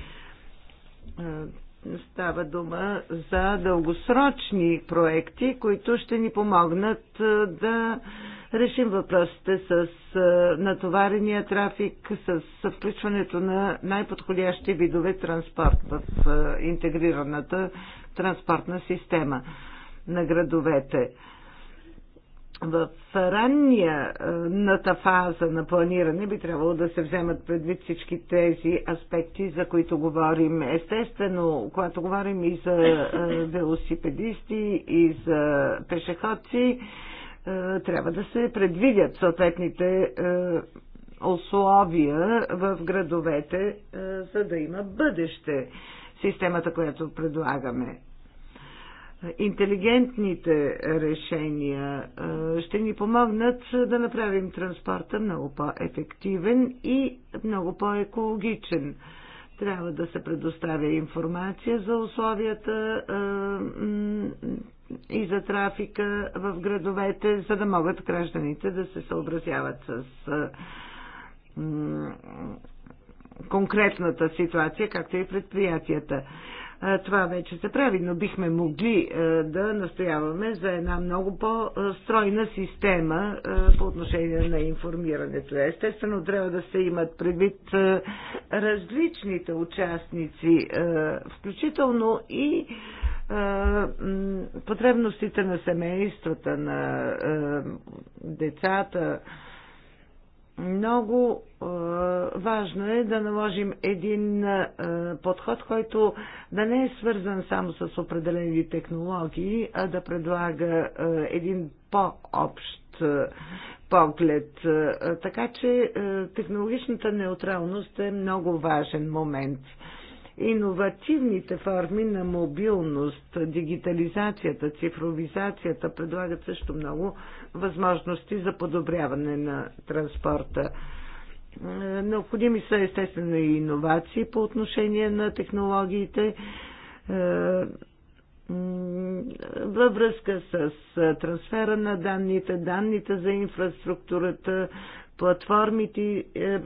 Става дума за дългосрочни проекти, които ще ни помогнат да решим въпросите с натоварения трафик, с включването на най-подходящи видове транспорт в интегрираната транспортна система на градовете. В ранната фаза на планиране би трябвало да се вземат предвид всички тези аспекти, за които говорим. Естествено, когато говорим и за велосипедисти, и за пешеходци, е, трябва да се предвидят съответните е, условия в градовете, е, за да има бъдеще системата, която предлагаме. Интелигентните решения ще ни помогнат да направим транспорта много по-ефективен и много по-екологичен. Трябва да се предоставя информация за условията, и за трафика в градовете, за да могат гражданите да се съобразяват с конкретната ситуация, както и предприятията. Това вече се прави, но бихме могли да настояваме за една много по-стройна система по отношение на информирането. Естествено, трябва да се имат предвид различните участници, включително и потребностите на семействата, на децата. Много важно е да наложим един подход, който да не е свързан само с определени технологии, а да предлага един по-общ поглед. Така че технологичната неутралност е много важен момент иновативните форми на мобилност, дигитализацията, цифровизацията предлагат също много възможности за подобряване на транспорта. Необходими са естествено и иновации по отношение на технологиите е, във връзка с трансфера на данните, данните за инфраструктурата, платформите, е,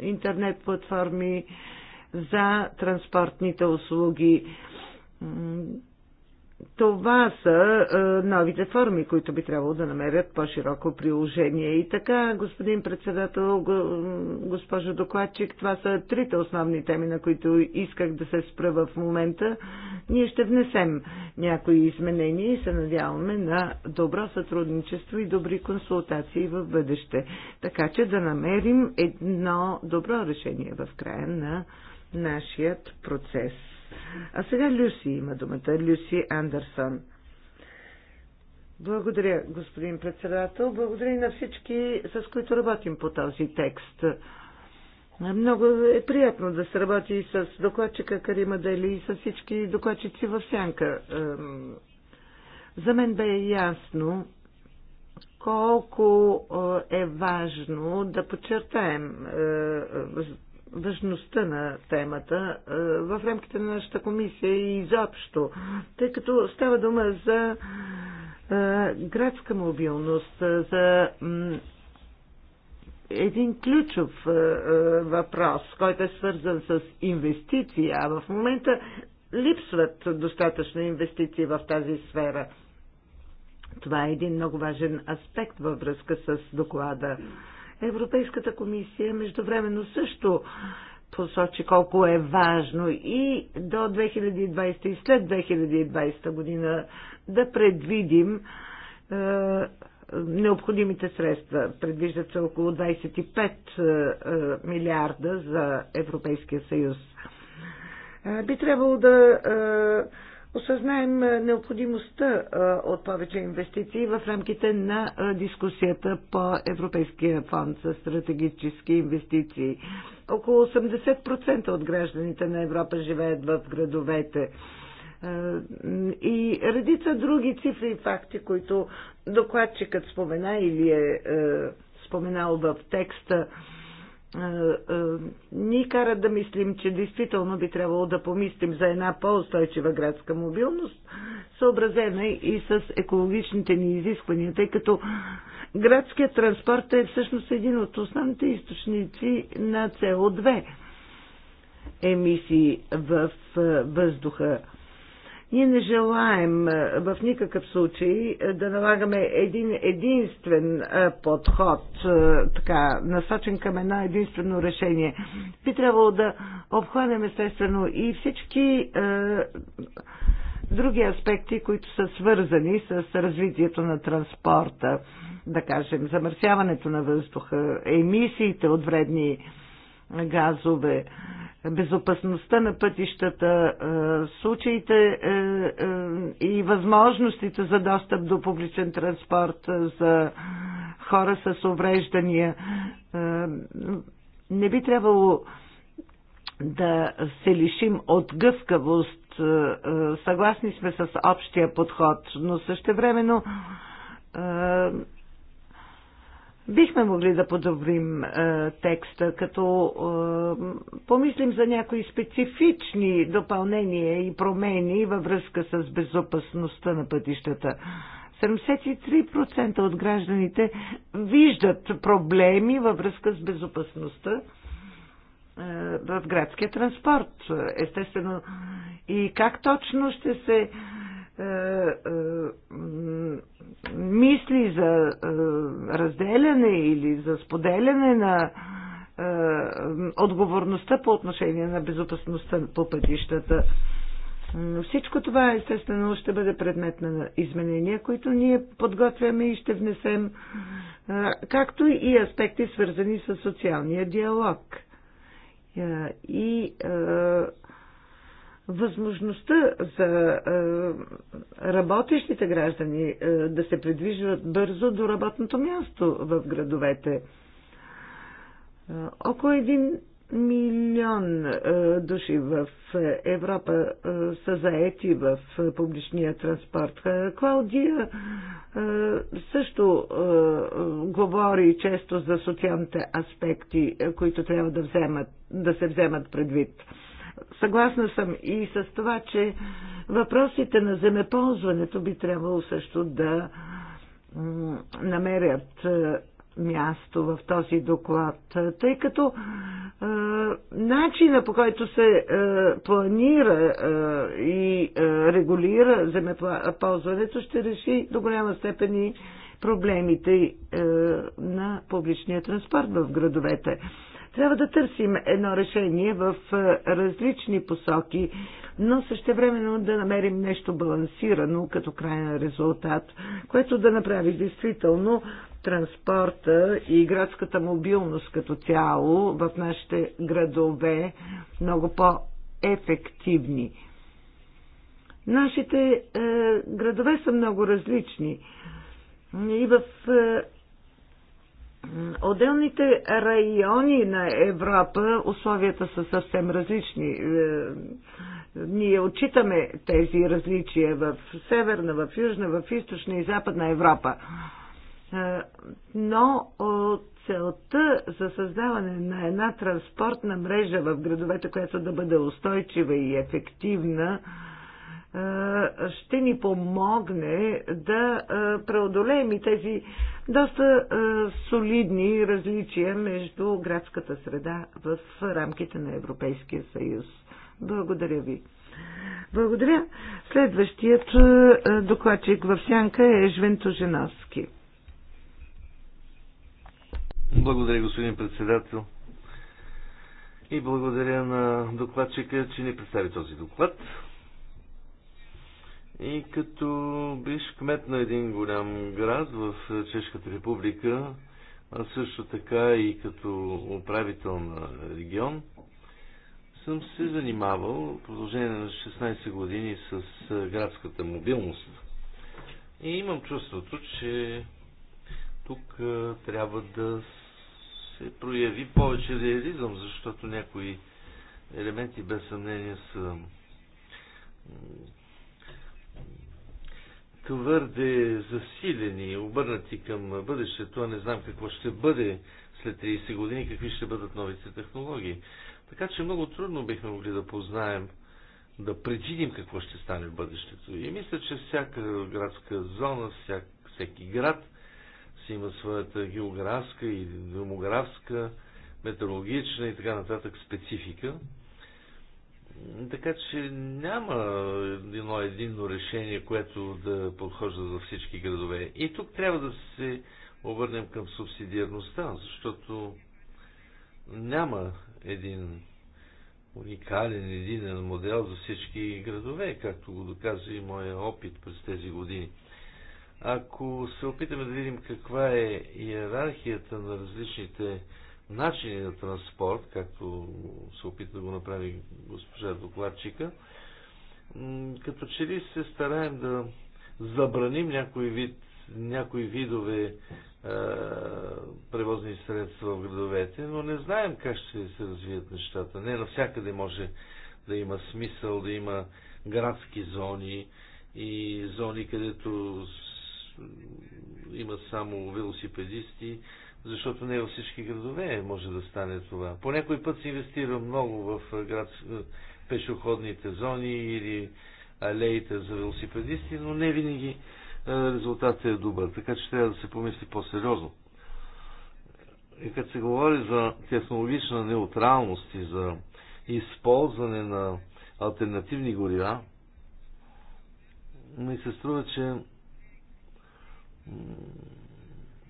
интернет платформи, за транспортните услуги. Това са е, новите форми, които би трябвало да намерят по-широко приложение. И така, господин председател, госпожо докладчик, това са трите основни теми, на които исках да се спра в момента. Ние ще внесем някои изменения и се надяваме на добро сътрудничество и добри консултации в бъдеще. Така че да намерим едно добро решение в края на нашият процес. А сега Люси има думата. Люси Андерсон. Благодаря, господин председател. Благодаря и на всички, с които работим по този текст. Много е приятно да се работи и с докладчика Карима Дели и с всички докладчици в сянка. За мен бе ясно колко е, е важно да подчертаем е, е, важността на темата в рамките на нашата комисия и изобщо, тъй като става дума за градска мобилност, за един ключов въпрос, който е свързан с инвестиции, а в момента липсват достатъчно инвестиции в тази сфера. Това е един много важен аспект във връзка с доклада. Европейската комисия междувременно също посочи колко е важно и до 2020 и след 2020 година да предвидим е, необходимите средства. Предвиждат се около 25 е, е, милиарда за Европейския съюз. Е, би трябвало да е, осъзнаем е, необходимостта е, от повече инвестиции в рамките на е, дискусията по Европейския фонд за стратегически инвестиции. Около 80% от гражданите на Европа живеят в градовете и редица други цифри и факти, които докладчикът спомена или е, споменал в текста. Е, е, ни кара да мислим, че действително би трябвало да помислим за една по-устойчива градска мобилност, съобразена и с екологичните ни изисквания, тъй като градският транспорт е всъщност един от основните източници на CO2 емисии в е, въздуха. Ние не желаем е, в никакъв случай е, да налагаме един единствен е, подход, така, насочен към едно единствено решение. Би трябвало да обхванем естествено и всички е, други аспекти, които са свързани с развитието на транспорта, да кажем, замърсяването на въздуха, емисиите от вредни газове, безопасността на пътищата, е, случаите е, е, и възможностите за достъп до публичен транспорт за хора с увреждания. Не би трябвало да се лишим от гъвкавост. Съгласни сме с общия подход, но същевременно времено Бихме могли да подобрим е, текста, като е, помислим за някои специфични допълнения и промени във връзка с безопасността на пътищата. 73% от гражданите виждат проблеми във връзка с безопасността е, в градския транспорт, естествено. И как точно ще се е, е, мисли за е, разделяне или за споделяне на е, отговорността по отношение на безопасността по пътищата. Всичко това естествено ще бъде предмет на изменения, които ние подготвяме и ще внесем, е, както и аспекти свързани с социалния диалог е, и е, възможността за е, работещите граждани е, да се придвижват бързо до работното място в градовете. Е, около един милион души в Европа са заети в публичния транспорт. Клаудия също говори често за социалните аспекти, които трябва да, вземат, да се вземат предвид. Съгласна съм и с това, че въпросите на земеползването би трябвало също да намерят е, място в този доклад, тъй като е, начина по който се е, планира е, и е, регулира земеползването ще реши до голяма степен и проблемите е, на публичния транспорт в градовете. Трябва да търсим едно решение в е, различни посоки, но същевременно да намерим нещо балансирано като крайен резултат, което да направи действително транспорта и градската мобилност като цяло в нашите градове много по-ефективни. Нашите е, градове са много различни. И в е, отделните райони на Европа условията са съвсем различни. Е, ние отчитаме тези различия в Северна, в Южна, в Източна и Западна Европа. Е, но е, целта за създаване на една транспортна мрежа в градовете, която да бъде устойчива и ефективна, ще ни помогне да преодолеем и тези доста солидни различия между градската среда в рамките на Европейския съюз. Благодаря ви. Благодаря. Следващият докладчик в сянка е Жвенто Женовски. Благодаря, господин председател. И благодаря на докладчика, че ни представи този доклад. И като биш кмет на един голям град в Чешката република, а също така и като управител на регион, съм се занимавал в продължение на 16 години с градската мобилност. И имам чувството, че тук трябва да се прояви повече реализъм, защото някои елементи без съмнение са твърде засилени, обърнати към бъдещето, а не знам какво ще бъде след 30 години, какви ще бъдат новите технологии. Така че много трудно бихме могли да познаем, да предвидим какво ще стане в бъдещето. И мисля, че всяка градска зона, всяк, всеки град си има своята географска и демографска, метеорологична и така нататък специфика. Така че няма едно единно решение, което да подхожда за всички градове. И тук трябва да се обърнем към субсидиарността, защото няма един уникален, единен модел за всички градове, както го доказва и моя опит през тези години. Ако се опитаме да видим каква е иерархията на различните начинът транспорт, както се опита да го направи госпожа докладчика, като че ли се стараем да забраним някой вид, някои видове е, превозни средства в градовете, но не знаем как ще се развият нещата. Не навсякъде може да има смисъл, да има градски зони и зони, където има само велосипедисти защото не във всички градове може да стане това. По някой път се инвестира много в град, пешеходните зони или алеите за велосипедисти, но не винаги резултатът е добър, така че трябва да се помисли по-сериозно. И като се говори за технологична неутралност и за използване на альтернативни горива, ми се струва, че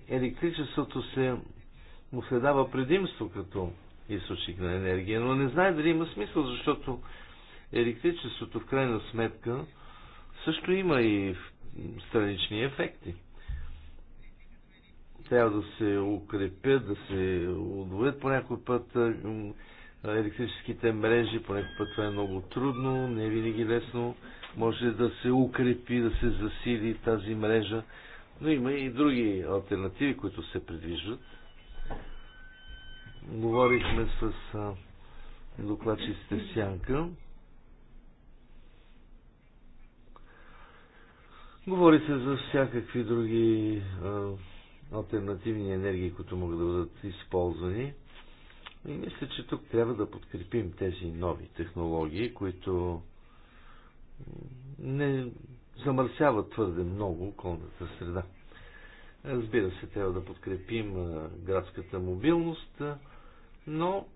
електричеството се му се дава предимство като източник на енергия, но не знае дали има смисъл, защото електричеството в крайна сметка също има и странични ефекти. Трябва да се укрепят, да се удвоят по някой път електрическите мрежи, по някой път това е много трудно, не е винаги лесно. Може да се укрепи, да се засили тази мрежа. Но има и други альтернативи, които се предвиждат. Говорихме с докладчиците Сянка. Говори се за всякакви други а, альтернативни енергии, които могат да бъдат използвани. И мисля, че тук трябва да подкрепим тези нови технологии, които не замърсяват твърде много околната среда. Разбира се, трябва да подкрепим градската мобилност, но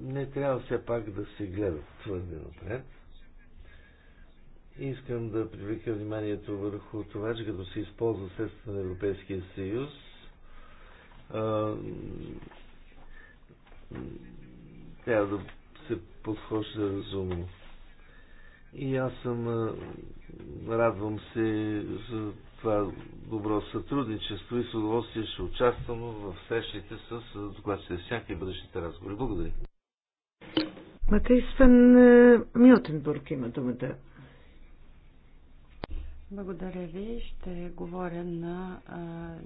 не трябва все пак да се гледат твърде напред. Искам да привлека вниманието върху това, че като се използва средства на Европейския съюз, трябва да се подхожда разумно. И аз съм, радвам се за това добро сътрудничество и с удоволствие ще участвам в срещите с докладчите с всяки бъдещите разговори. Благодаря. Матейс Фен Милтенбург има думата. Благодаря ви. Ще говоря на а,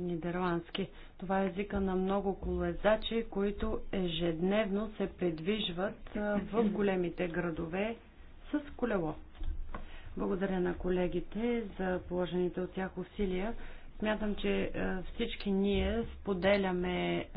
нидерландски. Това е езика на много колезачи, които ежедневно се предвижват а, в големите градове с колело. Благодаря на колегите за положените от тях усилия. Смятам, че е, всички ние споделяме е,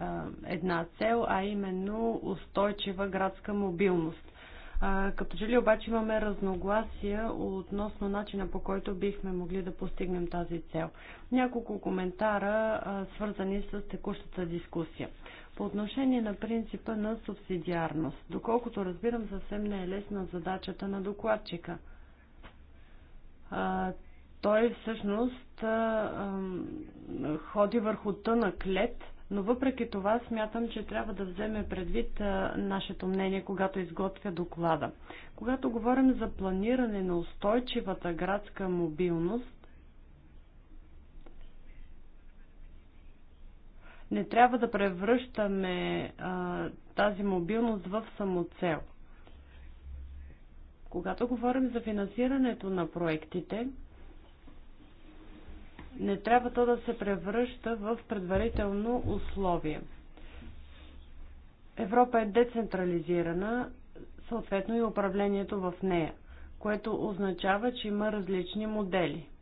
една цел, а именно устойчива градска мобилност. Е, като че ли обаче имаме разногласия относно начина по който бихме могли да постигнем тази цел. Няколко коментара, свързани с текущата дискусия. По отношение на принципа на субсидиарност, доколкото разбирам, съвсем не е лесна задачата на докладчика. А, той всъщност а, а, ходи върху тънък лед, но въпреки това смятам, че трябва да вземе предвид а, нашето мнение, когато изготвя доклада. Когато говорим за планиране на устойчивата градска мобилност, Не трябва да превръщаме а, тази мобилност в самоцел. Когато говорим за финансирането на проектите, не трябва то да се превръща в предварително условие. Европа е децентрализирана, съответно и управлението в нея, което означава, че има различни модели –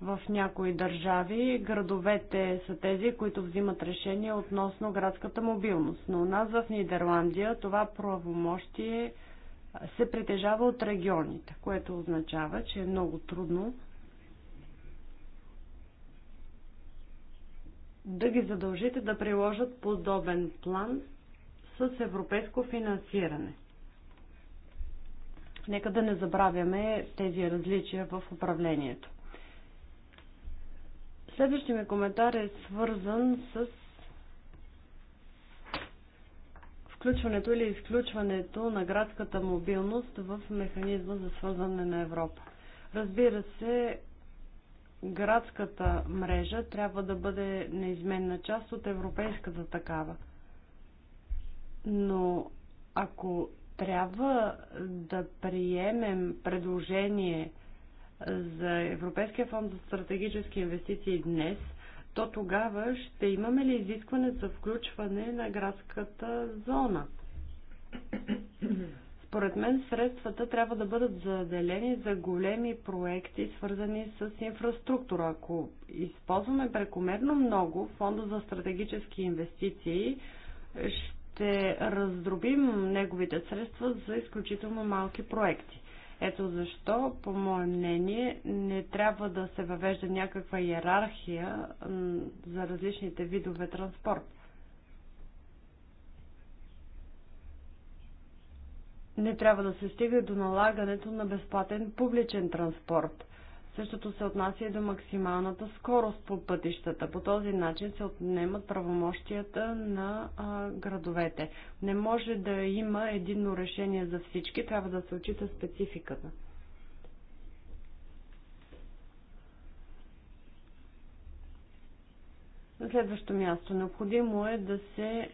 в някои държави градовете са тези, които взимат решение относно градската мобилност. Но у нас в Нидерландия това правомощие се притежава от регионите, което означава, че е много трудно да ги задължите да приложат подобен план с европейско финансиране. Нека да не забравяме тези различия в управлението. Следващия ми коментар е свързан с включването или изключването на градската мобилност в механизма за свързване на Европа. Разбира се, градската мрежа трябва да бъде неизменна част от европейската такава. Но ако трябва да приемем предложение за Европейския фонд за стратегически инвестиции днес, то тогава ще имаме ли изискване за включване на градската зона? Според мен средствата трябва да бъдат заделени за големи проекти, свързани с инфраструктура. Ако използваме прекомерно много фонда за стратегически инвестиции, ще раздробим неговите средства за изключително малки проекти. Ето защо, по мое мнение, не трябва да се въвежда някаква иерархия за различните видове транспорт. Не трябва да се стига до налагането на безплатен публичен транспорт – Същото се отнася и до максималната скорост по пътищата. По този начин се отнемат правомощията на а, градовете. Не може да има единно решение за всички, трябва да се очита спецификата. На следващо място, необходимо е да се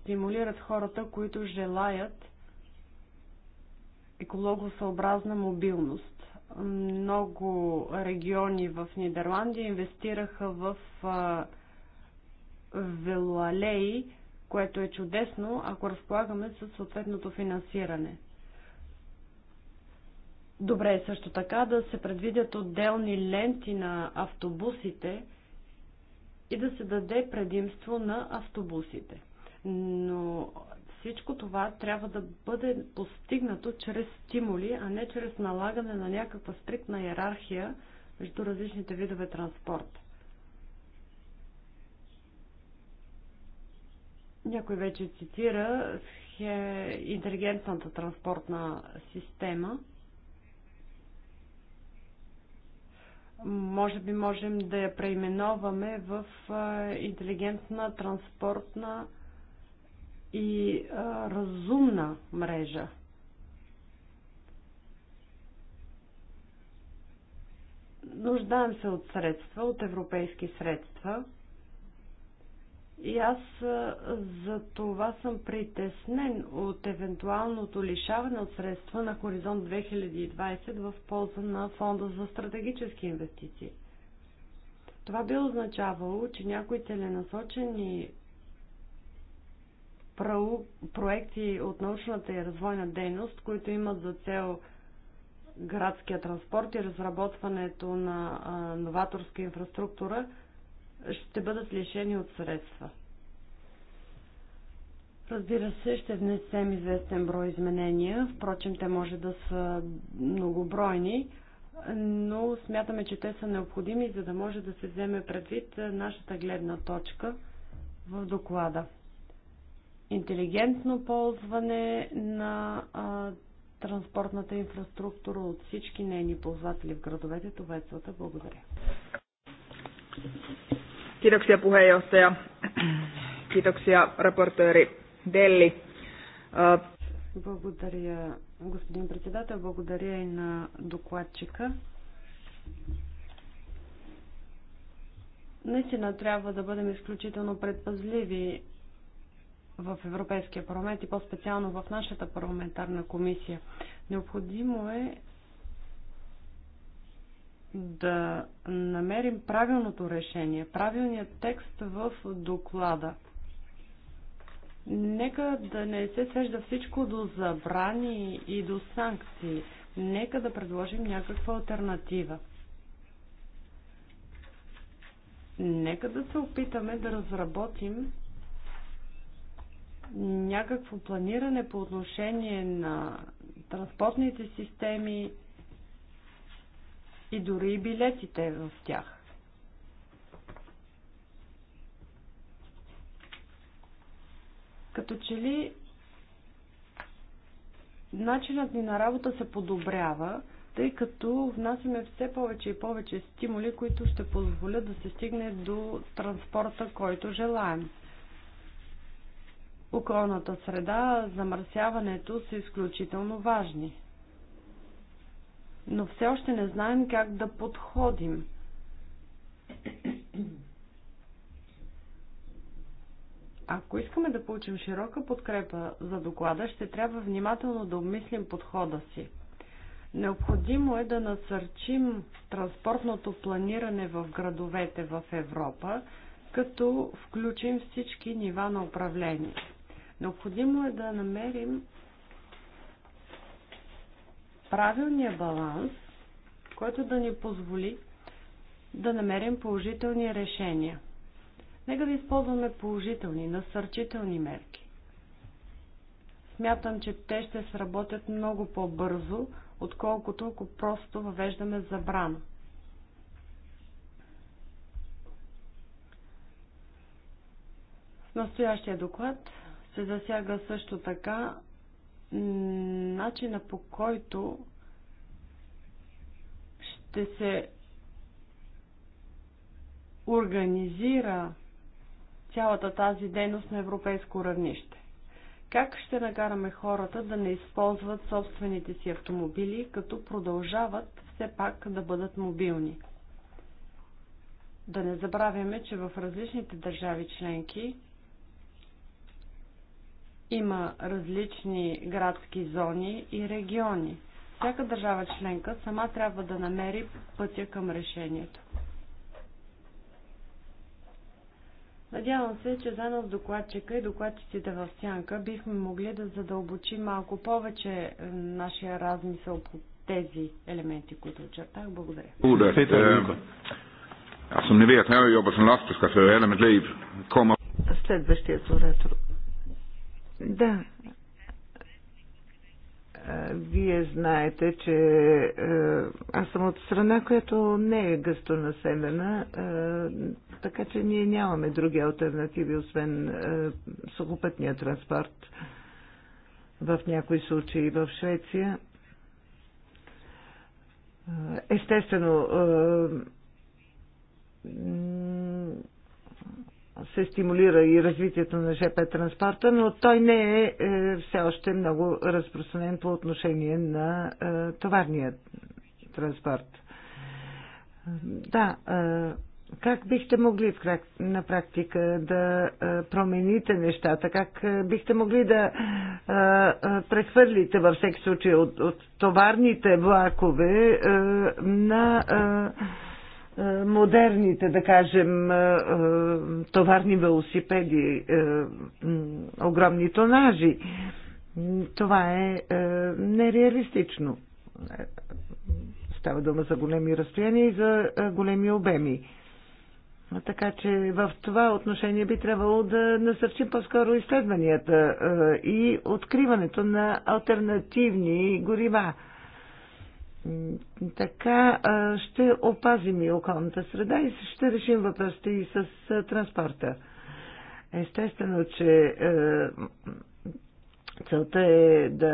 стимулират хората, които желаят екологосъобразна мобилност много региони в Нидерландия инвестираха в велоалеи, което е чудесно, ако разполагаме със съответното финансиране. Добре е също така да се предвидят отделни ленти на автобусите и да се даде предимство на автобусите. Но всичко това трябва да бъде постигнато чрез стимули, а не чрез налагане на някаква стриктна иерархия между различните видове транспорт. Някой вече цитира интелигентната транспортна система. Може би можем да я преименоваме в интелигентна транспортна система и а, разумна мрежа. Нуждаем се от средства, от европейски средства. И аз за това съм притеснен от евентуалното лишаване от средства на Хоризонт 2020 в полза на Фонда за стратегически инвестиции. Това би означавало, че някои целенасочени проекти от научната и развойна дейност, които имат за цел градския транспорт и разработването на новаторска инфраструктура, ще бъдат лишени от средства. Разбира се, ще внесем известен брой изменения, впрочем те може да са многобройни, но смятаме, че те са необходими, за да може да се вземе предвид нашата гледна точка в доклада интелигентно ползване на а, транспортната инфраструктура от всички нейни ползватели в градовете. Това е целта. Благодаря. Kiitoksia puheenjohtaja. Kiitoksia raportööri Дели. Благодаря, господин председател. Благодаря и на докладчика. Наистина трябва да бъдем изключително предпазливи в Европейския парламент и по-специално в нашата парламентарна комисия. Необходимо е да намерим правилното решение, правилният текст в доклада. Нека да не се свежда всичко до забрани и до санкции. Нека да предложим някаква альтернатива. Нека да се опитаме да разработим някакво планиране по отношение на транспортните системи и дори и билетите в тях. Като че ли начинът ни на работа се подобрява, тъй като внасяме все повече и повече стимули, които ще позволят да се стигне до транспорта, който желаем околната среда, замърсяването са изключително важни. Но все още не знаем как да подходим. Ако искаме да получим широка подкрепа за доклада, ще трябва внимателно да обмислим подхода си. Необходимо е да насърчим транспортното планиране в градовете в Европа, като включим всички нива на управление. Необходимо е да намерим правилния баланс, който да ни позволи да намерим положителни решения. Нека да използваме положителни, насърчителни мерки. Смятам, че те ще сработят много по-бързо, отколкото ако просто въвеждаме забрана. В настоящия доклад се засяга също така начина по който ще се организира цялата тази дейност на европейско равнище. Как ще накараме хората да не използват собствените си автомобили, като продължават все пак да бъдат мобилни? Да не забравяме, че в различните държави членки има различни градски зони и региони. Всяка държава членка сама трябва да намери пътя към решението. Надявам се, че заедно с докладчика и докладчиците в сянка бихме могли да задълбочим малко повече е, нашия размисъл по тези елементи, които очертах. Благодаря. Е, Следващият оратор. Да. Вие знаете, че аз съм от страна, която не е гъсто населена, така че ние нямаме други альтернативи, освен сухопътния транспорт в някои случаи в Швеция. Естествено, се стимулира и развитието на ЖП транспорта, но той не е, е все още много разпространен по отношение на е, товарния транспорт. Да, е, как бихте могли на практика да промените нещата? Как бихте могли да прехвърлите във всеки случай от, от товарните влакове на е, модерните, да кажем, е, е, товарни велосипеди, огромни тонажи. Това е нереалистично. Става дума за големи разстояния и за големи обеми. Така че в това отношение би трябвало да насърчим по-скоро изследванията и откриването на альтернативни горива. Така ще опазим и околната среда и ще решим въпросите и с транспорта. Естествено, че е, Целта е да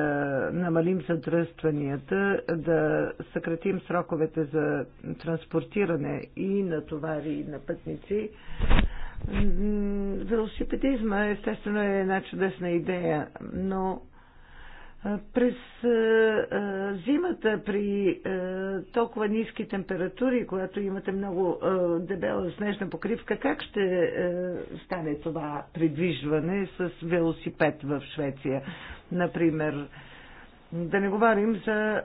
намалим задръстванията, да съкратим сроковете за транспортиране и на товари, и на пътници. Велосипедизма естествено е една чудесна идея, но през зимата при толкова ниски температури, когато имате много дебела снежна покривка, как ще стане това придвижване с велосипед в Швеция, например? Да не говорим за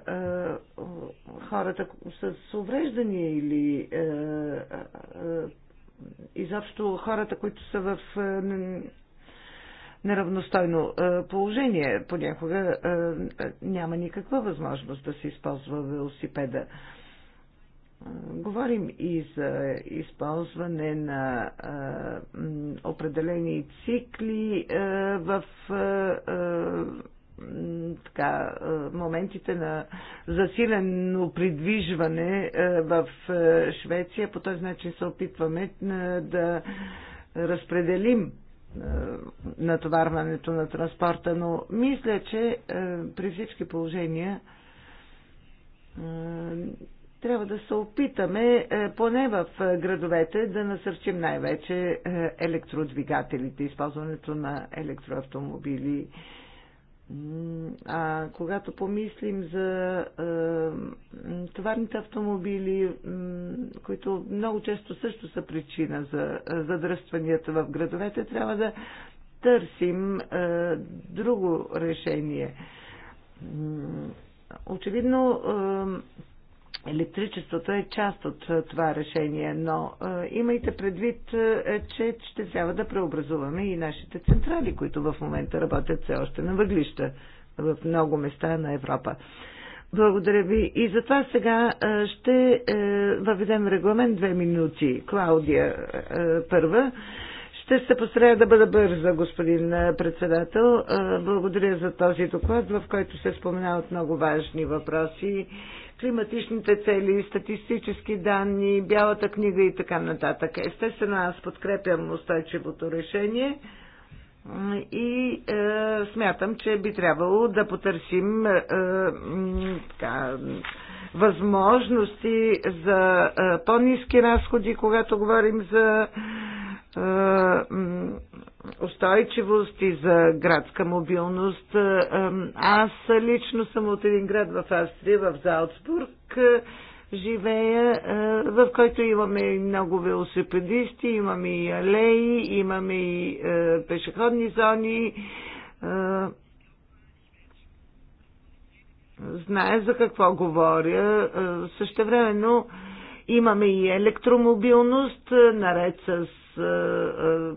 хората с увреждания или изобщо хората, които са в неравностойно е, положение. Понякога е, е, няма никаква възможност да се използва велосипеда. Говорим и за използване на определени цикли в така, моментите на засилено придвижване в Швеция. По този начин се опитваме да разпределим е, натоварването на транспорта, но мисля, че е, при всички положения е, трябва да се опитаме поне в градовете да насърчим най-вече електродвигателите, използването на електроавтомобили а когато помислим за а, товарните автомобили, а, които много често също са причина за задръстванията в градовете, трябва да търсим а, друго решение. Очевидно, електричеството е част от е, това решение, но е, имайте предвид, е, че ще трябва да преобразуваме и нашите централи, които в момента работят все още на въглища в много места на Европа. Благодаря ви. И затова сега е, ще е, въведем регламент две минути. Клаудия е, първа. Ще се постарая да бъда бърза, господин е, председател. Е, благодаря за този доклад, в който се споменават много важни въпроси климатичните цели, статистически данни, бялата книга и така нататък. Естествено, аз подкрепям устойчивото решение и е, смятам, че би трябвало да потърсим е, така, възможности за е, по-низки разходи, когато говорим за е, устойчивост и за градска мобилност. Аз лично съм от един град в Австрия, в Залцбург, живея, в който имаме много велосипедисти, имаме и алеи, имаме и пешеходни зони. Знае за какво говоря. Също времено имаме и електромобилност, наред с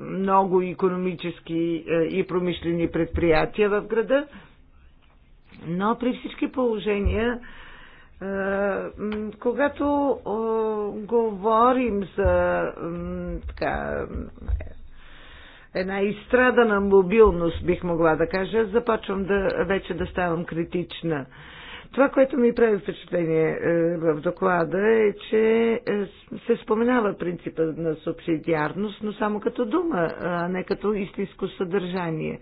много економически и промишлени предприятия в града, но при всички положения когато говорим за така, една изстрадана мобилност, бих могла да кажа, започвам да, вече да ставам критична. Това, което ми прави впечатление е, в доклада е, че е, се споменава принципа на субсидиарност, но само като дума, а не като истинско съдържание.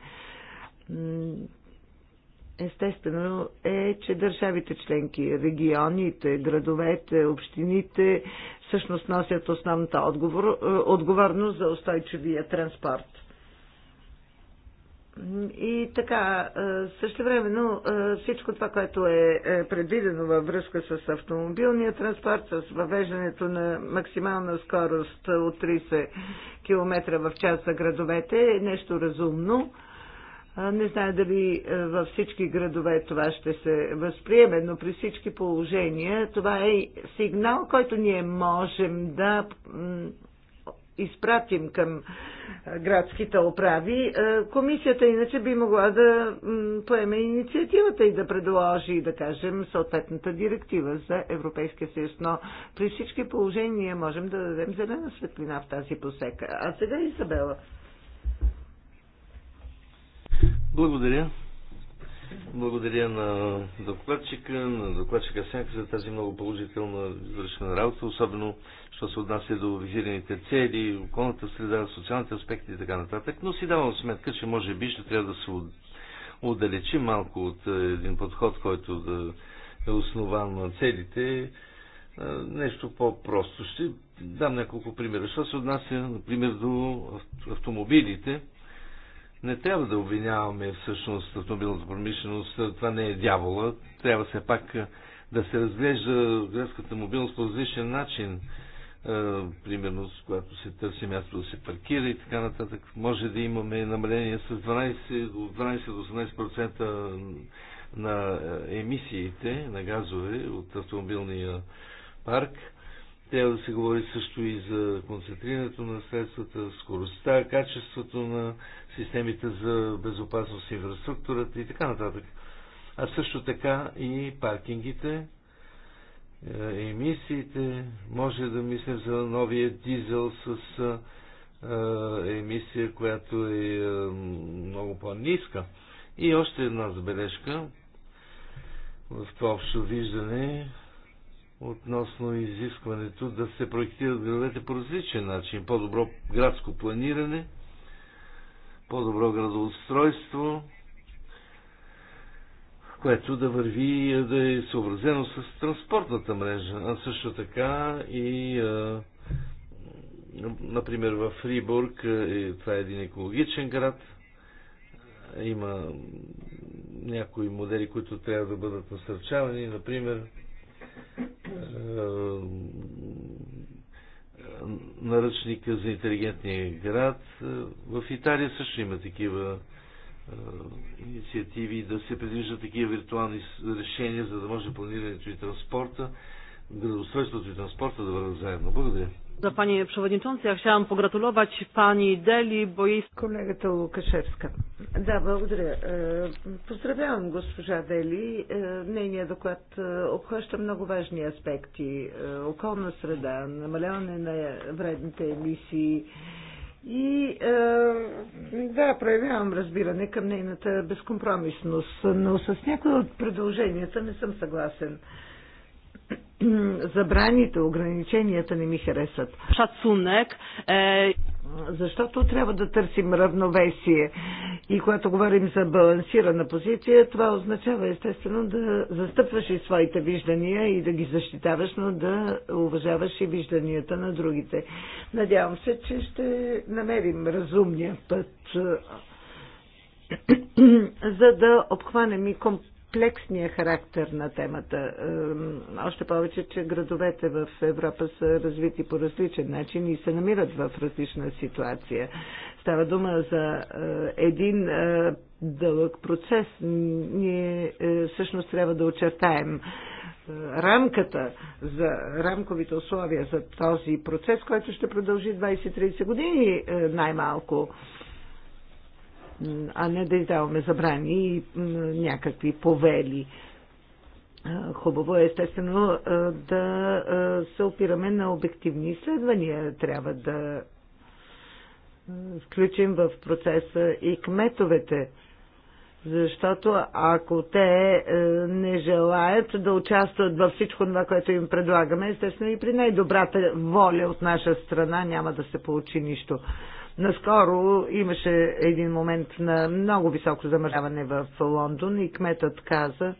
Естествено е, че държавите членки, регионите, градовете, общините всъщност носят основната отговор, е, отговорност за устойчивия транспорт. И така, също времено всичко това, което е, е предвидено във връзка с автомобилния транспорт, с въвеждането на максимална скорост от 30 км в час за градовете е нещо разумно. Не знае дали във всички градове това ще се възприеме, но при всички положения това е сигнал, който ние можем да изпратим към градските управи. Комисията иначе би могла да поеме инициативата и да предложи, да кажем, съответната директива за Европейския съюз. Но при всички положения ние можем да дадем зелена светлина в тази посека. А сега Изабела. Благодаря. Благодаря на докладчика, на докладчика Сенка за тази много положителна извършена работа, особено що се отнася до визираните цели, околната среда, социалните аспекти и така нататък. Но си давам сметка, че може би ще трябва да се отдалечи малко от е, един подход, който да е основан на целите. Е, нещо по-просто. Ще дам няколко примера. Що се отнася, например, до автомобилите, не трябва да обвиняваме всъщност автомобилната промишленост. Това не е дявола. Трябва все пак да се разглежда градската мобилност по различен начин. Примерно, когато се търси място да се паркира и така нататък, може да имаме намаление с 12, от 12 до 18% на емисиите на газове от автомобилния парк трябва да се говори също и за концентрирането на средствата, скоростта, качеството на системите за безопасност, инфраструктурата и така нататък. А също така и паркингите, е, емисиите. Може да мислим за новия дизел с е, е, емисия, която е много по-ниска. И още една забележка в това общо виждане относно изискването да се проектират градовете по различен начин. По-добро градско планиране, по-добро градоустройство, което да върви, да е съобразено с транспортната мрежа, а също така и например в Фрибург, е, това е един екологичен град, има някои модели, които трябва да бъдат насърчавани, например е, наръчника за интелигентния град. Е, в Италия също има такива е, инициативи да се предвиждат такива виртуални решения, за да може планирането и транспорта, градостройството и транспорта да бъдат заедно. Благодаря. За пани Przewodniczący, я chciałam pogratulować pani Дели, bo jej... Колегата Лукашевска. Да, благодаря. Е, поздравявам госпожа Дели. Е, нейният доклад е, обхваща много важни аспекти. Околна среда, намаляване на вредните емисии, и е, да, проявявам разбиране към нейната безкомпромисност, но с някои от предложенията не съм съгласен. Е, забраните, ограниченията не ми харесват. Шацунек. Е... Защото трябва да търсим равновесие. И когато говорим за балансирана позиция, това означава естествено да застъпваш и своите виждания и да ги защитаваш, но да уважаваш и вижданията на другите. Надявам се, че ще намерим разумния път за да обхванем и комп комплексния характер на темата. Още повече, че градовете в Европа са развити по различен начин и се намират в различна ситуация. Става дума за е, един е, дълъг процес. Ние е, всъщност трябва да очертаем рамката за рамковите условия за този процес, който ще продължи 20-30 години най-малко а не да издаваме забрани и някакви повели. Хубаво е, естествено, да се опираме на обективни изследвания. Трябва да включим в процеса и кметовете, защото ако те не желаят да участват във всичко това, което им предлагаме, естествено и при най-добрата воля от наша страна няма да се получи нищо. Наскоро имаше един момент на много високо замърсяване в Лондон и кметът каза,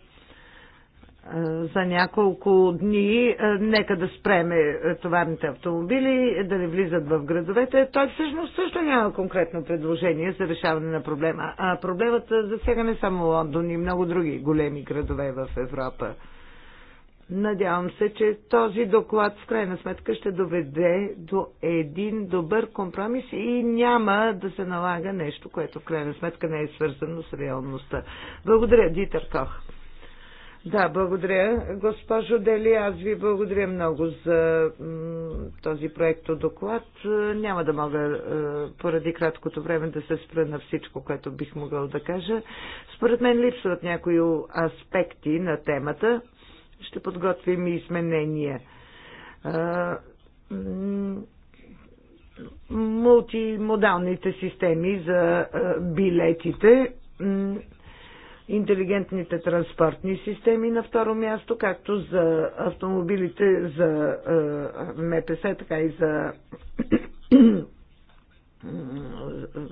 за няколко дни нека да спреме товарните автомобили, да не влизат в градовете. Той всъщност също няма конкретно предложение за решаване на проблема. А проблемата засяга не само Лондон и много други големи градове в Европа. Надявам се, че този доклад в крайна сметка ще доведе до един добър компромис и няма да се налага нещо, което в крайна сметка не е свързано с реалността. Благодаря, Дитър Кох. Да, благодаря. Госпожо Дели, аз ви благодаря много за този проект от доклад. Няма да мога е, поради краткото време да се спра на всичко, което бих могъл да кажа. Според мен липсват някои аспекти на темата ще подготвим и изменения. Мултимодалните системи за билетите, интелигентните транспортни системи на второ място, както за автомобилите за МПС, така и за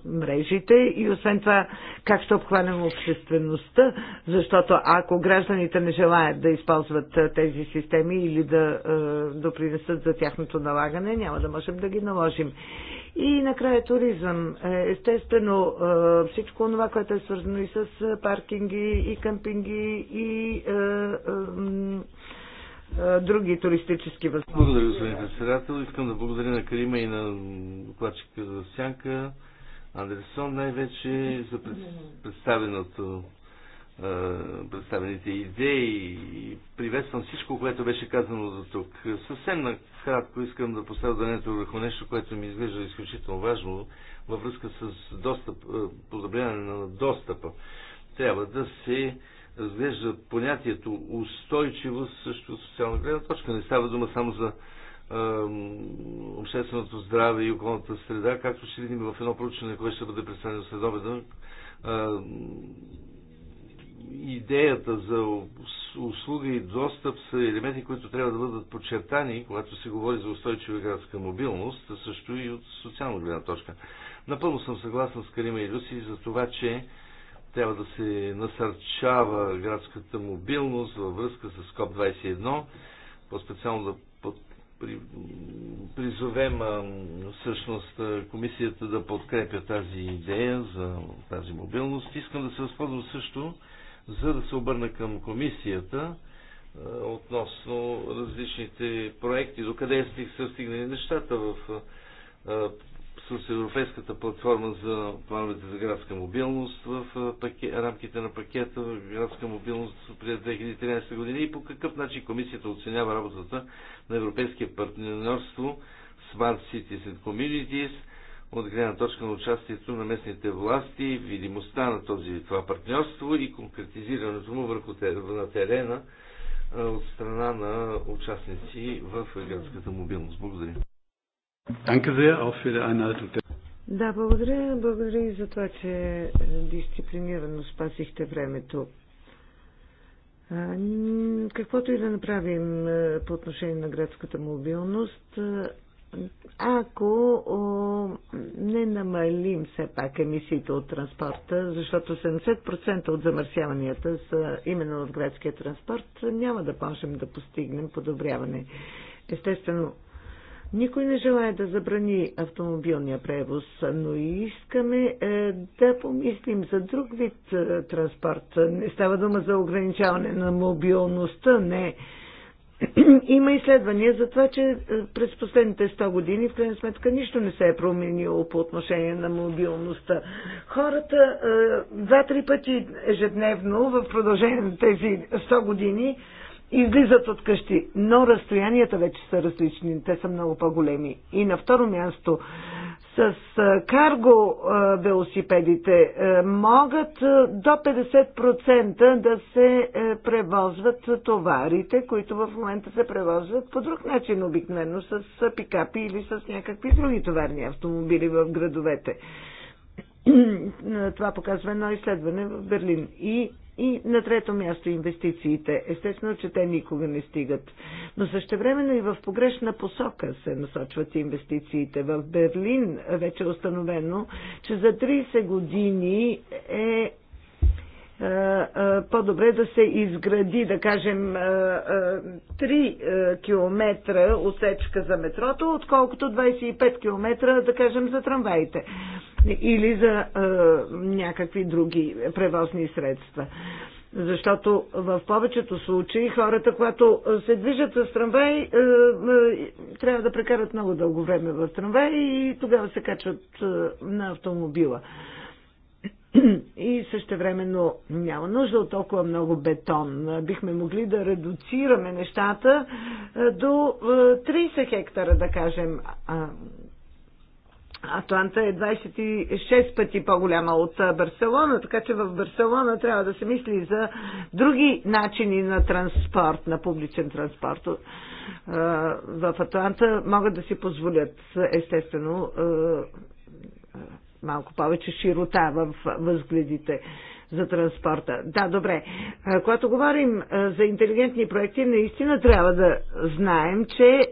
мрежите и освен това как ще обхванем обществеността, защото ако гражданите не желаят да използват тези системи или да допринесат за тяхното налагане, няма да можем да ги наложим. И накрая туризъм. Е, естествено, всичко това, което е свързано и с паркинги, и къмпинги, и други туристически възможности. Благодаря, господин председател. Искам да благодаря на Карима и на докладчика за Сянка. Андерсон най-вече за представеното представените идеи и приветствам всичко, което беше казано за тук. Съвсем накратко искам да поставя дането върху нещо, което ми изглежда изключително важно във връзка с достъп, подобряване на достъпа. Трябва да се разглежда понятието устойчивост също от социална гледна точка. Не става дума само за общественото здраве и околната среда, както ще видим в едно проучване, което ще бъде представено след обеда. Идеята за услуга и достъп са елементи, които трябва да бъдат подчертани, когато се говори за устойчива градска мобилност, също и от социална гледна точка. Напълно съм съгласен с Карима и Люси за това, че трябва да се насърчава градската мобилност във връзка с КОП-21, по-специално да при, призовем всъщност комисията да подкрепя тази идея за тази мобилност. Искам да се възползвам също, за да се обърна към комисията относно различните проекти, докъде са стигнали нещата в с Европейската платформа за плановете за градска мобилност в пакет, рамките на пакета градска мобилност през 2013 година и по какъв начин комисията оценява работата на Европейския партньорство Smart Cities and Communities от гледна точка на участието на местните власти, видимостта на този, това партньорство и конкретизирането му върху на терена от страна на участници в градската мобилност. Благодаря. Да, благодаря. Благодаря и за това, че е, дисциплинирано спасихте времето. Каквото и да направим е, по отношение на градската мобилност, е, ако о, не намалим все пак емисиите от транспорта, защото 70% от замърсяванията са именно от градския транспорт, няма да можем да постигнем подобряване. Естествено, никой не желая да забрани автомобилния превоз, но и искаме е, да помислим за друг вид е, транспорт. Не става дума за ограничаване на мобилността, не. Има изследвания за това, че е, през последните 100 години в крайна сметка нищо не се е променило по отношение на мобилността. Хората е, два-три пъти ежедневно в продължение на тези 100 години излизат от къщи, но разстоянията вече са различни, те са много по-големи. И на второ място, с карго велосипедите могат до 50% да се е, превозват товарите, които в момента се превозват по друг начин, обикновено с пикапи или с някакви други товарни автомобили в градовете. Това показва едно изследване в Берлин. И и на трето място инвестициите. Естествено, че те никога не стигат. Но същевременно и в погрешна посока се насочват инвестициите. В Берлин вече е установено, че за 30 години е е, е, по-добре да се изгради, да кажем, 3 е, км отсечка за метрото, отколкото 25 км, да кажем, за трамваите или за някакви други превозни средства. Защото в повечето случаи хората, когато се движат с трамвай, трябва да прекарат много дълго време в трамвай и тогава се качват на автомобила и същевременно няма нужда от толкова много бетон. Бихме могли да редуцираме нещата е, до 30 е, хектара, да кажем. Атланта е 26 пъти по-голяма от е, Барселона, така че в Барселона трябва да се мисли за други начини на транспорт, на публичен транспорт. В Атланта могат да си позволят, естествено, малко повече широта в възгледите за транспорта. Да, добре. Когато говорим за интелигентни проекти, наистина трябва да знаем, че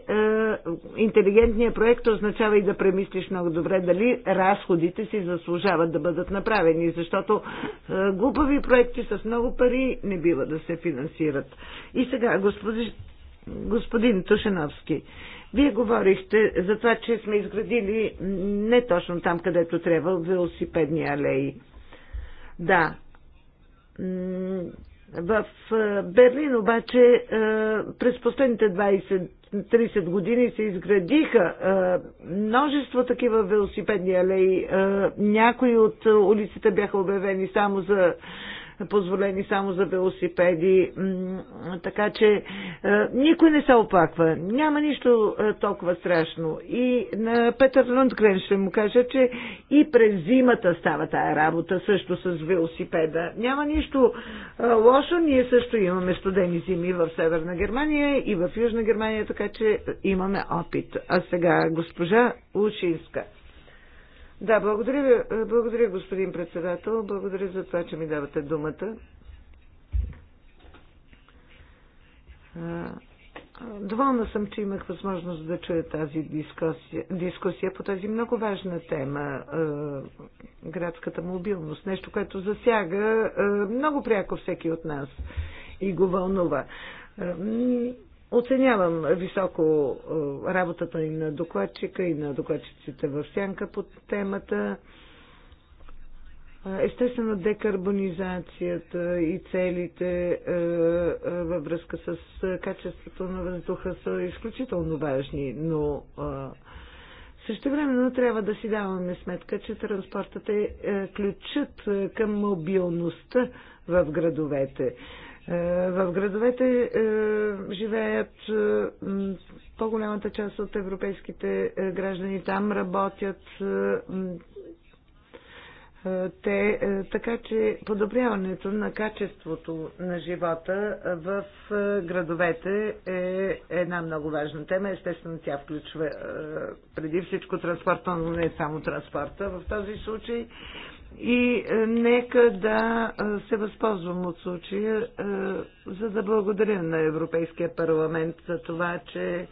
интелигентният проект означава и да премислиш много добре дали разходите си заслужават да бъдат направени, защото глупави проекти с много пари не бива да се финансират. И сега, господи, господин Тушеновски. Вие говорихте за това, че сме изградили не точно там, където трябва, велосипедни алеи. Да. В Берлин обаче през последните 20-30 години се изградиха множество такива велосипедни алеи. Някои от улиците бяха обявени само за позволени само за велосипеди. Така че е, никой не се оплаква. Няма нищо е, толкова страшно. И на Петър Лундгрен ще му кажа, че и през зимата става тая работа също с велосипеда. Няма нищо е, лошо. Ние също имаме студени зими в Северна Германия и в Южна Германия, така че имаме опит. А сега госпожа Лучинска. Да, благодаря ви. Е, благодаря, господин председател. Благодаря за това, че ми давате думата. Е, доволна съм, че имах възможност да чуя тази дискусия, дискусия по тази много важна тема е, градската мобилност. Нещо, което засяга много пряко всеки от нас и го вълнува. Оценявам високо е, работата и на докладчика, и на докладчиците в сянка по темата. Е, естествено, декарбонизацията и целите е, във връзка с качеството на въздуха са изключително важни, но също времено трябва да си даваме сметка, че транспортът е ключът към мобилността в градовете. Е, в градовете е, живеят е, по-голямата част от европейските граждани. Там работят те, така че подобряването на качеството на живота в градовете е една много важна тема. Естествено, тя включва преди всичко транспорта, но не само транспорта. В този случай и е, нека да е, се възползвам от случая, е, за да благодаря на Европейския парламент за това, че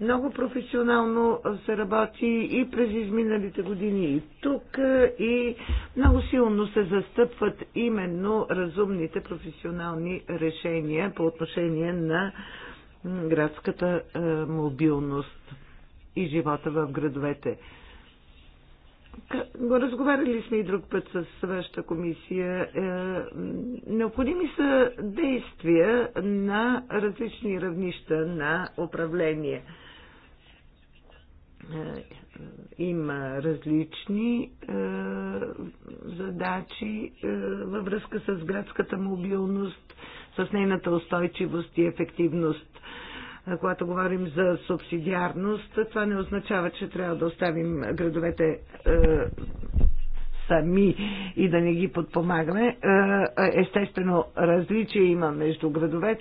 много професионално се работи и през изминалите години и тук и много силно се застъпват именно разумните професионални решения по отношение на градската мобилност и живота в градовете. Го разговаряли сме и друг път с вашата комисия. Е, необходими са действия на различни равнища на управление. Е, има различни е, задачи във връзка с градската мобилност, с нейната устойчивост и ефективност когато говорим за субсидиарност, това не означава, че трябва да оставим градовете е, сами и да не ги подпомагаме. Е, е, естествено, различие има между градовете,